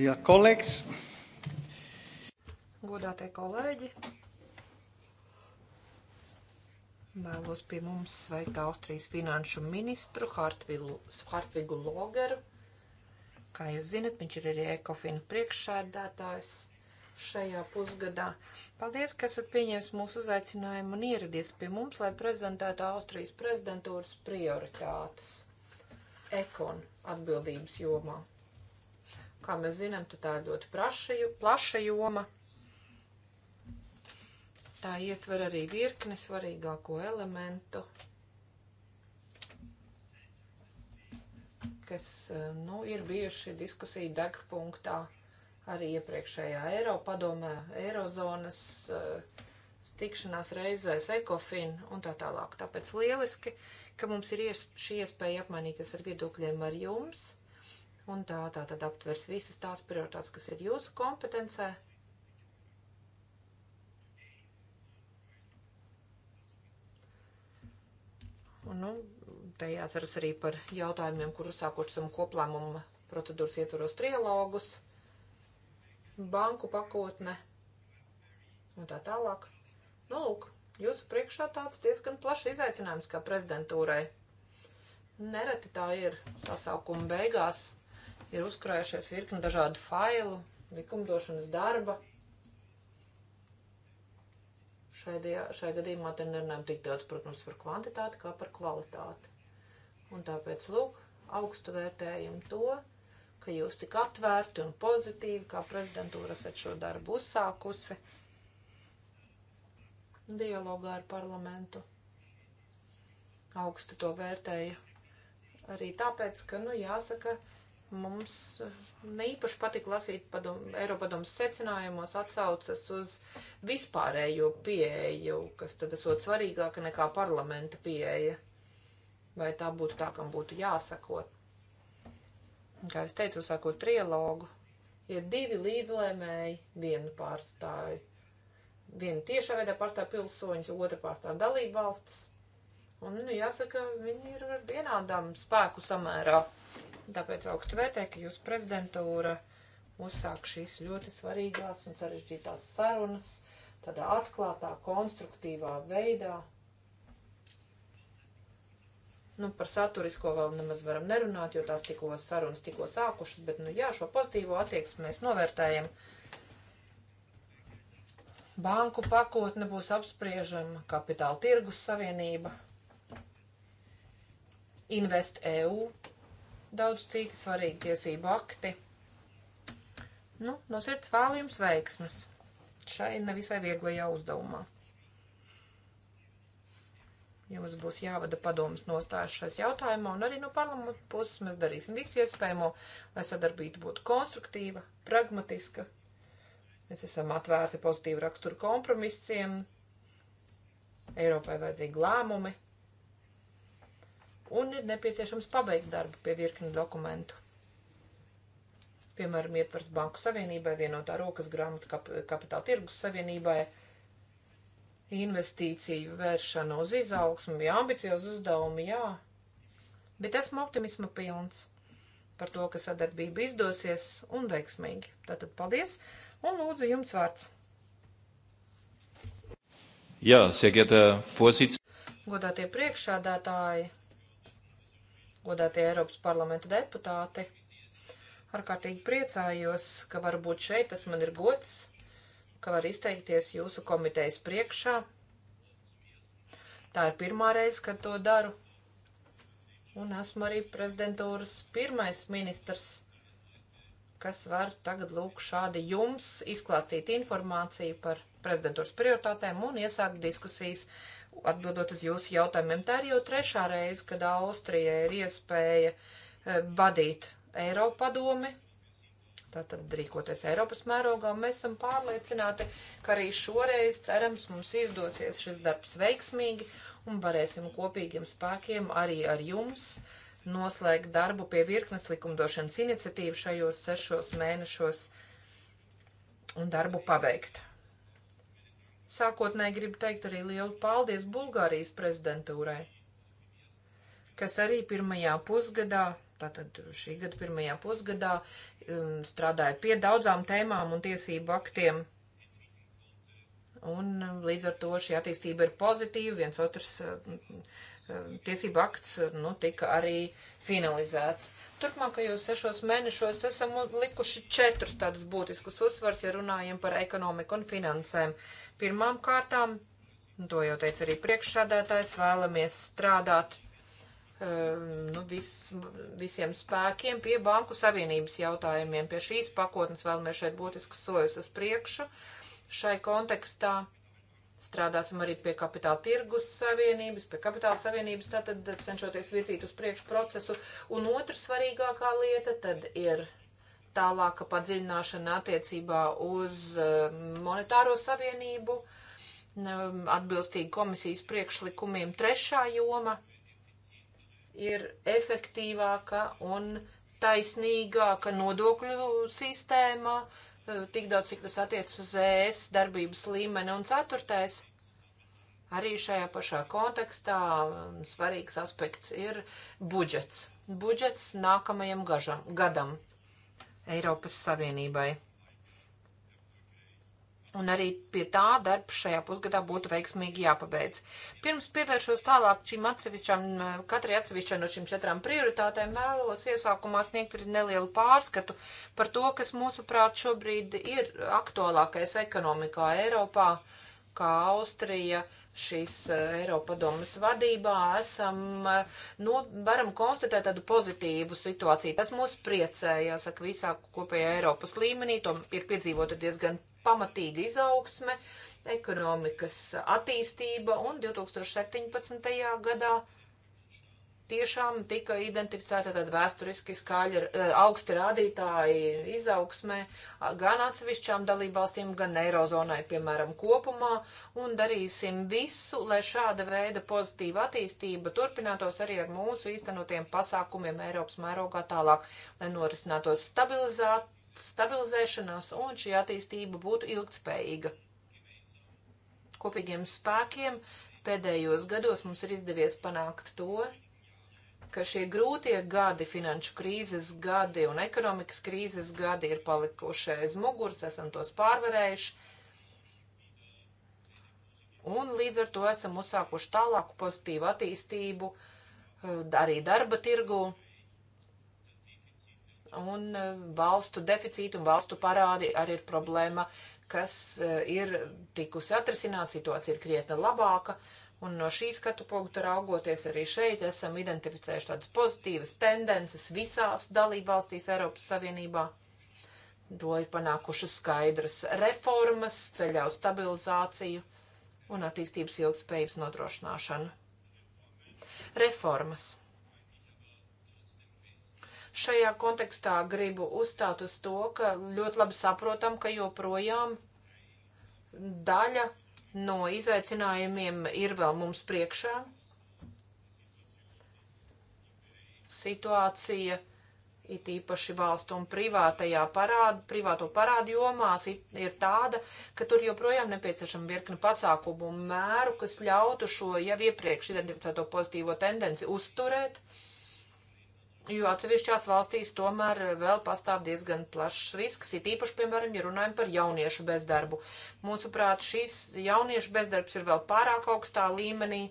Dear colleagues, godātie kolēģi, vēlos pie mums sveikt Austrijas finanšu ministru Hartvilu, Hartvigu Logeru. Kā jūs zinat, viņš ir arī Ekofina priekšsēdētājs šajā pusgadā. Paldies, ka esat pieņēmis mūsu uzaicinājumu un ieradies pie mums, lai prezentētu Austrijas prezidentūras prioritātes ekon atbildības jomā kā mēs zinām, tad tā ir ļoti praša, plaša joma. Tā ietver arī virkni svarīgāko elementu, kas eh, nu, ir bijuši diskusiju degpunktā arī iepriekšējā Eiropadomē, Eirozonas uh, tikšanās reizēs, ekofin un tā tālāk. Tāpēc lieliski, ka mums ir ies, šī iespēja apmainīties ar viedokļiem ar jums un tā tā tad aptvers visas tās prioritātes, kas ir jūsu kompetencē. Un, nu, te jāatceras arī par jautājumiem, kur uzsākušam koplēmumu procedūras ietvaros trialogus, banku pakotne un tā tālāk. Nu, lūk, jūsu priekšā tāds diezgan plašs izaicinājums kā prezidentūrai. Nereti tā ir sasaukuma beigās ir uzkrājušies virkni dažādu failu, likumdošanas darba. Šajā, šajā gadījumā te nerunājam tik daudz, protams, par kvantitāti kā par kvalitāti. Un tāpēc, lūk, augstu vērtējam to, ka jūs tik atvērti un pozitīvi, kā prezidentūra esat šo darbu uzsākusi dialogā ar parlamentu. Augstu to vērtēja arī tāpēc, ka, nu, jāsaka, uh, Mums eh, neīpaši patika lasīt padom, Eiropadomas secinājumos atsaucas uz vispārējo pieeju, kas tad esot svarīgāka nekā parlamenta pieeja. Vai tā būtu tā, kam būtu jāsako? Kā es teicu, sākot trilogu, ir divi līdzlēmēji, viena pārstāja. Viena tiešā veidā pārstāja pilsoņus, otra pārstāja dalību valstis. Un, nu, jāsaka, viņi ir ar vienādām spēku samērā. Uh, Tāpēc augstu vērtē, ka jūsu prezidentūra uzsāk šīs ļoti svarīgās un sarežģītās sarunas tādā atklātā, konstruktīvā veidā. Nu, par saturisko vēl nemaz varam nerunāt, jo tās tikko sarunas tikko sākušas, bet, nu, jā, šo pozitīvo attieksmi mēs novērtējam. Banku pakotne būs apspriežama, kapitāla tirgus savienība, Invest EU daudz citi svarīgi tiesību akti. Nu, no sirds vēlu jums veiksmes šai nevisai vieglajā uzdevumā. Jums būs jāvada padomas nostājas šais jautājumā, un arī no parlamenta puses mēs darīsim visu iespējamo, lai sadarbība būtu konstruktīva, pragmatiska. Mēs esam atvērti pozitīvu raksturu kompromisiem. Eiropai vajadzīgi lēmumi, un ir nepieciešams pabeigt darbu pie virkni dokumentu. Piemēram, ietvers Banku Savienībai, vienotā rokas grāmata kap kapitāla tirgus savienībai, investīciju vēršana uz izaugsmu, jā, ambiciozu uzdevumu, jā. Bet esmu optimisma pilns par to, ka sadarbība izdosies un veiksmīgi. Tātad paldies un lūdzu jums vārds. Jā, siekiet, uh, eh, fosīts. Godātie priekšādātāji godātie Eiropas parlamenta deputāti. Ārkārtīgi priecājos, ka var būt šeit, tas man ir gods, ka var izteikties jūsu komitejas priekšā. Tā ir pirmā reize, kad to daru. Un esmu arī prezidentūras pirmais ministrs, kas var tagad lūk šādi jums izklāstīt informāciju par prezidentūras prioritātēm un iesākt diskusijas Atbildot uz jūsu jautājumiem, tā ir jau trešā reize, kad Austrijai ir iespēja eh, vadīt Eiropa padomi. Tātad rīkoties Eiropas mērogā, mēs esam pārliecināti, ka arī šoreiz, cerams, mums izdosies šis darbs veiksmīgi un varēsim kopīgiem spēkiem arī ar jums noslēgt darbu pie virknes likumdošanas iniciatīvu šajos sešos mēnešos un darbu pabeigt. Sākotnēji gribu teikt arī lielu paldies Bulgārijas prezidentūrai, kas arī pirmajā pusgadā, tātad šī gada pirmajā pusgadā, um, strādāja pie daudzām tēmām un tiesību aktiem. Un um, līdz ar to šī attīstība ir pozitīva, viens otrs uh, Um, tiesība akts uh, nu, tika arī finalizēts. Turpmākajos sešos mēnešos esam likuši četrus tādus būtiskus uzsvars, ja runājam par ekonomiku un finansēm. Pirmām kārtām, to jau teica arī priekšsādātājs, vēlamies strādāt um, nu, vis, visiem spēkiem pie Banku Savienības jautājumiem. Pie šīs pakotnes vēlamies šeit būtiskus soļus uz priekšu. Šai kontekstā Strādāsim arī pie kapitāla tirgus savienības, pie kapitāla savienības, tātad cenšoties virzīt uz priekšu procesu. Un otra svarīgākā lieta tad ir tālāka padziļināšana attiecībā uz um, monetāro savienību, um, atbilstīgi komisijas priekšlikumiem. Trešā joma ir efektīvāka un taisnīgāka nodokļu sistēma, uh, Eh, tik daudz, cik tas attiec uz ES darbības līmeni. Un ceturtais, arī šajā pašā kontekstā mm, svarīgs aspekts ir budžets. Budžets nākamajam gažam, gadam Eiropas Savienībai. Un arī pie tā darba šajā pusgadā būtu veiksmīgi jāpabeidz. Pirms pievēršos tālāk šīm atsevišķām, katrai atsevišķai no šīm četrām prioritātēm, vēlos iesākumā sniegt arī nelielu pārskatu par to, kas mūsuprāt šobrīd ir aktuālākais ekonomikā Eiropā, kā Austrija. Šīs eh, Eiropadomas vadībā esam, eh, no, varam konstatēt tādu pozitīvu situāciju. Tas mūs priecē, jāsaka, visā kopējā Eiropas līmenī. To ir piedzīvota diezgan pamatīga izaugsme, ekonomikas attīstība un 2017. gadā tiešām tika identificēta tāda vēsturiski skaļa eh, augsti rādītāji izaugsmē gan atsevišķām dalībvalstīm, gan eirozonai, piemēram, kopumā, un darīsim visu, lai šāda veida pozitīva attīstība turpinātos arī ar mūsu īstenotiem pasākumiem Eiropas mērogā tālāk, lai norisinātos stabilizēt stabilizēšanos un šī attīstība būtu ilgtspējīga. Kopīgiem spēkiem pēdējos gados mums ir izdevies panākt to, ka šie grūtie gadi, finanšu krīzes gadi un ekonomikas krīzes gadi ir palikuši aiz muguras, esam tos pārvarējuši. Un līdz ar to esam uzsākuši tālāku pozitīvu attīstību eh, arī darba tirgu un e, valstu deficīti un valstu parādi arī ir problēma, kas e, ir tikusi atrisināt, situācija ir krietni labāka, un no šī skatu punkta raugoties arī šeit esam identificējuši tādas pozitīvas tendences visās dalībvalstīs Eiropas Savienībā. To ir panākušas skaidras reformas ceļā uz stabilizāciju un attīstības ilgspējības nodrošināšanu. Reformas Šajā kontekstā gribu uzstāt uz to, ka ļoti labi saprotam, ka joprojām daļa no izaicinājumiem ir vēl mums priekšā. Situācija it īpaši valstu un privātajā parādu, privāto parādu jomās ir tāda, ka tur joprojām nepieciešama virkni pasākumu un mēru, kas ļautu šo jau iepriekš identificēto pozitīvo tendenci uzturēt. Uh, jo atsevišķās valstīs tomēr vēl pastāv diezgan plašs risks, it īpaši, piemēram, ja runājam par jauniešu bezdarbu. Mūsuprāt, šīs jauniešu bezdarbs ir vēl pārāk augstā līmenī.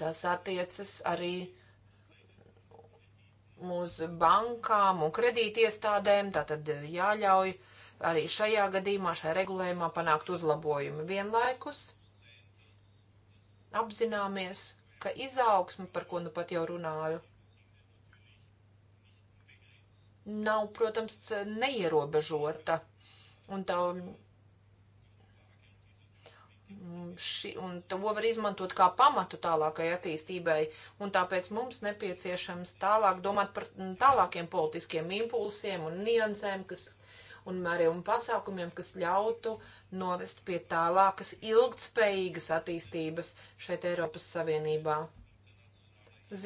Tas attiecas arī uz bankām un kredītiestādēm, tātad jāļauj arī šajā gadījumā, šajā regulējumā panākt uzlabojumi vienlaikus. Apzināmies, ka izaugsme, par ko nu pat jau runāju, nav, protams, neierobežota. Un tā mm, Ši, un to var izmantot kā pamatu tālākai attīstībai, un tāpēc mums nepieciešams tālāk domāt par mm, tālākiem politiskiem impulsiem un niansēm, kas, un mēriem un pasākumiem, kas ļautu uh, novest pie tālākas ilgtspējīgas attīstības šeit Eiropas Savienībā.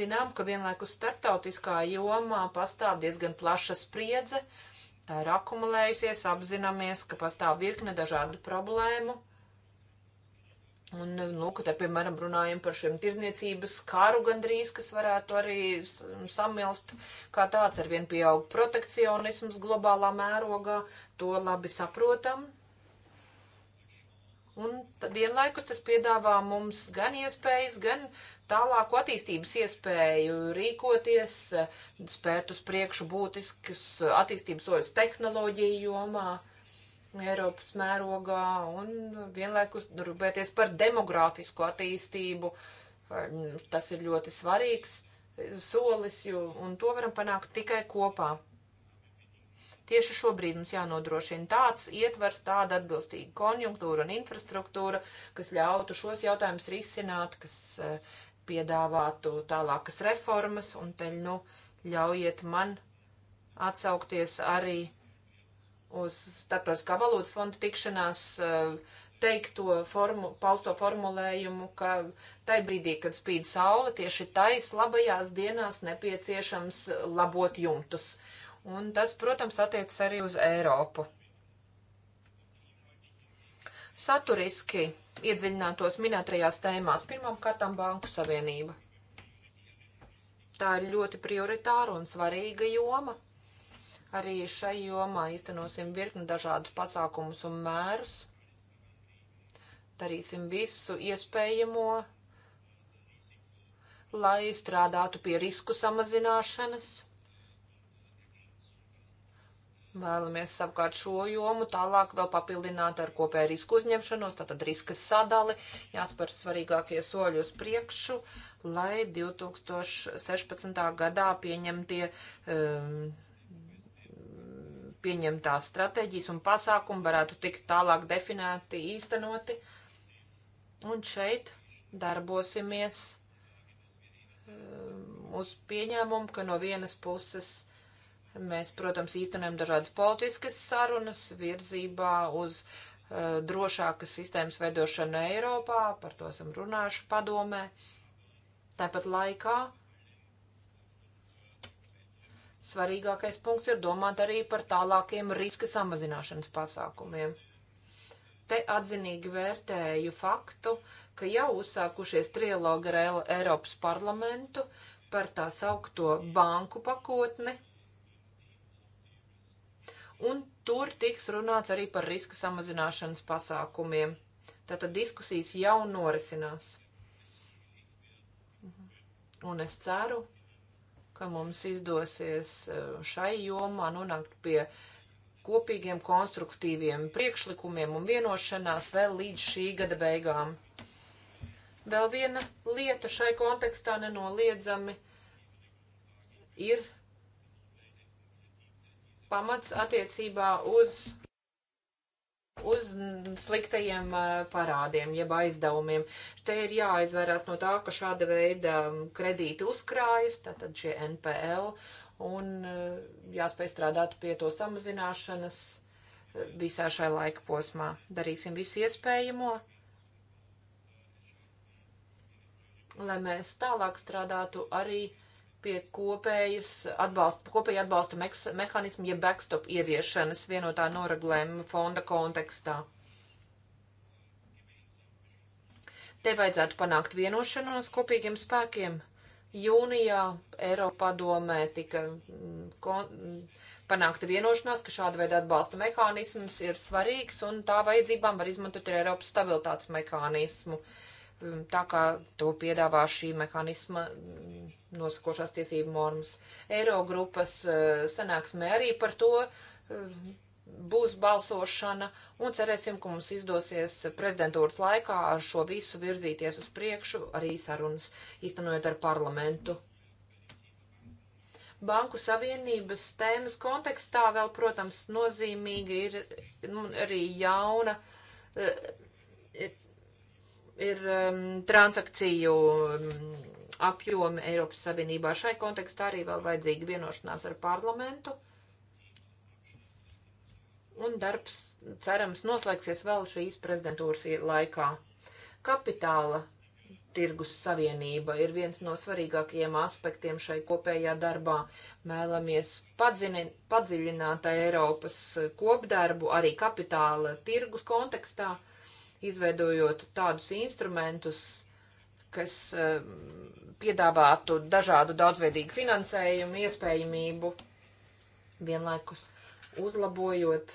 Zinām, ka vienlaikus starptautiskā jomā pastāv diezgan plaša spriedze, tā ir akumulējusies, apzināmies, ka pastāv virkne dažādu problēmu. Un, nu, kad, piemēram, runājam par šiem tirzniecības kāru gandrīz, kas varētu arī samilst, kā tāds ar vien pieaug protekcionisms globālā mērogā, to labi saprotam. Un vienlaikus tas piedāvā mums gan iespējas, gan tālāku attīstības iespēju rīkoties, spērt uz priekšu būtiskus attīstības soļus tehnoloģiju jomā. Eiropas mērogā un vienlaikus rūpēties par demogrāfisko attīstību. Tas ir ļoti svarīgs solis, jo, un to varam panākt tikai kopā. Tieši šobrīd mums jānodrošina tāds ietvers, tāda atbilstīga konjunktūra un infrastruktūra, kas ļautu šos jautājumus risināt, kas eh, piedāvātu tālākas reformas, un te nu ļaujiet man atsaukties arī uz Startautiskā valodas fonda tikšanās eh, teikto formu, pausto formulējumu, ka tai brīdī, kad spīd saule, tieši tais labajās dienās nepieciešams labot jumtus. Uh, un tas, protams, attiecas arī uz Eiropu. Saturiski iedziļinātos minētajās tēmās, pirmām kārtām Banku Savienība. Tā ir ļoti prioritāra un svarīga joma. Arī šai jomā īstenosim virkni dažādus pasākumus un mērus. Darīsim visu iespējamo, lai strādātu pie risku samazināšanas Vēlamies savukārt šo jomu tālāk vēl papildināt ar kopēju risku uzņemšanos, tātad riska sadali, jāspēr svarīgākie soļi uz priekšu, lai 2016. gadā pieņemtie, um, pieņemtās stratēģijas un pasākumi varētu tikt tālāk definēti, īstenoti. Un šeit darbosimies um, uz pieņēmumu, ka no vienas puses Mēs, protams, īstenojam dažādas politiskas sarunas virzībā uz uh, drošākas sistēmas veidošanu Eiropā, par to esam runājuši padomē. Tāpat laikā svarīgākais punkts ir domāt arī par tālākiem riska samazināšanas pasākumiem. Te atzinīgi vērtēju faktu, ka jau uzsākušies trialogi ar Eiropas parlamentu par tā saukto banku pakotni – un tur tiks runāts arī par riska samazināšanas pasākumiem. Tātad diskusijas jau norisinās. Mhm. Un es ceru, ka mums izdosies eh, šai jomā nonākt pie kopīgiem konstruktīviem priekšlikumiem un vienošanās vēl līdz šī gada beigām. Vēl viena lieta šai kontekstā nenoliedzami ir pamats attiecībā uz uz sliktajiem uh, parādiem, jeb aizdevumiem. Te ir jāizvairās no tā, ka šāda veida um, kredīti uzkrājas, tātad šie NPL, un uh, jāspēj strādāt pie to samazināšanas uh, visā šai laika posmā. Darīsim visu iespējamo, lai mēs tālāk strādātu arī pie kopējas atbalsta, kopēja atbalsta mehānismu, ja backstop ieviešanas vienotā noregulējuma fonda kontekstā. Te vajadzētu panākt vienošanos kopīgiem spēkiem. Jūnijā Eiropadomē tika mm, kon, panākta vienošanās, ka šāda veida atbalsta mehānisms ir svarīgs un tā vajadzībām var izmantot arī Eiropas stabilitātes mehānismu. Uh, Mm, tā kā to piedāvā šī mehānisma mm, nosakošās tiesību normas. Eirogrupas eh, sanāksmē arī par to eh, būs balsošana, un cerēsim, ka mums izdosies prezidentūras laikā ar šo visu virzīties uz priekšu, arī sarunas īstenojot ar parlamentu. Banku savienības tēmas kontekstā vēl, protams, nozīmīgi ir nu, arī jauna, ir eh, ir um, transakciju um, apjomi Eiropas Savienībā. Šai kontekstā arī vēl vajadzīga vienošanās ar parlamentu. Un darbs, cerams, noslēgsies vēl šīs prezidentūras laikā. Kapitāla tirgus savienība ir viens no svarīgākajiem aspektiem šai kopējā darbā. Mēlamies padzini, padziļināt Eiropas uh, kopdarbu arī kapitāla tirgus kontekstā. Uh, izveidojot tādus instrumentus, kas eh, piedāvātu dažādu daudzveidīgu finansējumu, iespējamību, vienlaikus uzlabojot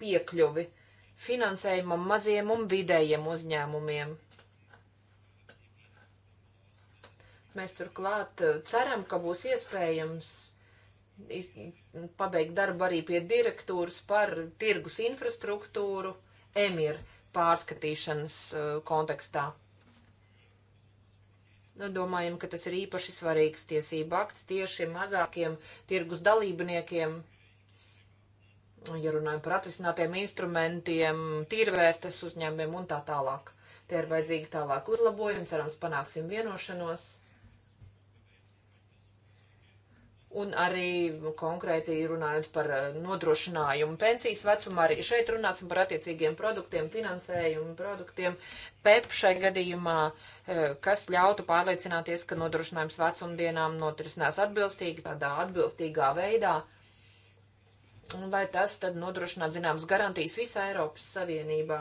piekļuvi finansējumam maziem un vidējiem uzņēmumiem. Mēs turklāt eh, ceram, ka būs iespējams pabeigt darbu arī pie direktūras par tirgus infrastruktūru emir pārskatīšanas uh, kontekstā. Domājam, ka tas ir īpaši svarīgs tiesība akts tieši mazākiem tirgus dalībniekiem, ja runājam par atrisinātiem instrumentiem, tīrvērtas uzņēmumiem un tā tālāk. Tie ir vajadzīgi tālāk uzlabojumi, cerams, panāksim vienošanos un arī konkrēti runājot par eh, nodrošinājumu pensijas vecumu. Arī šeit runāsim par attiecīgiem produktiem, finansējumu produktiem, PEP šai gadījumā, eh, kas ļautu pārliecināties, ka nodrošinājums vecumdienām notrisinās atbilstīgi, tādā atbilstīgā veidā. Un lai tas tad nodrošinātu zināmas garantijas visā Eiropas Savienībā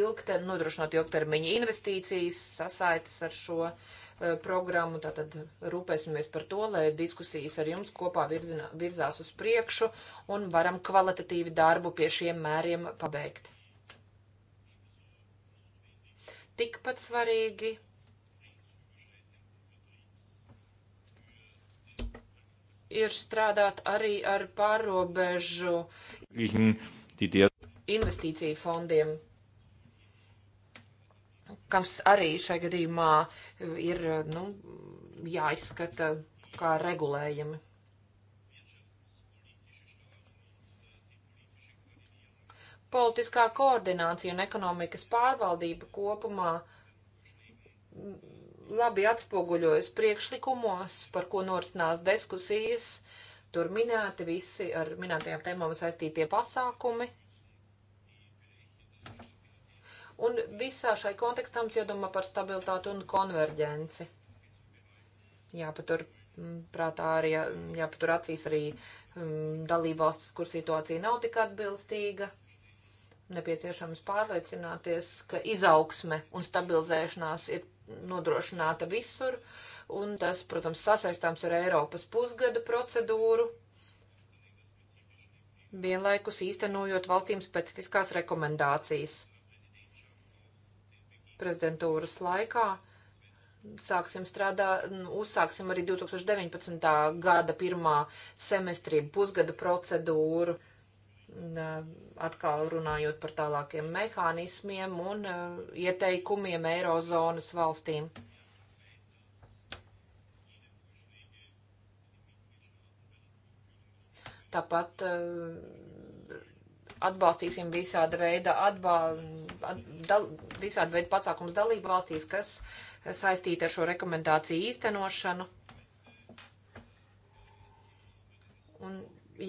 ilgter, nodrošinot ilgtermiņa investīcijas, sasaitas ar šo Eh, programmu, tātad rūpēsimies par to, lai diskusijas ar jums kopā virzinā, virzās uz priekšu un varam kvalitatīvi darbu pie šiem mēriem pabeigt. Tikpat svarīgi. Ir strādāt arī ar pārobežu mhm. investīciju fondiem, kas arī šai gadījumā eh, ir eh, nu, jāizskata kā regulējumi. Politiskā koordinācija un ekonomikas pārvaldība kopumā mm, labi atspoguļojas priekšlikumos, par ko norisinās diskusijas. Tur minēti visi ar minētajām tēmām saistītie pasākumi, Un visā šai kontekstā mums jādomā par stabilitāti un konverģenci. Jāpatur mm, prātā arī, jā, jāpatur acīs arī um, dalībvalstis, kur situācija nav tik atbilstīga. Nepieciešams pārliecināties, ka izaugsme un stabilizēšanās ir nodrošināta visur, un tas, protams, sasaistāms ar Eiropas pusgada procedūru, vienlaikus īstenojot valstīm specifiskās rekomendācijas prezidentūras laikā. Sāksim strādāt, uzsāksim arī 2019. gada pirmā semestrī pusgada procedūru, atkal runājot par tālākiem mehānismiem un e, ieteikumiem Eirozonas valstīm. Tāpat e, atbalstīsim visāda veida atbal, at, dal, visādi veidi pasākums dalību valstīs, kas saistīti ar šo rekomendāciju īstenošanu. Un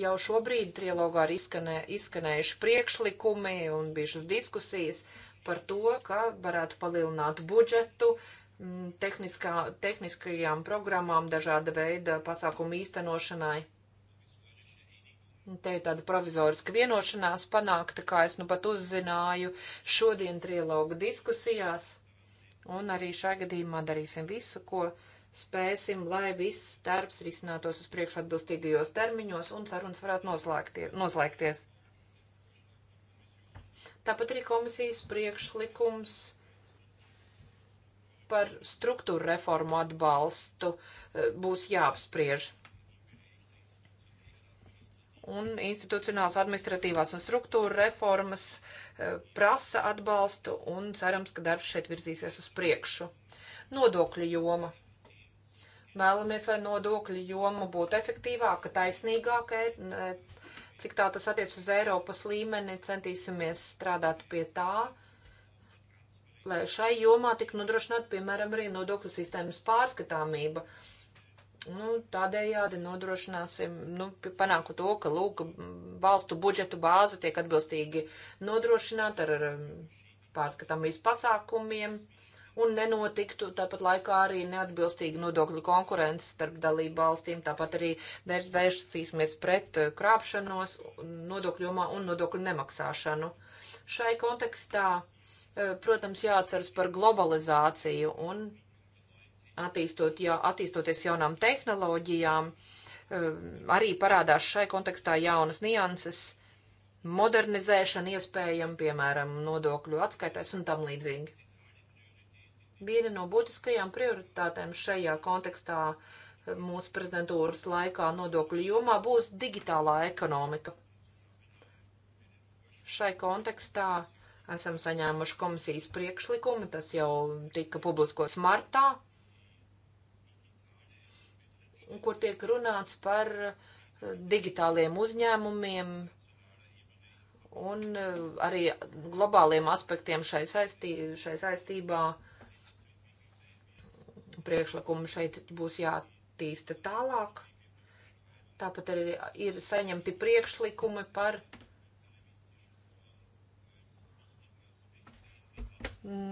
jau šobrīd trilogā ir izskanē, izskanējuši priekšlikumi un bijušas diskusijas par to, ka varētu palielināt budžetu tehniskā, tehniskajām programmām dažāda veida pasākumu īstenošanai. Te ir tāda provizoriska vienošanās panākta, kā es nu pat uzzināju šodien trilogu diskusijās. Un arī šajā gadījumā darīsim visu, ko spēsim, lai viss darbs risinātos uz priekšu atbilstīgajos termiņos un sarunas varētu noslēgtie, noslēgties. Tāpat arī komisijas priekšlikums par struktūra reformu atbalstu eh, būs jāapspriež un institucionāls administratīvās un struktūra reformas eh, prasa atbalstu un cerams, ka darbs šeit virzīsies uz priekšu. Nodokļu joma. Vēlamies, lai nodokļu joma būtu efektīvāka, taisnīgāka, e, cik tā tas attiec uz Eiropas līmeni, centīsimies strādāt pie tā, lai šai jomā tik nodrošināt, piemēram, arī nodokļu sistēmas pārskatāmība. Uh, Nu, tādējādi nodrošināsim, nu, panāku to, ka, lūk, valstu budžetu bāze tiek atbilstīgi nodrošināta ar, ar pārskatāmības pasākumiem un nenotiktu tāpat laikā arī neatbilstīga nodokļu konkurence starp dalību valstīm. Tāpat arī vērsīsimies pret eh, krāpšanos nodokļu jomā un nodokļu nemaksāšanu. Šai kontekstā, eh, protams, jāatceras par globalizāciju un attīstot, jā, attīstoties jaunām tehnoloģijām, eh, arī parādās šai kontekstā jaunas nianses, modernizēšana iespējama, piemēram, nodokļu atskaitēs un tam līdzīgi. Viena no būtiskajām prioritātēm šajā kontekstā eh, mūsu prezidentūras laikā nodokļu jomā būs digitālā ekonomika. Šai kontekstā esam saņēmuši komisijas priekšlikumu, tas jau tika publiskots martā, kur tiek runāts par eh, digitāliem uzņēmumiem un eh, arī globāliem aspektiem šai, saistī, šai saistībā. Priekšlikumi šeit būs jātīsta tālāk. Tāpat arī ir saņemti priekšlikumi par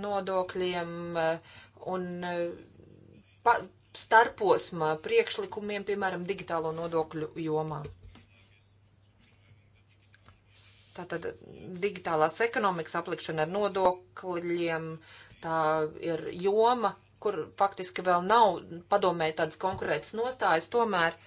nodokļiem eh, un pa, starposmā priekšlikumiem, piemēram, digitālo nodokļu jomā. Tātad digitālās ekonomikas aplikšana ar nodokļiem, tā ir joma, kur faktiski vēl nav padomē tādas konkrētas nostājas, tomēr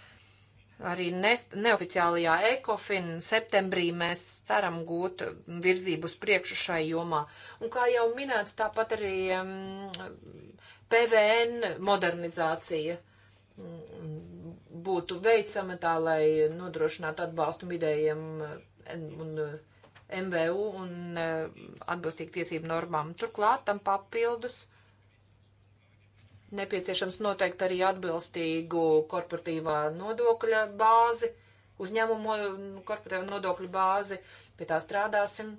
arī ne, neoficiālajā ECOFIN septembrī mēs ceram gūt virzību uz priekšu šai jomā. Un kā jau minēts, tāpat arī um, PVN modernizācija mm, būtu veicama tā, lai nodrošinātu atbalstu idejiem eh, un eh, MVU un eh, atbilstīgi tiesību normām. Turklāt tam papildus nepieciešams noteikti arī atbilstīgu korporatīvā nodokļa bāzi, uzņēmumu mm, korporatīvā nodokļa bāzi, pie tā strādāsim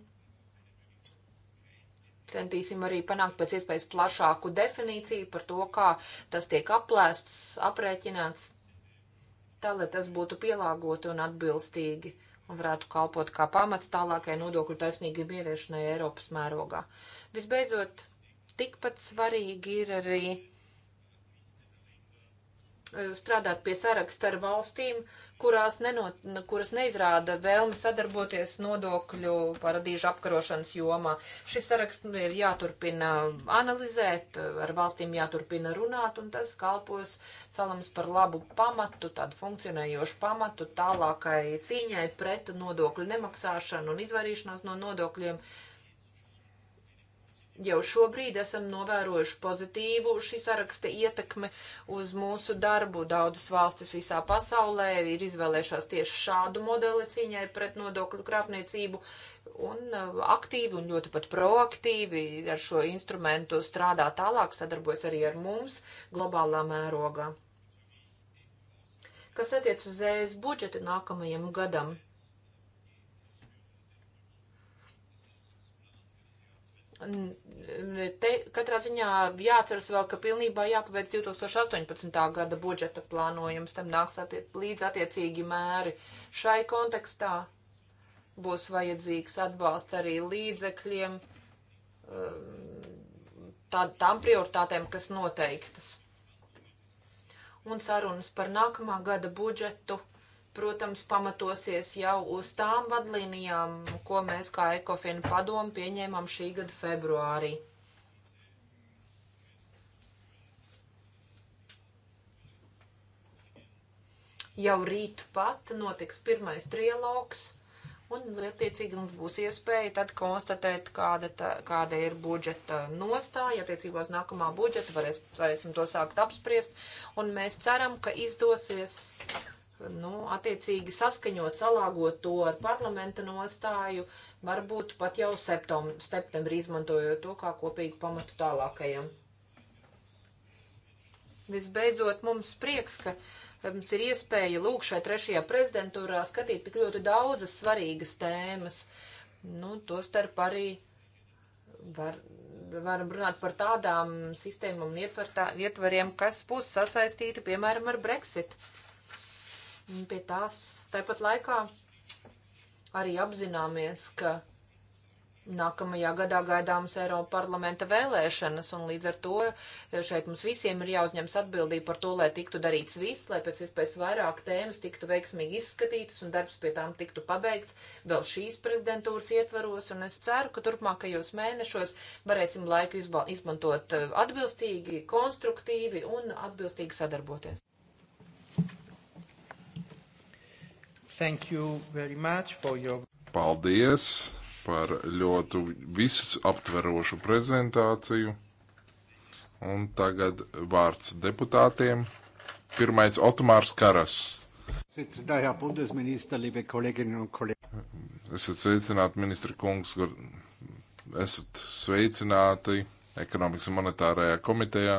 centīsim arī panākt pēc iespējas plašāku definīciju par to, kā tas tiek aplēsts, aprēķināts, tā lai tas būtu pielāgoti un atbilstīgi un varētu kalpot kā pamats tālākai nodokļu taisnīgai ieviešanai Eiropas mērogā. Visbeidzot, tikpat svarīgi ir arī Eh, strādāt pie saraksta ar valstīm, kurās nenot, kuras neizrāda vēlmi sadarboties nodokļu paradīžu apkarošanas jomā. Šis saraksts ir jāturpina analizēt, eh, ar valstīm jāturpina runāt, un tas kalpos salams par labu pamatu, tādu funkcionējošu pamatu tālākai cīņai pret nodokļu nemaksāšanu un izvairīšanos no nodokļiem. Uh, Jau šobrīd esam novērojuši pozitīvu šī saraksta ietekmi uz mūsu darbu. Daudzas valstis visā pasaulē ir izvēlējušās tieši šādu modeli cīņai pret nodokļu krāpniecību un uh, aktīvi un ļoti pat proaktīvi ar šo instrumentu strādā tālāk, sadarbojas arī ar mums globālā mērogā. Kas attiec uz ES budžetu nākamajam gadam? Te katrā ziņā jāatceras vēl, ka pilnībā jāpabeidz 2018. gada budžeta plānojums, tam nāks attie līdz attiecīgi mēri. Šai kontekstā būs vajadzīgs atbalsts arī līdzekļiem, um, tā, tām prioritātēm, kas noteiktas. Un sarunas par nākamā gada budžetu protams, pamatosies jau uz tām vadlīnijām, ko mēs kā Ekofina padomu pieņēmām šī gada februārī. Jau rīt pat notiks pirmais trialogs, un lietiecīgi mums būs iespēja tad konstatēt, kāda, tā, kāda ir budžeta nostāja, attiecībā uz nākamā budžeta, varēs, varēsim to sākt apspriest, un mēs ceram, ka izdosies nu, attiecīgi saskaņot, salāgot to ar parlamenta nostāju, varbūt pat jau septom, septembrī izmantojot to kā kopīgu pamatu tālākajam. Visbeidzot, mums prieks, ka mums ir iespēja lūk šai trešajā prezidentūrā skatīt tik ļoti daudzas svarīgas tēmas. Nu, to starp arī var, varam runāt par tādām sistēmām un ietvariem, kas būs sasaistīti, piemēram, ar Brexit. Uh, Pie tās tāpat laikā arī apzināmies, ka Nākamajā gadā gaidāmas Eiropa parlamenta vēlēšanas, un līdz ar to šeit mums visiem ir jāuzņems atbildība par to, lai tiktu darīts viss, lai pēc iespējas vairāk tēmas tiktu veiksmīgi izskatītas un darbs pie tām tiktu pabeigts vēl šīs prezidentūras ietvaros, un es ceru, ka turpmākajos mēnešos varēsim laiku izmantot eh, atbilstīgi, konstruktīvi un atbilstīgi sadarboties. Thank you very much for your... Paldies par ļoti visus aptverošu prezentāciju. Un tagad vārds deputātiem. Pirmais Otmārs Karas. Sitzendājā Bundesministra, liebe kolēģinu un kolēģi. Esat sveicināti, ministra kungs, esat sveicināti ekonomikas un monetārajā komitejā.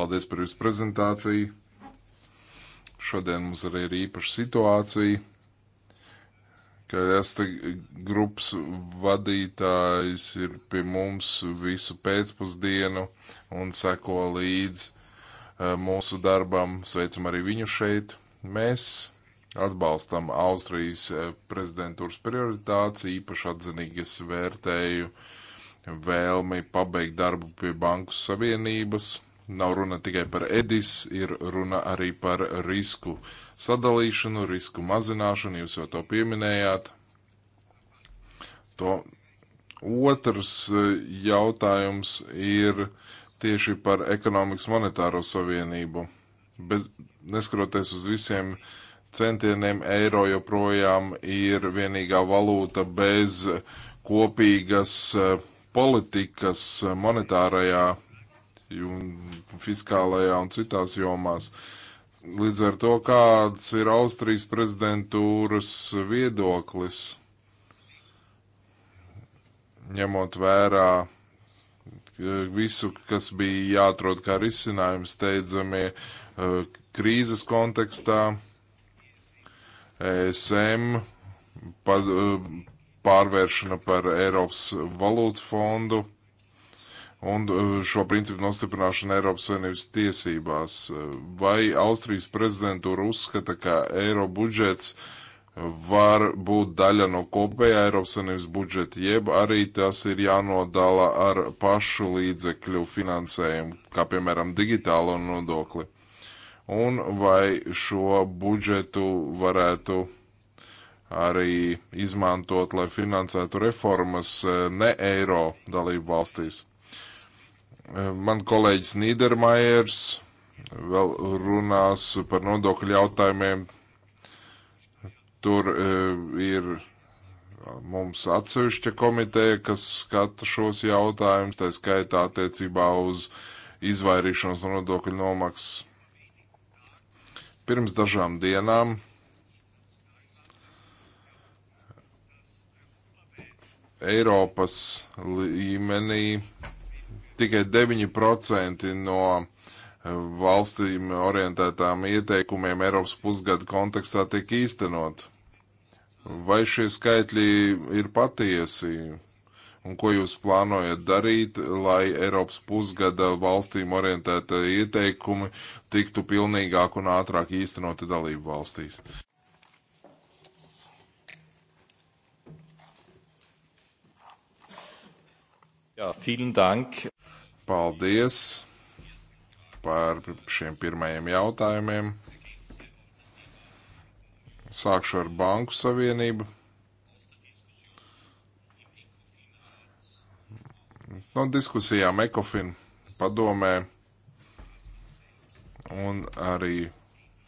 Paldies par jūsu prezentāciju. Šodien mums arī ir īpaša situācija ka Rasta grupas vadītājs ir pie mums visu pēcpusdienu un seko līdz eh, mūsu darbam. Sveicam arī viņu šeit. Mēs atbalstam Austrijas eh, prezidentūras prioritātes, īpaši atzinīgi es vērtēju vēlmi pabeigt darbu pie Banku Savienības. Nav runa tikai par Edis, ir runa arī par risku uh, sadalīšanu, risku mazināšanu, jūs jau to pieminējāt. To otrs e, jautājums ir tieši par ekonomikas monetāro savienību. Bez, neskaroties uz visiem centieniem, eiro joprojām ir vienīgā valūta bez kopīgas e, politikas monetārajā, fiskālajā un citās jomās. Uh, Līdz ar to, kāds ir Austrijas prezidentūras viedoklis, ņemot vērā eh, visu, kas bija jāatrod kā risinājums steidzamie eh, krīzes kontekstā. ESM eh, pārvēršana par Eiropas valūtu fondu un uh, šo principu nostiprināšanu Eiropas Savienības tiesībās. Uh, vai Austrijas prezidentūra uzskata, ka eiro budžets uh, var būt daļa no kopējā Eiropas Savienības budžeta, jeb arī tas ir jānodala ar pašu līdzekļu finansējumu, kā piemēram digitālo nodokli? Un vai šo budžetu varētu arī izmantot, lai finansētu reformas ne eiro dalību valstīs? Eh, man kolēģis Nīdermaiers vēl runās par nodokļu jautājumiem. Tur eh, ir mums atsevišķa komiteja, kas skata šos jautājumus, tā skaitā attiecībā uz izvairīšanos no nodokļu nomaksas. Pirms dažām dienām Eiropas līmenī tikai 9% no eh, valstīm orientētām ieteikumiem Eiropas pusgada kontekstā tiek īstenot. Vai šie skaitļi ir patiesi? Un ko jūs plānojat darīt, lai Eiropas pusgada valstīm orientēta ieteikumi tiktu pilnīgāk un ātrāk īstenoti dalību valstīs? Jā, ja, vielen dank paldies par šiem pirmajiem jautājumiem. Sākšu ar Banku Savienību. No diskusijām Ekofin padomē un arī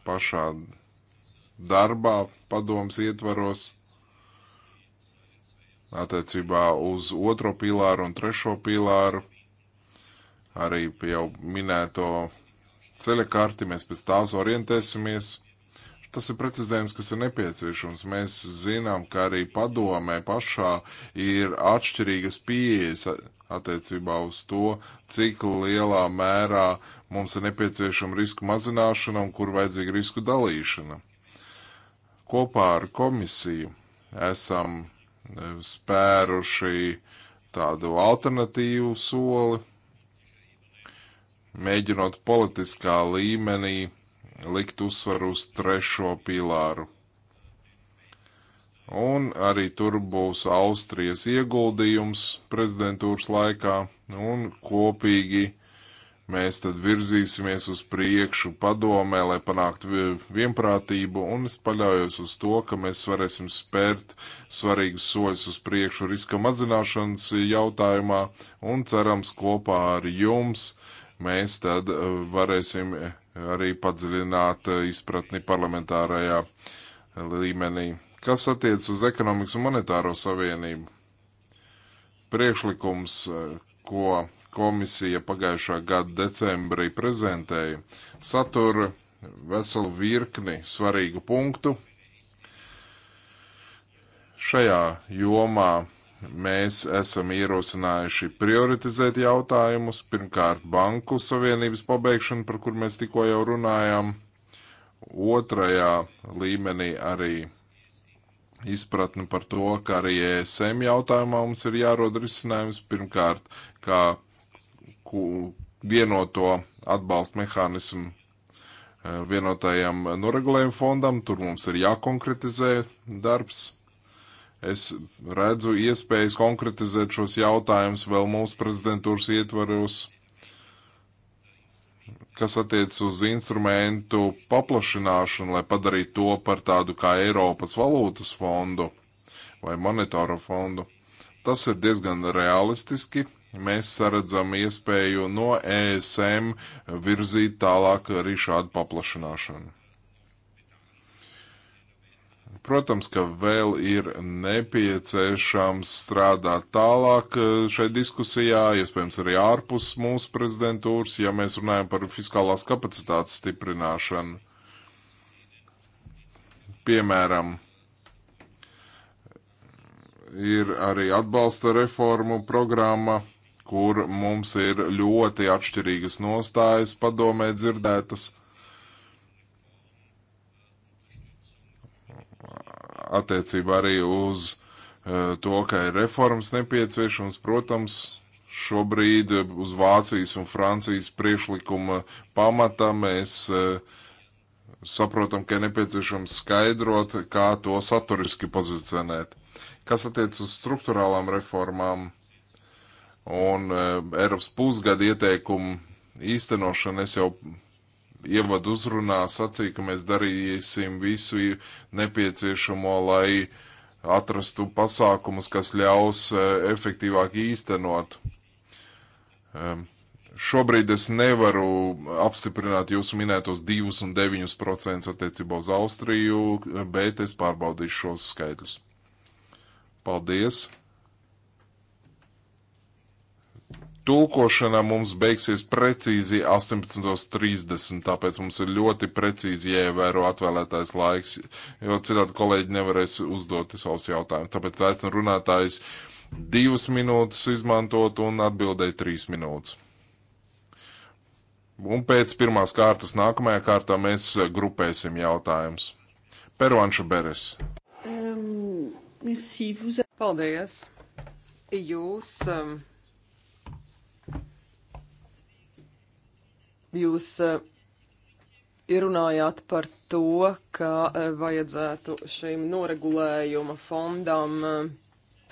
pašā darbā padoms ietvaros attiecībā uz otro pīlāru un trešo pīlāru arī jau minēto ceļa karti, mēs pēc tās orientēsimies. Tas ir precizējums, kas ir nepieciešams. Mēs zinām, ka arī padomē pašā ir atšķirīgas pieejas attiecībā uz to, cik lielā mērā mums ir nepieciešama risku mazināšana un kur vajadzīga risku dalīšana. Kopā ar komisiju esam eh, spēruši tādu alternatīvu soli mēģinot politiskā līmenī likt uzsvaru uz trešo pīlāru. Un arī tur būs Austrijas ieguldījums prezidentūras laikā, un kopīgi mēs tad virzīsimies uz priekšu padomē, lai panāktu vienprātību, un es paļaujos uz to, ka mēs varēsim spērt svarīgus soļus uz priekšu riska mazināšanas jautājumā, un cerams kopā ar jums mēs tad eh, varēsim eh, arī padziļināt eh, izpratni parlamentārajā līmenī. Kas attiec uz ekonomikas un monetāro savienību? Priekšlikums, ko komisija pagājušā gada decembrī prezentēja, satura veselu virkni svarīgu punktu. Šajā jomā Mēs esam ierosinājuši prioritizēt jautājumus. Pirmkārt, banku savienības pabeigšanu, par kur mēs tikko jau runājām. Otrajā līmenī arī izpratni par to, ka arī ESM jautājumā mums ir jārod risinājums. Pirmkārt, kā vienoto atbalstu mehānismu eh, vienotajam noregulējumu fondam, tur mums ir jākonkretizē darbs. Es redzu iespējas konkretizēt šos jautājumus vēl mūsu prezidentūras ietvaros, kas attiec uz instrumentu paplašināšanu, lai padarītu to par tādu kā Eiropas valūtas fondu vai monetāro fondu. Tas ir diezgan realistiski. Mēs saredzam iespēju no ESM virzīt tālāk arī šādu paplašināšanu. Protams, ka vēl ir nepieciešams strādāt tālāk eh, šai diskusijā, iespējams arī ārpus mūsu prezidentūras, ja mēs runājam par fiskālās kapacitātes stiprināšanu. Piemēram, ir arī atbalsta reformu programma, kur mums ir ļoti atšķirīgas nostājas padomē dzirdētas attiecībā arī uz uh, to, ka ir reformas nepieciešams, protams, šobrīd uz Vācijas un Francijas priekšlikuma pamata mēs uh, saprotam, ka ir nepieciešams skaidrot, kā to saturiski pozicionēt. Kas attiec uz struktūrālām reformām un uh, Eiropas pusgada ieteikumu īstenošanu, es jau ievadu uzrunā sacīja, ka mēs darīsim visu nepieciešamo, lai atrastu pasākumus, kas ļaus e, efektīvāk īstenot. Šobrīd es nevaru apstiprināt jūsu minētos 2 un 9 procentus attiecībā uz Austriju, bet es pārbaudīšu šos skaitļus. Paldies! Tūkošana mums beigsies precīzi 18.30, tāpēc mums ir ļoti precīzi jāievēro atvēlētais laiks, jo citādi kolēģi nevarēs uzdot savus jautājumus. Tāpēc aicinu runātājs divas minūtes izmantot un atbildēt trīs minūtes. Un pēc pirmās kārtas nākamajā kārtā mēs grupēsim jautājumus. Pervanša Beres. Um, merci, vous... Paldies! Jūs um, jūs eh, runājāt par to, ka eh, vajadzētu šim noregulējuma fondam eh,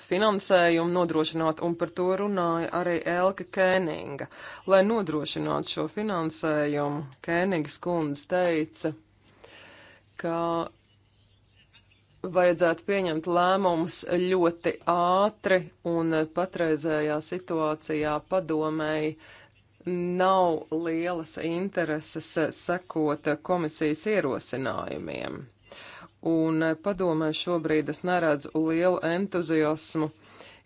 finansējumu nodrošināt, un par to runāja arī Elka Kēninga. Lai nodrošinātu šo finansējumu, Kēnigs kundze teica, ka vajadzētu pieņemt lēmumus ļoti ātri un patreizējā situācijā padomēji nav lielas intereses sekot komisijas ierosinājumiem. Un padomē šobrīd es neredzu lielu entuziasmu.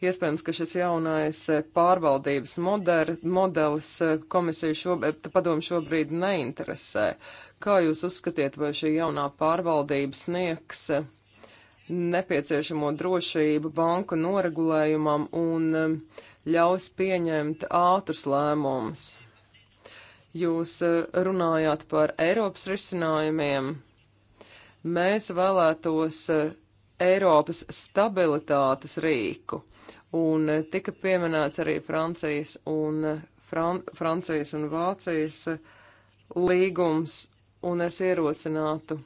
Iespējams, ka šis jaunais pārvaldības moder, modelis komisiju šobrīd, padomu šobrīd neinteresē. Kā jūs uzskatiet, vai šī jaunā pārvaldība sniegs nepieciešamo drošību banku noregulējumam un uh, ļaus pieņemt ātrus lēmumus. Jūs e, runājāt par Eiropas risinājumiem. Mēs vēlētos e, Eiropas stabilitātes rīku, un e, tika pieminēts arī Francijas un, Fran Francijas un Vācijas līgums, un es ierosinātu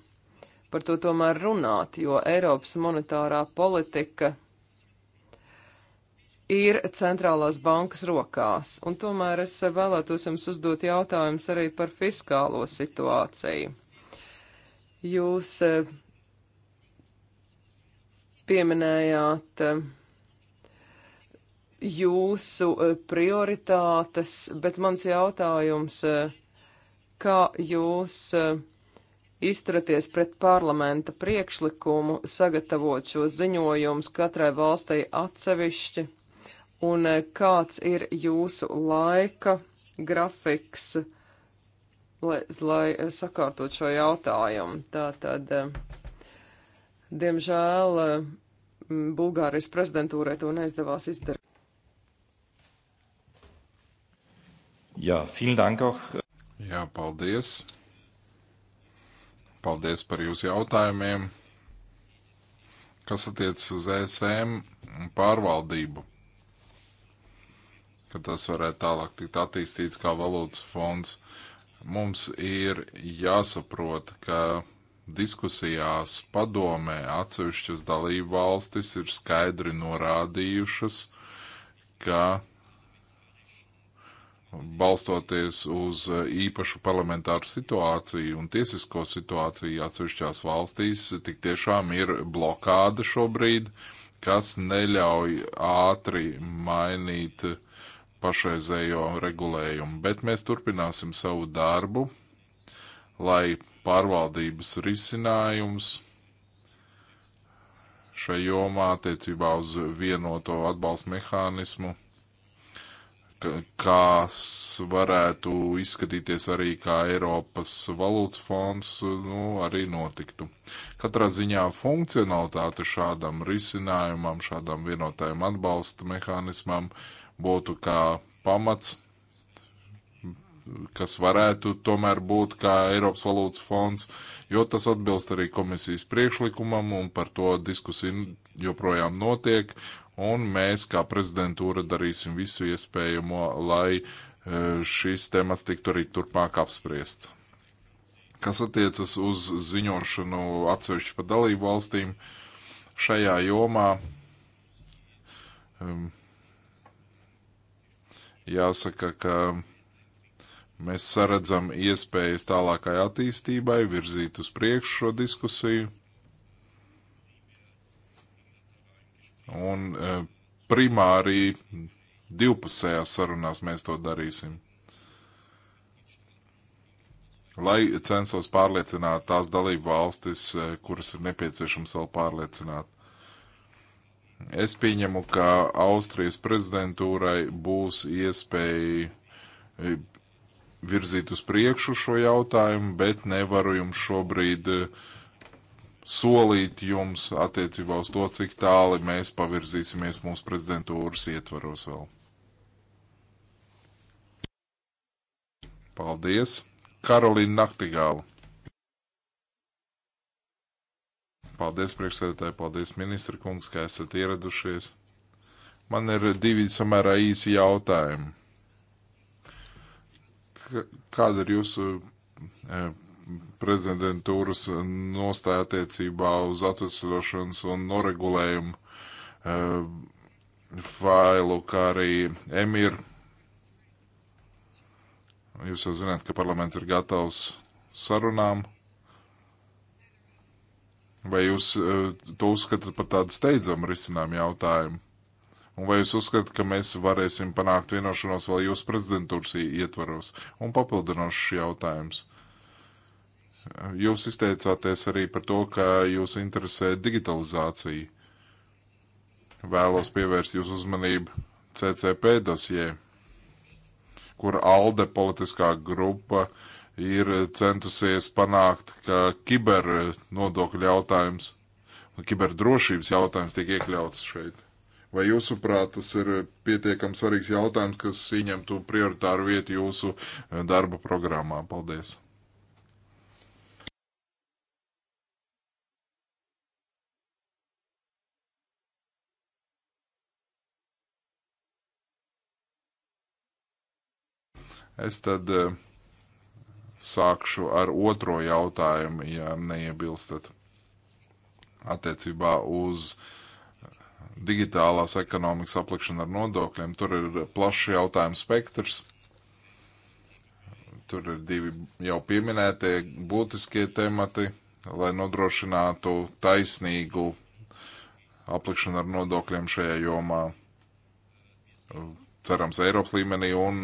par to tomēr runāt, jo Eiropas monetārā politika ir centrālās bankas rokās. Un tomēr es vēlētos jums uzdot jautājumus arī par fiskālo situāciju. Jūs eh, pieminējāt eh, jūsu eh, prioritātes, bet mans jautājums, kā jūs izturaties pret parlamenta priekšlikumu sagatavot šo ziņojumus katrai valstī atsevišķi un eh, kāds ir jūsu laika grafiks, lai, lai eh, sakārtot šo jautājumu. Tātad, eh, diemžēl, Bulgārijas prezidentūrai to neizdevās izdarīt. Jā, vielen dank auch. Jā, paldies. Paldies par jūsu jautājumiem, kas attiec uz ESM pārvaldību ka tas varētu tālāk tikt attīstīts kā valūtas fonds. Mums ir jāsaprot, ka diskusijās padomē atsevišķas dalību valstis ir skaidri norādījušas, ka balstoties uz īpašu parlamentāru situāciju un tiesisko situāciju atsevišķās valstīs, tik tiešām ir blokāda šobrīd, kas neļauj ātri mainīt uh, pašreizējo regulējumu, bet mēs turpināsim savu darbu, lai pārvaldības risinājums šai jomā attiecībā uz vienoto atbalstu mehānismu, kas varētu izskatīties arī kā Eiropas valūtas fonds, nu, arī notiktu. Katrā ziņā funkcionalitāte šādam risinājumam, šādam vienotajam atbalsta mehānismam uh, būtu kā pamats, kas varētu tomēr būt kā Eiropas valūtas fonds, jo tas atbilst arī komisijas priekšlikumam un par to diskusija joprojām notiek. Un mēs, kā prezidentūra, darīsim visu iespējamo, lai e, šis temats tiktu arī turpmāk apspriests. Kas attiecas uz ziņošanu atsevišķi pa dalību valstīm, šajā jomā um, Jāsaka, ka mēs saredzam iespējas tālākai attīstībai, virzīt uz priekšu šo diskusiju. Un e, primāri divpusējās sarunās mēs to darīsim. Lai censos pārliecināt tās dalību valstis, e, kuras ir nepieciešams vēl pārliecināt. Es pieņemu, ka Austrijas prezidentūrai būs iespēja eh, virzīt uz priekšu šo jautājumu, bet nevaru jums šobrīd eh, solīt jums attiecībā uz to, cik tāli mēs pavirzīsimies mūsu prezidentūras ietvaros vēl. Paldies! Karolīna Naktigāla. Paldies, priekšsēdētāji, paldies, ministra kungs, ka esat ieradušies. Man ir divi samērā īsi jautājumi. K kāda ir jūsu e, prezidentūras nostāja attiecībā uz atvesļošanas un noregulējumu e, failu, kā arī emir? Jūs jau zināt, ka parlaments ir gatavs sarunām. Vai jūs eh, to uzskatāt par tādu steidzamu risinājumu jautājumu? Un vai jūs uzskatāt, ka mēs varēsim panākt vienošanos vēl jūsu prezidentūras ietvaros? Un papildinošs jautājums. Jūs izteicāties arī par to, ka jūs interesē digitalizācija. Vēlos pievērst jūsu uzmanību CCP dosijai, kur ALDE politiskā grupa uh, ir centusies panākt, ka kiber nodokļu jautājums un kiberdrošības jautājums tiek iekļauts šeit. Vai jūsuprāt, tas ir pietiekami svarīgs jautājums, kas ieņemtu prioritāru vietu jūsu eh, darba programmā? Paldies! Es tad uh, sākšu ar otro jautājumu, ja neiebilstat, attiecībā uz digitālās ekonomikas aplikšanu ar nodokļiem. Tur ir plašs jautājumu spektrs. Tur ir divi jau pieminētie būtiskie temati, lai nodrošinātu taisnīgu aplikšanu ar nodokļiem šajā jomā. Cerams, Eiropas līmenī un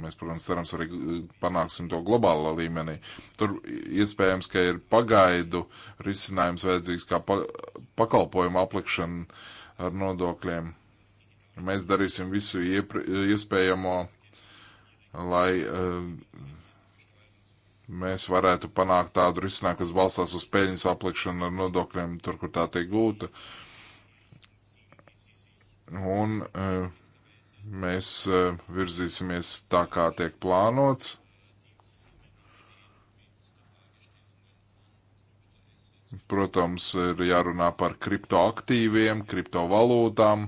Mēs, protams, cerams, arī eh, panāksim to globālā līmenī. Tur iespējams, ka ir pagaidu risinājums vajadzīgs kā pa pakalpojumu aplikšana ar nodokļiem. Mēs darīsim visu iespējamo, lai uh, mēs varētu panākt tādu risinājumu, kas balstās uz peļņas aplikšanu ar nodokļiem, tur, kur tā tiek gūta. Un uh, Mēs e, virzīsimies tā, kā tiek plānots. Protams, ir jārunā par kriptoaktīviem, kriptovalūtām.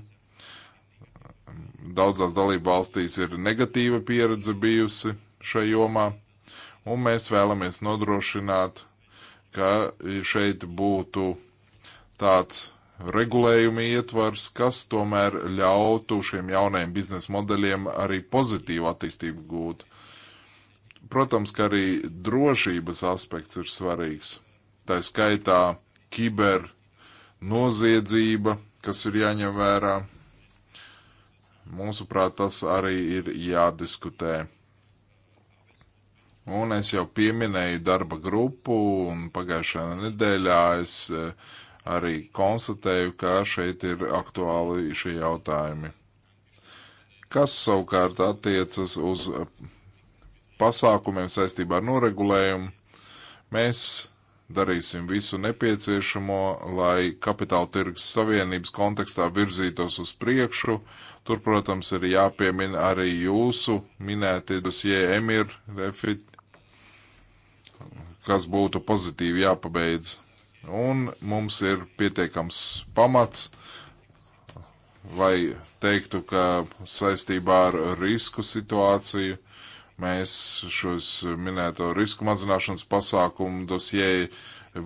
Daudzās dalību valstīs ir negatīva pieredze bijusi šai jomā, un mēs vēlamies nodrošināt, ka šeit būtu tāds regulējuma ietvars, kas tomēr ļautu šiem jaunajiem biznesa modeļiem arī pozitīvu attīstību gūt. Protams, ka arī drošības aspekts ir svarīgs. Tā skaitā kiber noziedzība, kas ir jāņem vērā. Mūsuprāt, tas arī ir jādiskutē. Un es jau pieminēju darba grupu, un pagājušajā nedēļā es uh, arī konstatēju, ka šeit ir aktuāli šie jautājumi. Kas savukārt attiecas uz pasākumiem saistībā ar noregulējumu, mēs darīsim visu nepieciešamo, lai kapitāla tirgus savienības kontekstā virzītos uz priekšu. Tur, protams, ir jāpiemina arī jūsu minētie dosie Emir, Refit, kas būtu pozitīvi jāpabeidz Un mums ir pietiekams pamats, lai teiktu, ka saistībā ar risku situāciju mēs šos minēto risku mazināšanas pasākumu dosieji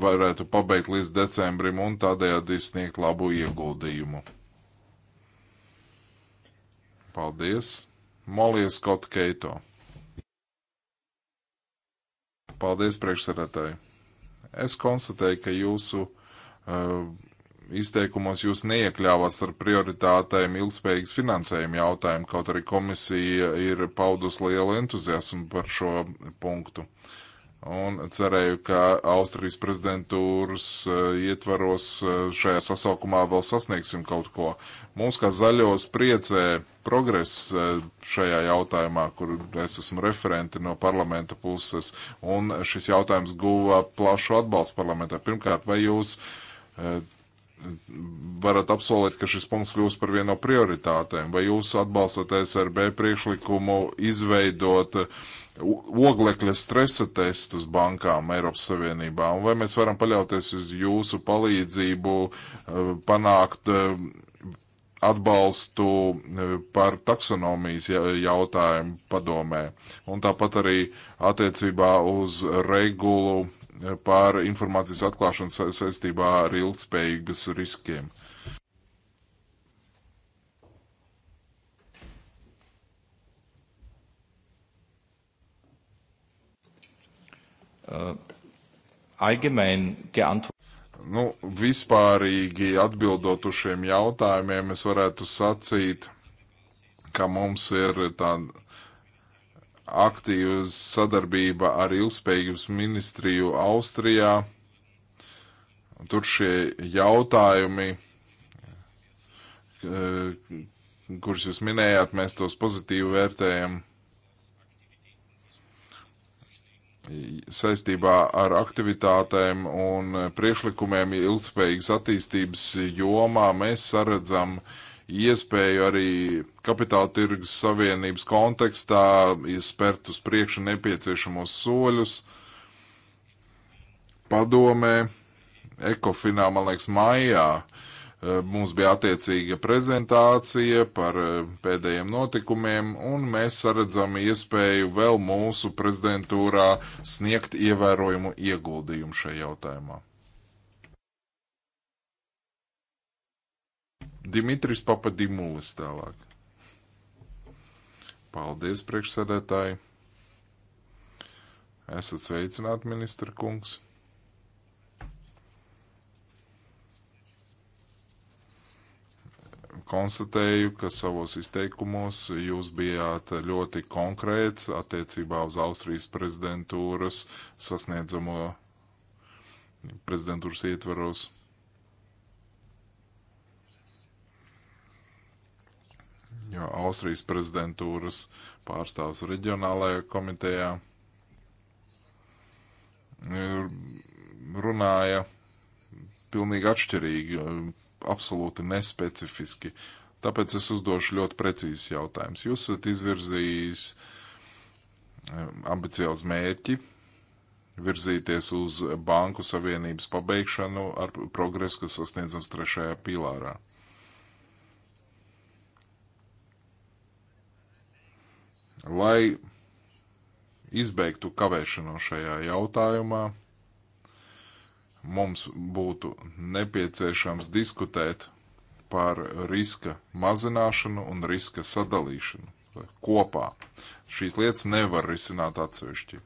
varētu pabeigt līdz decembrim un tādējādi sniegt labu ieguldījumu. Paldies! Molija Skot Keito. Paldies priekšsarētāji! Es konstatēju, ka jūsu uh, izteikumos jūs neiekļāvāt ar prioritātēm ilgspējīgas finansējuma jautājumu, kaut arī komisija ir paudus lielu entuziasmu par šo punktu. Un cerēju, ka Austrijas prezidentūras uh, ietvaros uh, šajā sasaukumā vēl sasniegsim kaut ko. Mums kā zaļos priecē progress e, šajā jautājumā, kur es esmu referenti no parlamenta puses, un šis jautājums guva plašu atbalstu parlamentā. Pirmkārt, vai jūs e, varat apsolīt, ka šis punkts kļūs par vienu no prioritātēm, vai jūs atbalstat SRB priekšlikumu izveidot oglekļa stresa testus bankām Eiropas Savienībā, un vai mēs varam paļauties uz jūsu palīdzību e, panākt atbalstu e, par taksonomijas jautājumu padomē. Un tāpat arī attiecībā uz regulu e, par informācijas atklāšanu saistībā ar ilgspējīgas riskiem. Uh, allgemein geantwortet. Nu, vispārīgi atbildot uz šiem jautājumiem, es varētu sacīt, ka mums ir tāda aktīva sadarbība ar ilgspējības ministriju Austrijā. Tur šie jautājumi, eh, kurus jūs minējāt, mēs tos pozitīvi vērtējam. saistībā ar aktivitātēm un priekšlikumiem ilgspējīgas attīstības jomā mēs saredzam iespēju arī kapitāla tirgus savienības kontekstā spērt uz priekšu nepieciešamos soļus. Padomē, Ekofinā, man liekas, maijā uh, Eh, mums bija attiecīga prezentācija par eh, pēdējiem notikumiem, un mēs saredzam iespēju vēl mūsu prezidentūrā sniegt ievērojumu ieguldījumu šajā jautājumā. Dimitris Papadimulis tālāk. Paldies, priekšsēdētāji! Esat sveicināti, ministra kungs! konstatēju, ka savos izteikumos jūs bijāt ļoti konkrēts attiecībā uz Austrijas prezidentūras sasniedzamo prezidentūras ietvaros. Jo Austrijas prezidentūras pārstāvs reģionālajā komitejā runāja pilnīgi atšķirīgi absolūti nespecifiski. Tāpēc es uzdošu ļoti precīzus jautājumus. Jūs esat izvirzījis ambiciozu mērķi virzīties uz banku savienības pabeigšanu ar progresu, kas sasniedzams trešajā pīlārā. Lai izbeigtu kavēšanos šajā jautājumā, mums būtu nepieciešams diskutēt par riska mazināšanu un riska sadalīšanu kopā. Šīs lietas nevar risināt atsevišķi.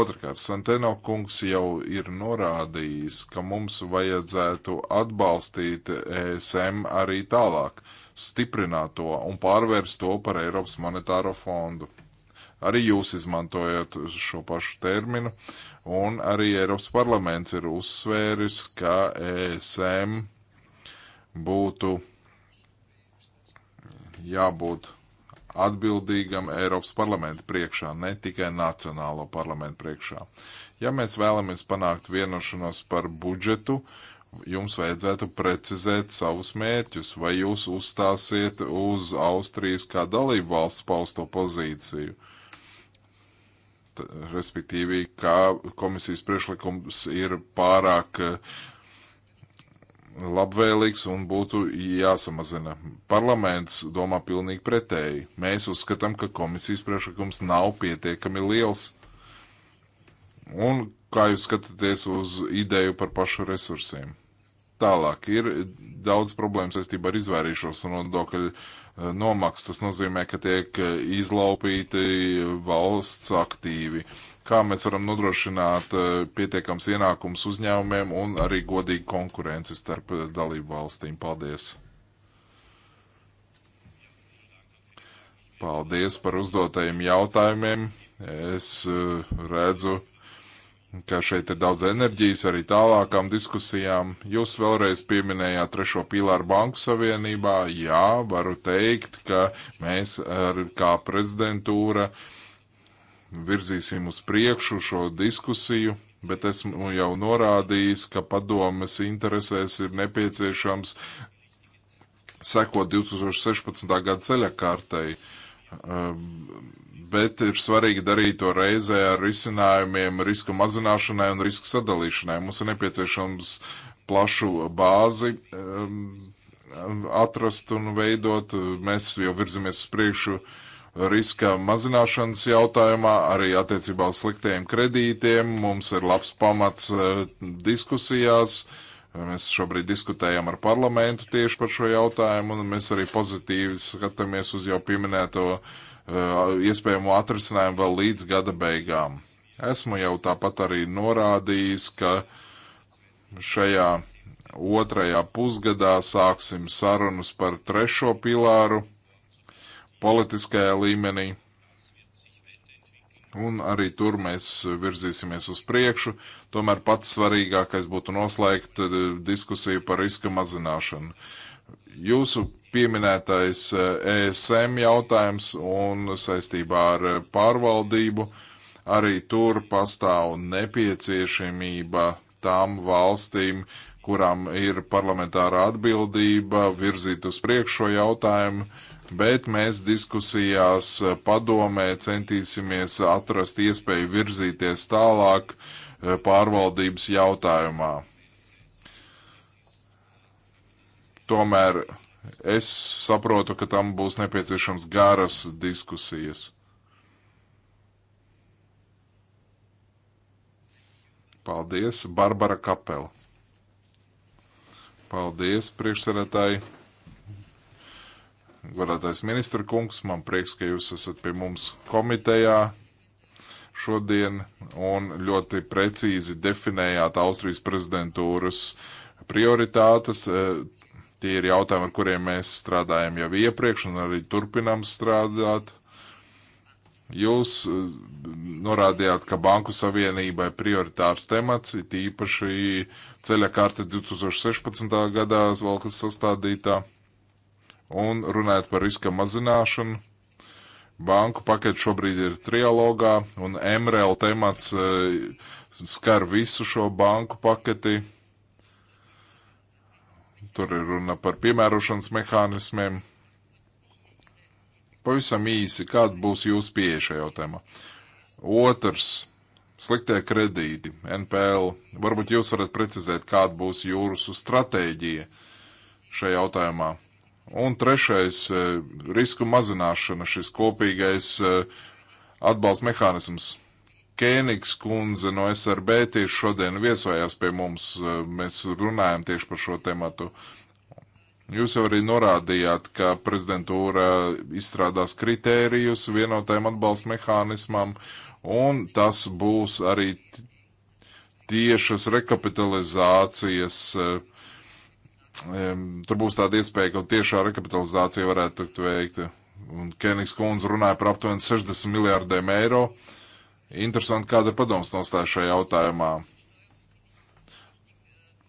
Otrakārt, Santeno kungs jau ir norādījis, ka mums vajadzētu atbalstīt ESM arī tālāk, stiprināt to un pārvērst to par Eiropas monetāro fondu. Arī jūs izmantojat šo pašu terminu, uh, Un arī Eiropas parlaments ir uzsvēris, ka ESM būtu jābūt atbildīgam Eiropas parlamenta priekšā, ne tikai Nacionālo parlamentu priekšā. Ja mēs vēlamies panākt vienošanos par budžetu, jums vajadzētu precizēt savus mērķus, vai jūs uzstāsiet uz Austrijas kā dalību valsts pausto pozīciju. Uh, respektīvi, ka komisijas priekšlikums ir pārāk eh, labvēlīgs un būtu jāsamazina. Parlaments domā pilnīgi pretēji. Mēs uzskatām, ka komisijas priekšlikums nav pietiekami liels. Un kā jūs skatāties uz ideju par pašu resursiem? Tālāk ir daudz problēmu saistībā ar izvairīšos un nodokļu Eh, nomaksas. Tas nozīmē, ka tiek eh, izlaupīti valsts aktīvi. Kā mēs varam nodrošināt eh, pietiekams ienākums uzņēmumiem un arī godīgu konkurenci starp dalību valstīm? Paldies! Paldies par uzdotajiem jautājumiem. Es redzu, ka šeit ir daudz enerģijas arī tālākām diskusijām. Jūs vēlreiz pieminējāt trešo pīlāru banku savienībā. Jā, varu teikt, ka mēs ar, kā prezidentūra virzīsim uz priekšu šo diskusiju, bet esmu jau norādījis, ka padomes interesēs ir nepieciešams sekot 2016. gada ceļakārtei. Um, ehm, bet ir svarīgi darīt to reizē ar risinājumiem riska mazināšanai un riska sadalīšanai. Mums ir nepieciešams plašu bāzi um, atrast un veidot. Mēs jau virzamies uz priekšu riska mazināšanas jautājumā, arī attiecībā uz sliktiem kredītiem. Mums ir labs pamats uh, diskusijās. Mēs šobrīd diskutējam ar parlamentu tieši par šo jautājumu, un mēs arī pozitīvi skatāmies uz jau pieminēto uh, Eh, iespējamo atrisinājumu vēl līdz gada beigām. Esmu jau tāpat arī norādījis, ka šajā otrajā pusgadā sāksim sarunas par trešo pilāru politiskajā līmenī. Un arī tur mēs virzīsimies uz priekšu. Tomēr pats svarīgākais būtu noslēgt eh, diskusiju par riska mazināšanu. Jūsu pieminētais ESM eh, e jautājums un saistībā ar eh, pārvaldību. Arī tur pastāv nepieciešamība tām valstīm, kurām ir parlamentārā atbildība, virzīt uz priekšu šo jautājumu, bet mēs diskusijās eh, padomē centīsimies atrast iespēju virzīties tālāk pārvaldības jautājumā. Tomēr Es saprotu, ka tam būs nepieciešams garas diskusijas. Paldies, Barbara Kapela. Paldies, priekšsēdētāji. Godātais ministra kungs, man prieks, ka jūs esat pie mums komitejā šodien un ļoti precīzi definējāt Austrijas prezidentūras prioritātes. Eh, Tie ir jautājumi, ar kuriem mēs strādājam jau iepriekš un arī turpinām strādāt. Jūs eh, norādījāt, ka Banku Savienībai prioritārs temats ir tīpaši ceļa karte 2016. gadā vēl kas sastādītā un runājot par riska mazināšanu. Banku paketi šobrīd ir trialogā un MRL temats eh, skar visu šo banku paketi. Tur ir runa par piemērošanas mehānismiem. Pavisam īsi, kāda būs jūsu pieeja šajā jautājumā? Otrs - sliktie kredīti, NPL. Varbūt jūs varat precizēt, kāda būs jūsu stratēģija šajā jautājumā. Un trešais eh, - risku mazināšana, šis kopīgais eh, atbalsta mehānisms Kēnigs kundze no SRB tieši šodien viesojās pie mums. Mēs runājam tieši par šo tematu. Jūs jau arī norādījāt, ka prezidentūra izstrādās kritērijus vienotajam atbalsta mehānismam, un tas būs arī tiešas rekapitalizācijas. Tur būs tāda iespēja, ka tiešā rekapitalizācija varētu tikt veikta. Un Kenigs kundze runāja par aptuveni 60 miljārdiem eiro. Uh, Interesanti, kāda ir padoms nostāja šajā jautājumā.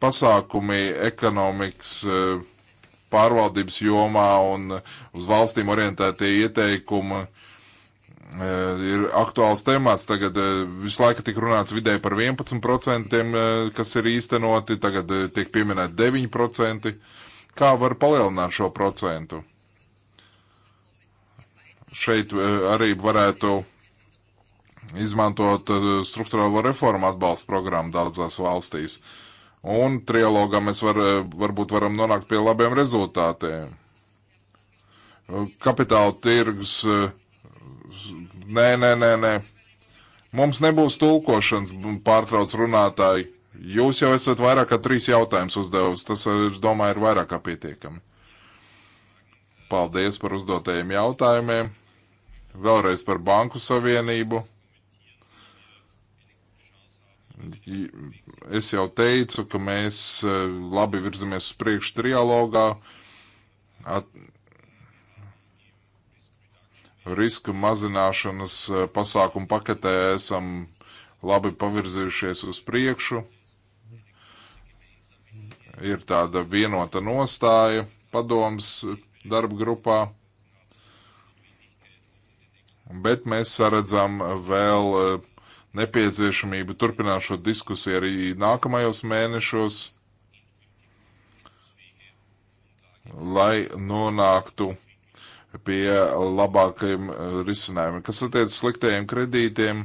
Pasākumi ekonomikas e, pārvaldības jomā un uz valstīm orientētie ieteikumi e, ir aktuāls temats. Tagad e, visu laiku tika runāts vidē par 11%, kas ir īstenoti, tagad tiek pieminēti 9%. Kā var palielināt šo procentu? Šeit arī varētu izmantot eh, struktūrālo reformu atbalsta programmu daudzās valstīs. Un trialogā mēs var, eh, varbūt varam nonākt pie labiem rezultātiem. Kapitāla tirgus. Eh, nē, nē, nē, nē. Mums nebūs tulkošanas pārtrauc runātāji. Jūs jau esat vairāk kā trīs jautājumus uzdevusi. Tas, es domāju, ir vairāk kā pietiekami. Paldies par uzdotajiem jautājumiem. Vēlreiz par Banku Savienību. Es jau teicu, ka mēs eh, labi virzamies uz priekšu trialogā. At... Riska mazināšanas eh, pasākumu paketē esam labi pavirzījušies uz priekšu. Ir tāda vienota nostāja padoms darba grupā. Bet mēs saredzam vēl uh, nepieciešamību turpināt šo diskusiju arī nākamajos mēnešos, lai nonāktu pie labākajiem eh, risinājumiem. Kas attiecas sliktajiem kredītiem,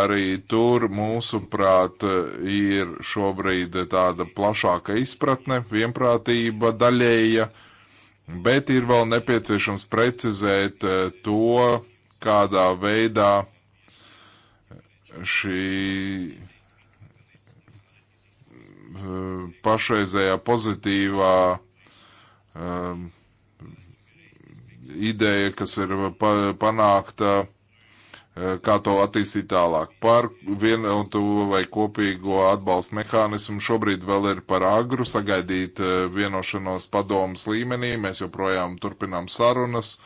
arī tur mūsuprāt eh, ir šobrīd tāda plašāka izpratne, vienprātība daļēja, bet ir vēl nepieciešams precizēt eh, to, kādā veidā šī eh, pašreizējā pozitīvā um, ideja, kas ir pa, panākta, eh, kā to attīstīt tālāk. Par vienu un to vai kopīgo atbalstu mehānismu šobrīd vēl ir par agru sagaidīt vienošanos padomas līmenī. Mēs joprojām turpinām sarunas. Uh,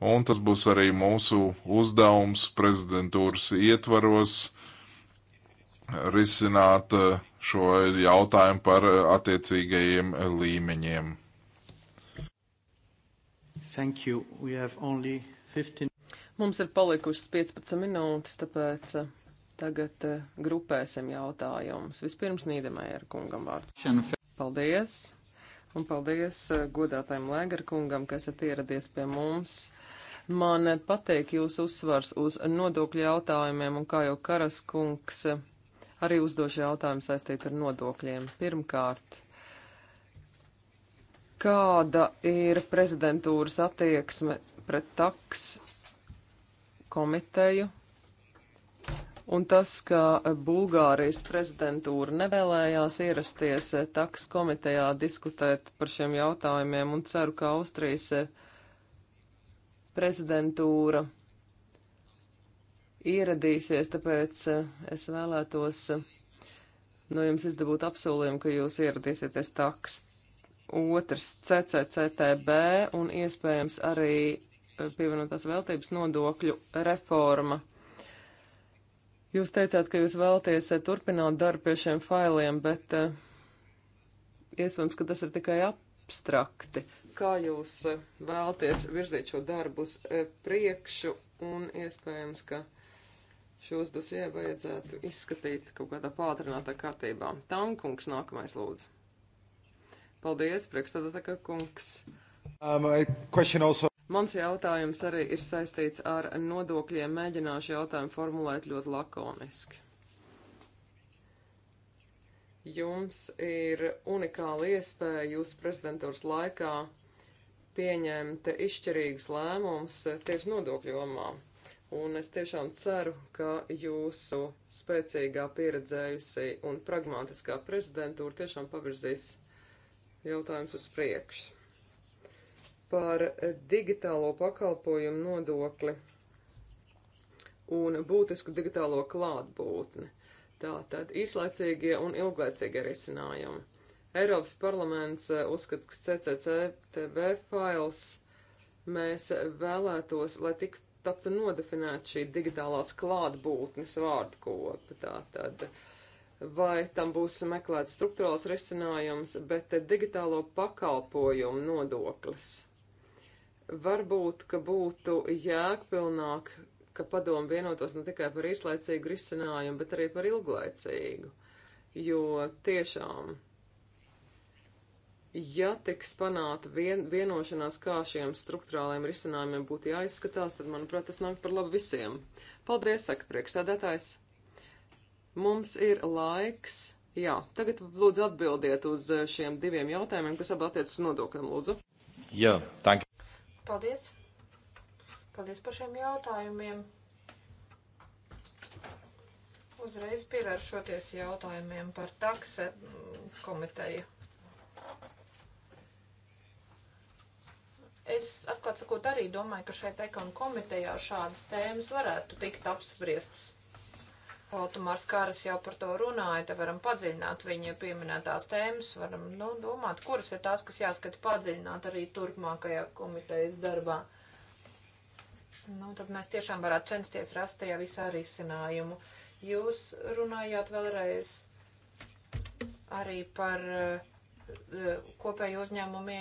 un tas būs arī mūsu uzdevums prezidentūras ietvaros risināt eh, šo jautājumu par eh, attiecīgajiem eh, līmeņiem. Thank you. We have only 15... Mums ir palikušas 15 minūtes, tāpēc tagad grupēsim jautājumus. Vispirms Nīdemēra kungam vārds. Paldies! un paldies eh, godātājiem Lēgerkungam, kas esat ieradies pie mums. Man patīk jūsu uzsvars uz nodokļu jautājumiem, un kā jau Karaskungs eh, arī uzdošu jautājumu saistīt ar nodokļiem. Pirmkārt, kāda ir prezidentūras attieksme pret taks komiteju Un tas, ka Bulgārijas prezidentūra nevēlējās ierasties taks komitejā diskutēt par šiem jautājumiem un ceru, ka Austrijas prezidentūra ieradīsies, tāpēc es vēlētos no jums izdabūt apsolījumu, ka jūs ieradīsieties taks otrs CCCTB un iespējams arī pievienotās veltības nodokļu reforma Jūs teicāt, ka jūs vēlaties eh, turpināt darbu pie šiem failiem, bet eh, iespējams, ka tas ir tikai abstrakti. Kā jūs eh, vēlaties virzīt šo darbu uz priekšu un iespējams, ka šos dosie vajadzētu izskatīt kaut kādā pātrinātā kārtībā. Tankungs nākamais lūdzu. Paldies, priekšstādātā kungs. Um, also... Mans jautājums arī ir saistīts ar nodokļiem. Mēģināšu jautājumu formulēt ļoti lakoniski. Jums ir unikāla iespēja jūsu prezidentūras laikā pieņemt izšķirīgus lēmumus tieši nodokļu jomā. Un es tiešām ceru, ka jūsu spēcīgā, pieredzējusi un pragmatiskā prezidentūra tiešām pavirzīs jautājumus uz priekšu par digitālo pakalpojumu nodokli un būtisku digitālo klātbūtni. Tātad īslaicīgie un ilglaicīgie risinājumi. Eiropas parlaments eh, uzskata, ka CCCTV fails mēs vēlētos, lai tik taptu nodefinēt šī digitālās klātbūtnes vārdu kopa. Tātad, vai tam būs meklēts struktūrāls risinājums, bet digitālo pakalpojumu nodoklis Varbūt, ka būtu jēgpilnāk, ka padomu vienotos ne tikai par īslaicīgu risinājumu, bet arī par ilglaicīgu. Jo tiešām, ja tiks panāta vien, vienošanās, kā šiem struktūrālajiem risinājumiem būtu jāizskatās, tad, manuprāt, tas nāk par labu visiem. Paldies, saka priekšsēdētājs. Mums ir laiks. Jā, tagad lūdzu atbildiet uz šiem diviem jautājumiem, kas abi attiecas uz nodokļiem, lūdzu. Jā, tanki. Paldies! Paldies par šiem jautājumiem! Uzreiz pievēršoties jautājumiem par takse komiteju. Es atklāt sakot arī domāju, ka šeit ekonu komitejā šādas tēmas varētu tikt apspriestas Baltumārs Kāras jau par to runāja, te varam padziļināt viņa pieminētās tēmas, varam nu, domāt, kuras ir tās, kas jāskata padziļināt arī turpmākajā komitejas darbā. Nu, tad mēs tiešām varētu censties rast tajā visā risinājumu. Jūs runājāt vēlreiz arī par uh, kopēju uzņēmumu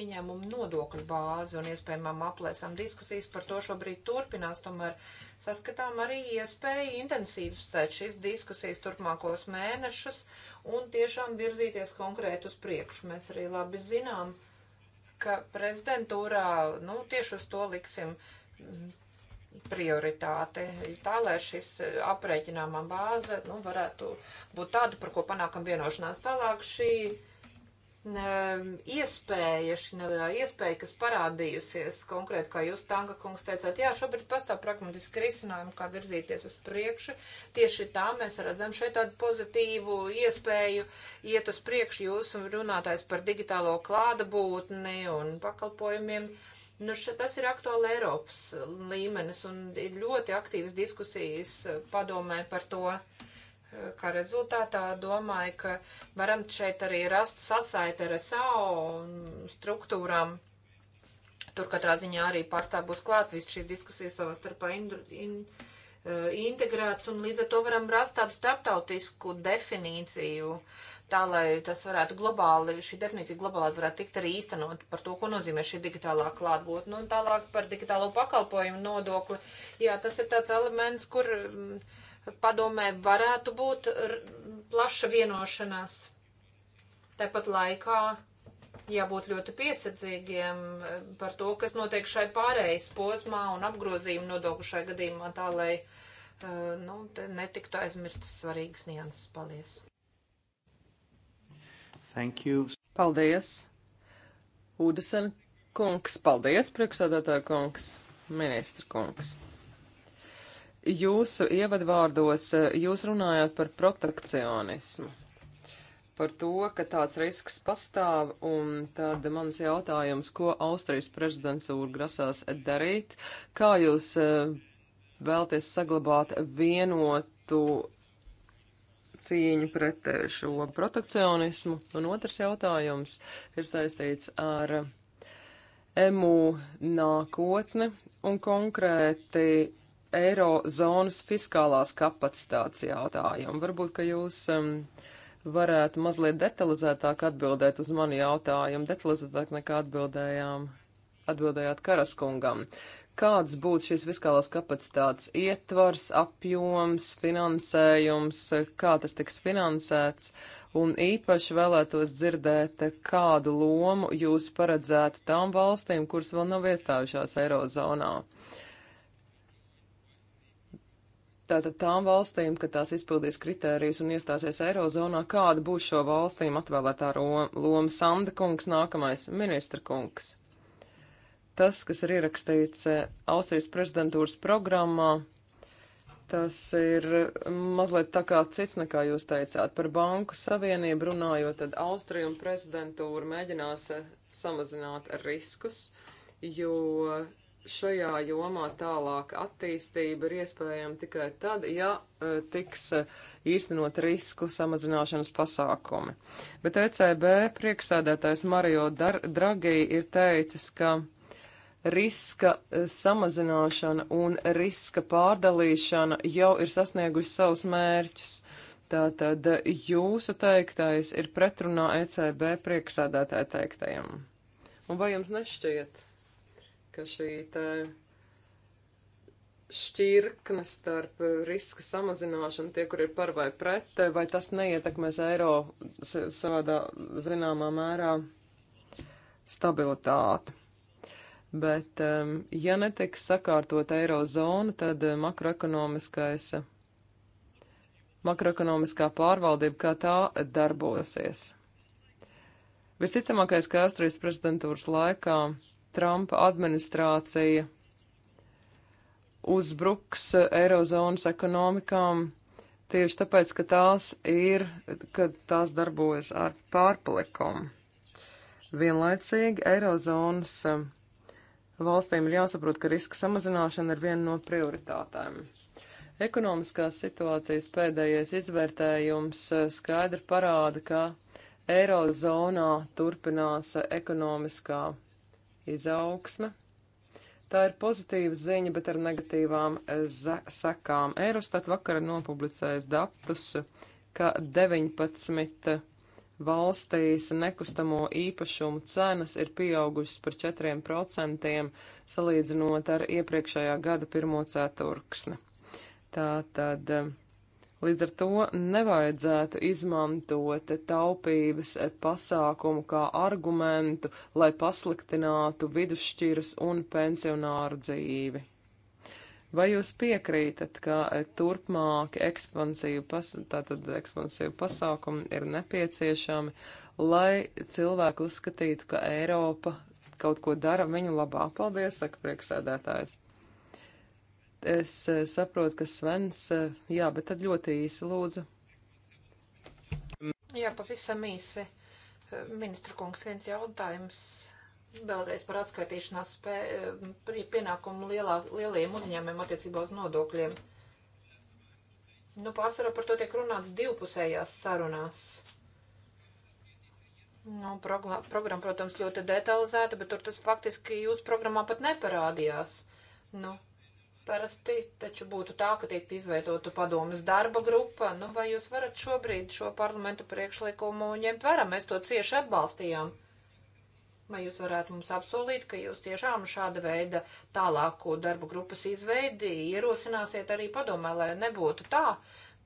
ieņēmumu nodokļu bāzi un iespējamām aplēsām diskusijas par to šobrīd turpinās, tomēr saskatām arī iespēju intensīvas cēt šīs diskusijas turpmākos mēnešus un tiešām virzīties konkrēt uz priekšu. Mēs arī labi zinām, ka prezidentūrā, nu, tieši uz to liksim prioritāte, tā lai šis aprēķināmā bāze, nu, varētu būt tāda, par ko panākam vienošanās tālāk šī iespēja, šī nelielā iespēja, kas parādījusies konkrēti, kā jūs, Tanga kungs, teicāt, jā, šobrīd pastāv pragmatiski risinājumi, kā virzīties uz priekšu. Tieši tā mēs redzam šeit tādu pozitīvu iespēju iet uz priekšu jūsu runātājs par digitālo klātbūtni un pakalpojumiem. Nu, še, tas ir aktuāli Eiropas līmenis un ir ļoti aktīvas diskusijas eh, padomē par to. Uh, kā rezultātā domāju, ka varam šeit arī rast sasaiti ar SAO struktūrām. Tur katrā ziņā arī pārstāv būs klāt viss šīs diskusijas savā starpā in, in, eh, integrēts, un līdz ar to varam rast tādu starptautisku definīciju, tā lai tas varētu globāli, šī definīcija globāli varētu tikt arī īstenot par to, ko nozīmē šī digitālā klātbūtne, nu, un tālāk par digitālo pakalpojumu nodokli. Jā, tas ir tāds elements, kur. Mm, padomē varētu būt plaša vienošanās. Tāpat laikā jābūt ļoti piesardzīgiem e, par to, kas notiek šai pārējais posmā un apgrozījuma nodokļu šai gadījumā, tā lai e, nu, netiktu aizmirstas svarīgas nianses. Paldies! Thank you. Paldies! Udesen kungs, paldies, priekšsādātāja kungs, ministra kungs! Jūsu ievadvārdos eh, jūs runājāt par protekcionismu, par to, ka tāds risks pastāv, un tad mans jautājums, ko Austrijas prezidentūra grasās darīt, kā jūs eh, vēlties saglabāt vienotu cīņu pret eh, šo protekcionismu, un otrs jautājums ir saistīts ar EMU nākotne, un konkrēti eirozonas fiskālās kapacitātes jautājumu. Varbūt, ka jūs um, varētu mazliet detalizētāk atbildēt uz manu jautājumu, detalizētāk nekā atbildējām, atbildējāt Karaskungam. Kāds būtu šīs fiskālās kapacitātes ietvars, apjoms, finansējums, kā tas tiks finansēts, un īpaši vēlētos dzirdēt, kādu lomu jūs paredzētu tām valstīm, kuras vēl nav iestājušās Eirozonā? Uh, Tātad tām valstīm, kad tās izpildīs kritērijus un iestāsies Eirozonā, kāda būs šo valstīm atvēlētā loma Sanda kungs, nākamais ministra kungs. Tas, kas ir ierakstīts eh, Austrijas prezidentūras programmā, tas ir mazliet tā kā cits nekā jūs teicāt. Par banku savienību runājot, tad Austrija un prezidentūra mēģinās eh, samazināt riskus, jo šajā jomā tālāka attīstība ir iespējama tikai tad, ja e, tiks e, īstenot risku samazināšanas pasākumi. Bet ECB priekšsēdētājs Mario Dar Dragī ir teicis, ka riska e, samazināšana un riska pārdalīšana jau ir sasnieguši savus mērķus. Tātad jūsu teiktais ir pretrunā ECB priekšsēdētāja teiktajam. Un vai jums nešķiet? ka šī te šķirkne starp riska samazināšanu, tie, kur ir par vai pret, vai tas neietekmēs eiro savādā zināmā mērā stabilitāti. Bet, um, ja netiks sakārtot eirozona, tad uh, makroekonomiskais, makroekonomiskā pārvaldība kā tā darbosies. Visticamākais, ka Austrijas prezidentūras laikā Trumpa administrācija uzbruks Eirozonas ekonomikām tieši tāpēc, ka tās ir, ka tās darbojas ar pārpalikumu. Vienlaicīgi Eirozonas um, valstīm ir jāsaprot, ka riska samazināšana ir viena no prioritātēm. Ekonomiskās situācijas pēdējais izvērtējums uh, skaidri parāda, ka Eirozonā turpinās ekonomiskā izaugsme. Tā ir pozitīva ziņa, bet ar negatīvām eh, sekām. Eurostat vakar nopublicējas datus, ka 19 eh, valstīs nekustamo īpašumu cenas ir pieaugušas par 4% salīdzinot ar iepriekšējā gada pirmo ceturksni. Tātad. tad eh, Līdz ar to nevajadzētu izmantot taupības pasākumu kā argumentu, lai pasliktinātu vidusšķiras un pensionāru dzīvi. Vai jūs piekrītat, ka turpmāk ekspansīvu, pas, ekspansīvu pasākumu ir nepieciešami, lai cilvēki uzskatītu, ka Eiropa kaut ko dara viņu labā? Paldies, saka priekšsēdētājs. Es eh, saprotu, ka Svens, eh, jā, bet tad ļoti īsi lūdzu. Jā, pavisam īsi. Ministra kungs, viens jautājums vēlreiz par atskaitīšanās spē, eh, pienākumu lielā, lielajiem uzņēmumiem attiecībā uz nodokļiem. Nu, pārsvarā par to tiek runāts divpusējās sarunās. Nu, progla, programma, protams, ļoti detalizēta, bet tur tas faktiski jūsu programmā pat neparādījās. Nu, Parasti taču būtu tā, ka tiek izveidota padomas darba grupa. Nu, vai jūs varat šobrīd šo parlamentu priekšlikumu ņemt vērā? Mēs to cieši atbalstījām. Vai jūs varētu mums apsolīt, ka jūs tiešām šāda veida tālāko darba grupas izveidi ierosināsiet arī padomē, lai nebūtu tā,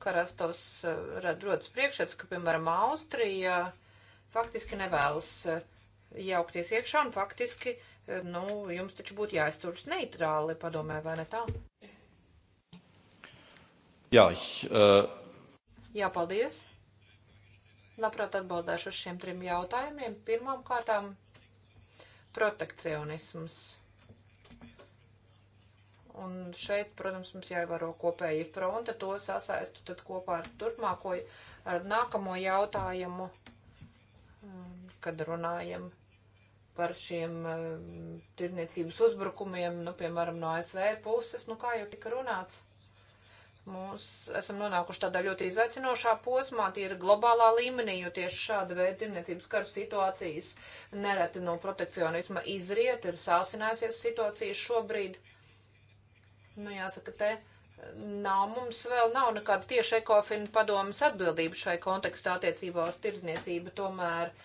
ka rastos eh, rodas priekšsats, ka, piemēram, Austrija faktiski nevēlas eh, jaukties iekšā un faktiski uh, nu, jums taču būtu jāizturas neitrāli, padomē, vai ne tā? Jā, ich, eh, uh... Jā paldies. Labprāt atbildēšu uz šiem trim jautājumiem. Pirmām kārtām protekcionisms. Un šeit, protams, mums jāievēro kopēji fronte, to sasaistu tad kopā ar turpmāko, ar nākamo jautājumu, um, kad runājam par šiem eh, tirniecības uzbrukumiem, nu, piemēram, no ASV puses, nu, kā jau tika runāts. Mums esam nonākuši tādā ļoti izaicinošā posmā, tie ir globālā līmenī, jo tieši šāda veida tirniecības kara situācijas nereti no protekcionisma izriet, ir sāsinājusies situācija šobrīd. Nu, jāsaka, te eh, nav mums vēl nav nekāda tieša ekofina padomas atbildība šai kontekstā attiecībā uz tirdzniecību, tomēr uh,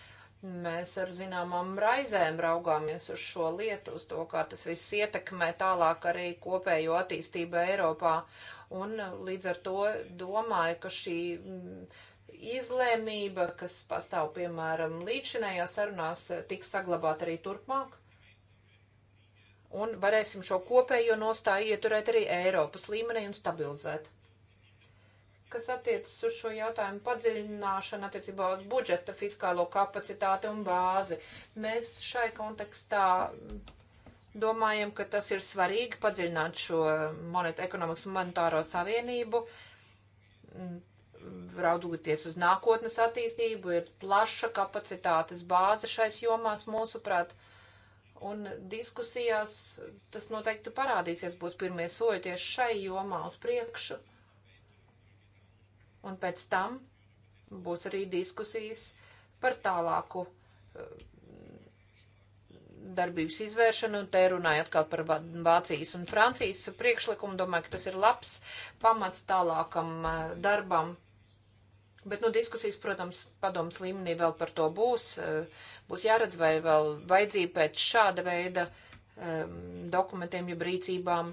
Mēs ar zināmām raizēm raugāmies uz šo lietu, uz to, kā tas viss ietekmē tālāk arī kopējo attīstību Eiropā. Un eh, līdz ar to domāju, ka šī mm, izlēmība, kas pastāv, piemēram, līdzinējā sarunās, eh, tiks saglabāta arī turpmāk. Un varēsim šo kopējo nostāju ieturēt arī Eiropas līmenī un stabilizēt kas attiecas uz šo jautājumu padziļināšanu attiecībā uz budžeta fiskālo kapacitāti un bāzi. Mēs šai kontekstā domājam, ka tas ir svarīgi padziļināt šo monetu ekonomikas un monetāro savienību, raudoties uz nākotnes attīstību, ir plaša kapacitātes bāze šais jomās mūsuprāt. Un diskusijās tas noteikti parādīsies, būs pirmie soļi tieši šai jomā uz priekšu. Un pēc tam būs arī diskusijas par tālāku eh, darbības izvēršanu. Te runāja atkal par Vācijas un Francijas priekšlikumu. Domāju, ka tas ir labs pamats tālākam eh, darbam. Bet, nu, diskusijas, protams, padoms līmenī vēl par to būs. Eh, būs jāredz, vai vēl vajadzība pēc šāda veida dokumentiem, jeb rīcībām.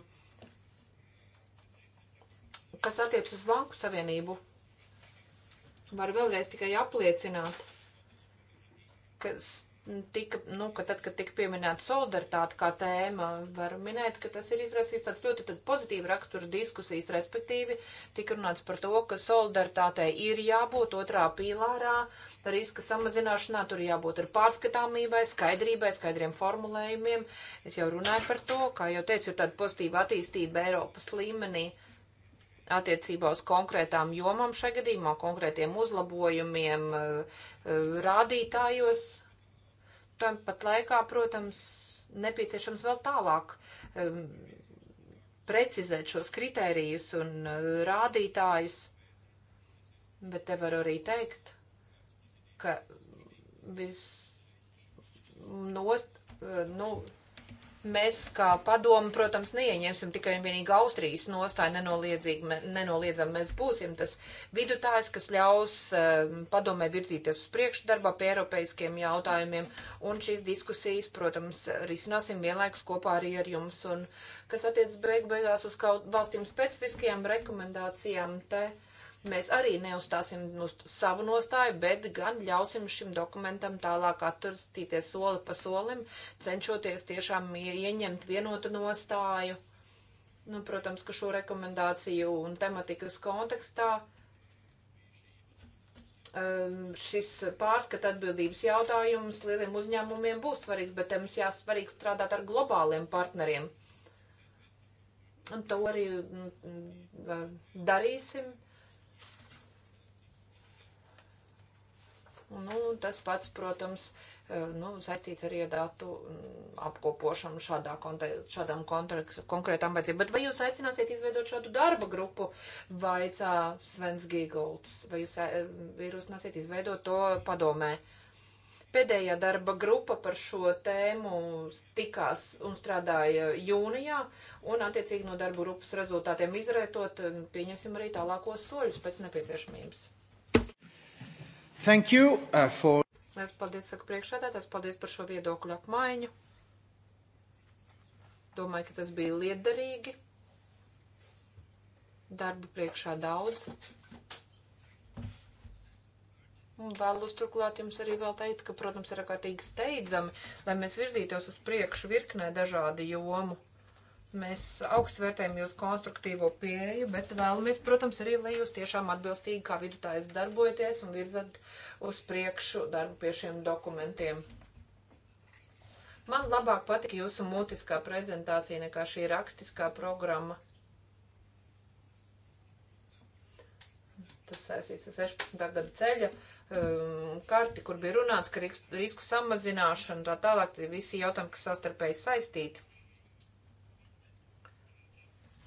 Kas attiec uz Banku Savienību, Var vēlreiz tikai apliecināt, ka tika, nu, ka tad, kad tika pieminēta solidaritāte kā tēma, var minēt, ka tas ir izraisījis tāds ļoti pozitīvu raksturu diskusijas, respektīvi tika runāts par to, ka solidaritātei ir jābūt otrā pīlārā, riska samazināšanā, tur jābūt ar pārskatāmībai, skaidrībai, skaidriem formulējumiem. Es jau runāju par to, kā jau teicu, ir tāda pozitīva attīstība Eiropas līmenī. Uh, attiecībā uz konkrētām jomām šajā gadījumā, konkrētiem uzlabojumiem eh, eh, rādītājos. Tam pat laikā, protams, nepieciešams vēl tālāk precizēt šos kritērijus un eh, rādītājus, bet te var arī teikt, ka vis nost, nu, Mēs, kā padomu, protams, neieņemsim tikai un vienīgi Austrijas nostāju, nenoliedzam, mēs būsim tas vidutājs, kas ļaus ehm, padomē virzīties uz priekšu darbā pie eiropeiskiem jautājumiem, un šīs diskusijas, protams, risināsim vienlaikus kopā arī ar jums, un kas attiec beig beigās uz kaut valstīm specifiskajām rekomendācijām te. Uh, Mēs arī neuzstāsim uz savu nostāju, bet gan ļausim šim dokumentam tālāk atturstīties soli pa solim, cenšoties tiešām ieņemt vienotu nostāju. Nu, protams, ka šo rekomendāciju un tematikas kontekstā um, šis pārskata atbildības jautājums lieliem uzņēmumiem būs svarīgs, bet te mums jāsvarīgi strādāt ar globāliem partneriem. Un to arī mm, mm, darīsim. Nu, tas pats, protams, e, nu, saistīts arī ar datu mm, apkopošanu šādā konte, šādām konkrētām vajadzībām. Bet vai jūs aicināsiet izveidot šādu darba grupu, vaicā Svens Gīgolds, vai jūs e, ierosināsiet izveidot to padomē? Pēdējā darba grupa par šo tēmu tikās un strādāja jūnijā, un attiecīgi no darba grupas rezultātiem izrētot, e, pieņemsim arī tālākos soļus pēc nepieciešamības. Thank you uh, for. Mēs paldies, saku priekšādātājs, paldies par šo viedokļu apmaiņu. Domāju, ka tas bija liederīgi. Darba priekšā daudz. Un vēlos turklāt jums arī vēl teikt, ka, protams, ir ārkārtīgi steidzami, lai mēs virzītos uz priekšu virknē dažādu jomu. Mēs augstu vērtējam jūsu konstruktīvo pieeju, bet vēlamies, protams, arī, lai jūs tiešām atbilstīgi kā vidutājs darbojaties un virzat uz priekšu darbu pie šiem dokumentiem. Man labāk patika jūsu mutiskā prezentācija nekā šī rakstiskā programma. Tas saistīts ar 16. gada ceļa um, karti, kur bija runāts, ka risku samazināšana, tā tālāk, visi jautājumi, kas savstarpēji saistīti.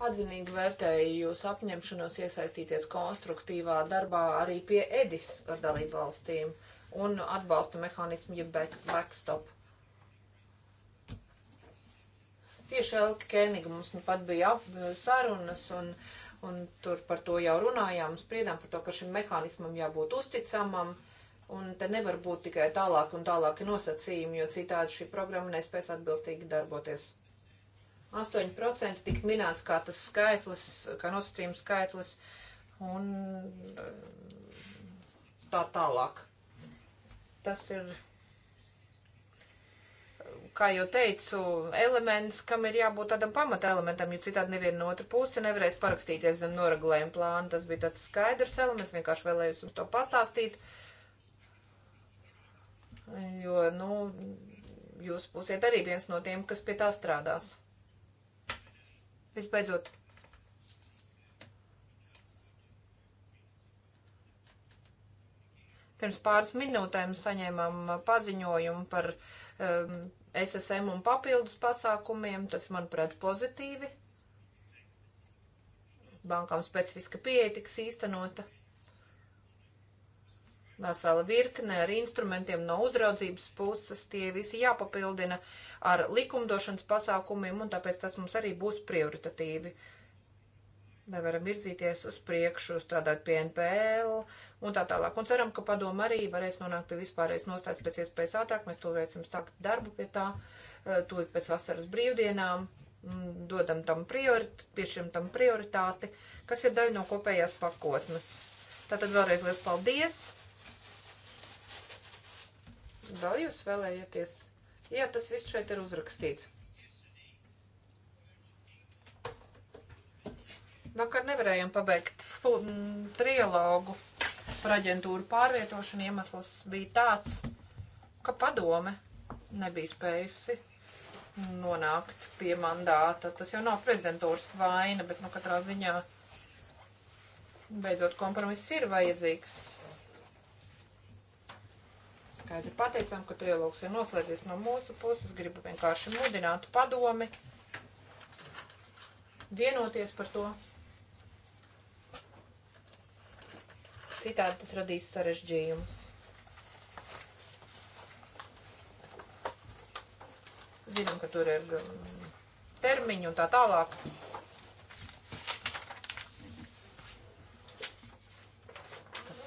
Atzinīgi vērtēju jūsu apņemšanos iesaistīties konstruktīvā darbā arī pie EDIS ar dalību valstīm un atbalsta mehānismu, ja back, backstop. Tieši Elke Kēniga mums nu pat bija ap, sarunas un, un tur par to jau runājām, spriedām par to, ka šim mehānismam jābūt uzticamam. Un te nevar būt tikai tālāk un tālāk nosacījumi, jo citādi šī programma nespēs atbilstīgi darboties. 8% tik minēts kā tas skaitlis, kā nosacījums skaitlis un eh, tā tālāk. Tas ir, kā jau teicu, elements, kam ir jābūt tādam pamata elementam, jo citādi neviena no otra puse nevarēs parakstīties zem noregulējuma plāna. Tas bija tāds skaidrs elements, vienkārši vēlējos jums to pastāstīt. Jo, nu, jūs būsiet arī viens no tiem, kas pie tā strādās. Visbeidzot, pirms pāris minūtēm saņēmām uh, paziņojumu par um, SSM un papildus pasākumiem. Tas, manuprāt, pozitīvi. Bankām specifiska pieeja tiks īstenota vesela virkne ar instrumentiem no uzraudzības puses. Tie visi jāpapildina ar likumdošanas pasākumiem, un tāpēc tas mums arī būs prioritatīvi. Lai varam virzīties uz priekšu, strādāt pie NPL un tā tālāk. Un ceram, ka padoma arī varēs nonākt pie vispārējais nostājas pēc iespējas ātrāk. Mēs to varēsim sākt darbu pie tā, eh, tūlīt pēc vasaras brīvdienām mm, dodam tam prioritāti, piešķiram tam prioritāti, kas ir daļa no kopējās pakotnes. Tātad vēlreiz liels paldies! Vēl jūs vēlējaties? Jā, tas viss šeit ir uzrakstīts. Vakar nevarējām pabeigt trilogu par aģentūru pārvietošanu. Iemesls bija tāds, ka padome nebija spējusi nonākt pie mandāta. Tas jau nav prezidentūras vaina, bet nu no katrā ziņā beidzot kompromiss ir vajadzīgs skaidri pateicām, ka dialogs ir noslēdzies no mūsu puses. Gribu vienkārši mudināt padomi, vienoties par to. Citādi tas radīs sarežģījumus. Zinām, ka tur ir um, termiņi un tā tālāk.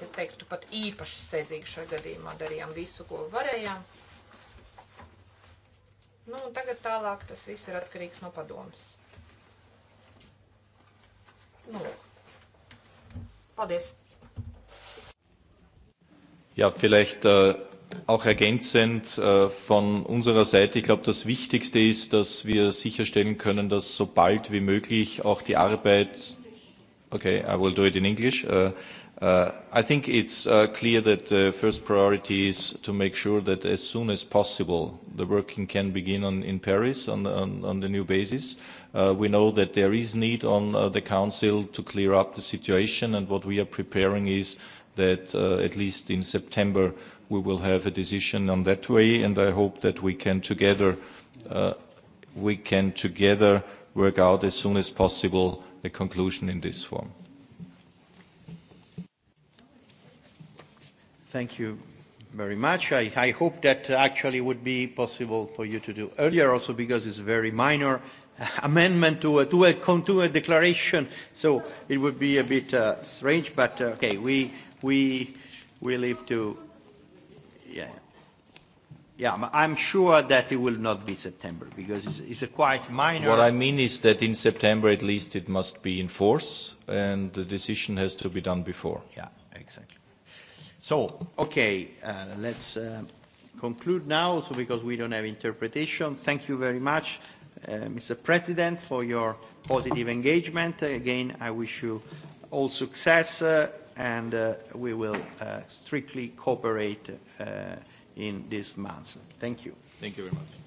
mēs, ja teiktu, pat īpaši steidzīgi šajā gadījumā darījām visu, ko varējām. Nu, un tagad tālāk tas viss ir atkarīgs no padomas. Nu, paldies! Ja, vielleicht äh, auch ergänzend äh, von unserer Seite. Ich glaube, das Wichtigste ist, dass wir sicherstellen können, dass so bald wie möglich auch die Arbeit. Okay, I will do it in English. Uh, Uh, I think it's uh, clear that the first priority is to make sure that as soon as possible the working can begin on, in Paris on, on, on the new basis. Uh, we know that there is need on uh, the Council to clear up the situation and what we are preparing is that uh, at least in September we will have a decision on that way and I hope that we can together uh, we can together work out as soon as possible a conclusion in this form. Thank you very much. I, I hope that actually would be possible for you to do earlier also because it's very minor <laughs> amendment to a, to a, to a declaration, so it would be a bit uh, strange, but uh, okay, we, we, we leave to, yeah. Yeah, I'm sure that it will not be September because it's, it's a quite minor. What I mean is that in September at least it must be in force and the decision has to be done before. Yeah, exactly. So, okay, uh, let's uh, conclude now, so because we don't have interpretation. Thank you very much, uh, Mr. President, for your positive engagement. Again, I wish you all success, uh, and uh, we will uh, strictly cooperate uh, in this month. Thank you. Thank you very much.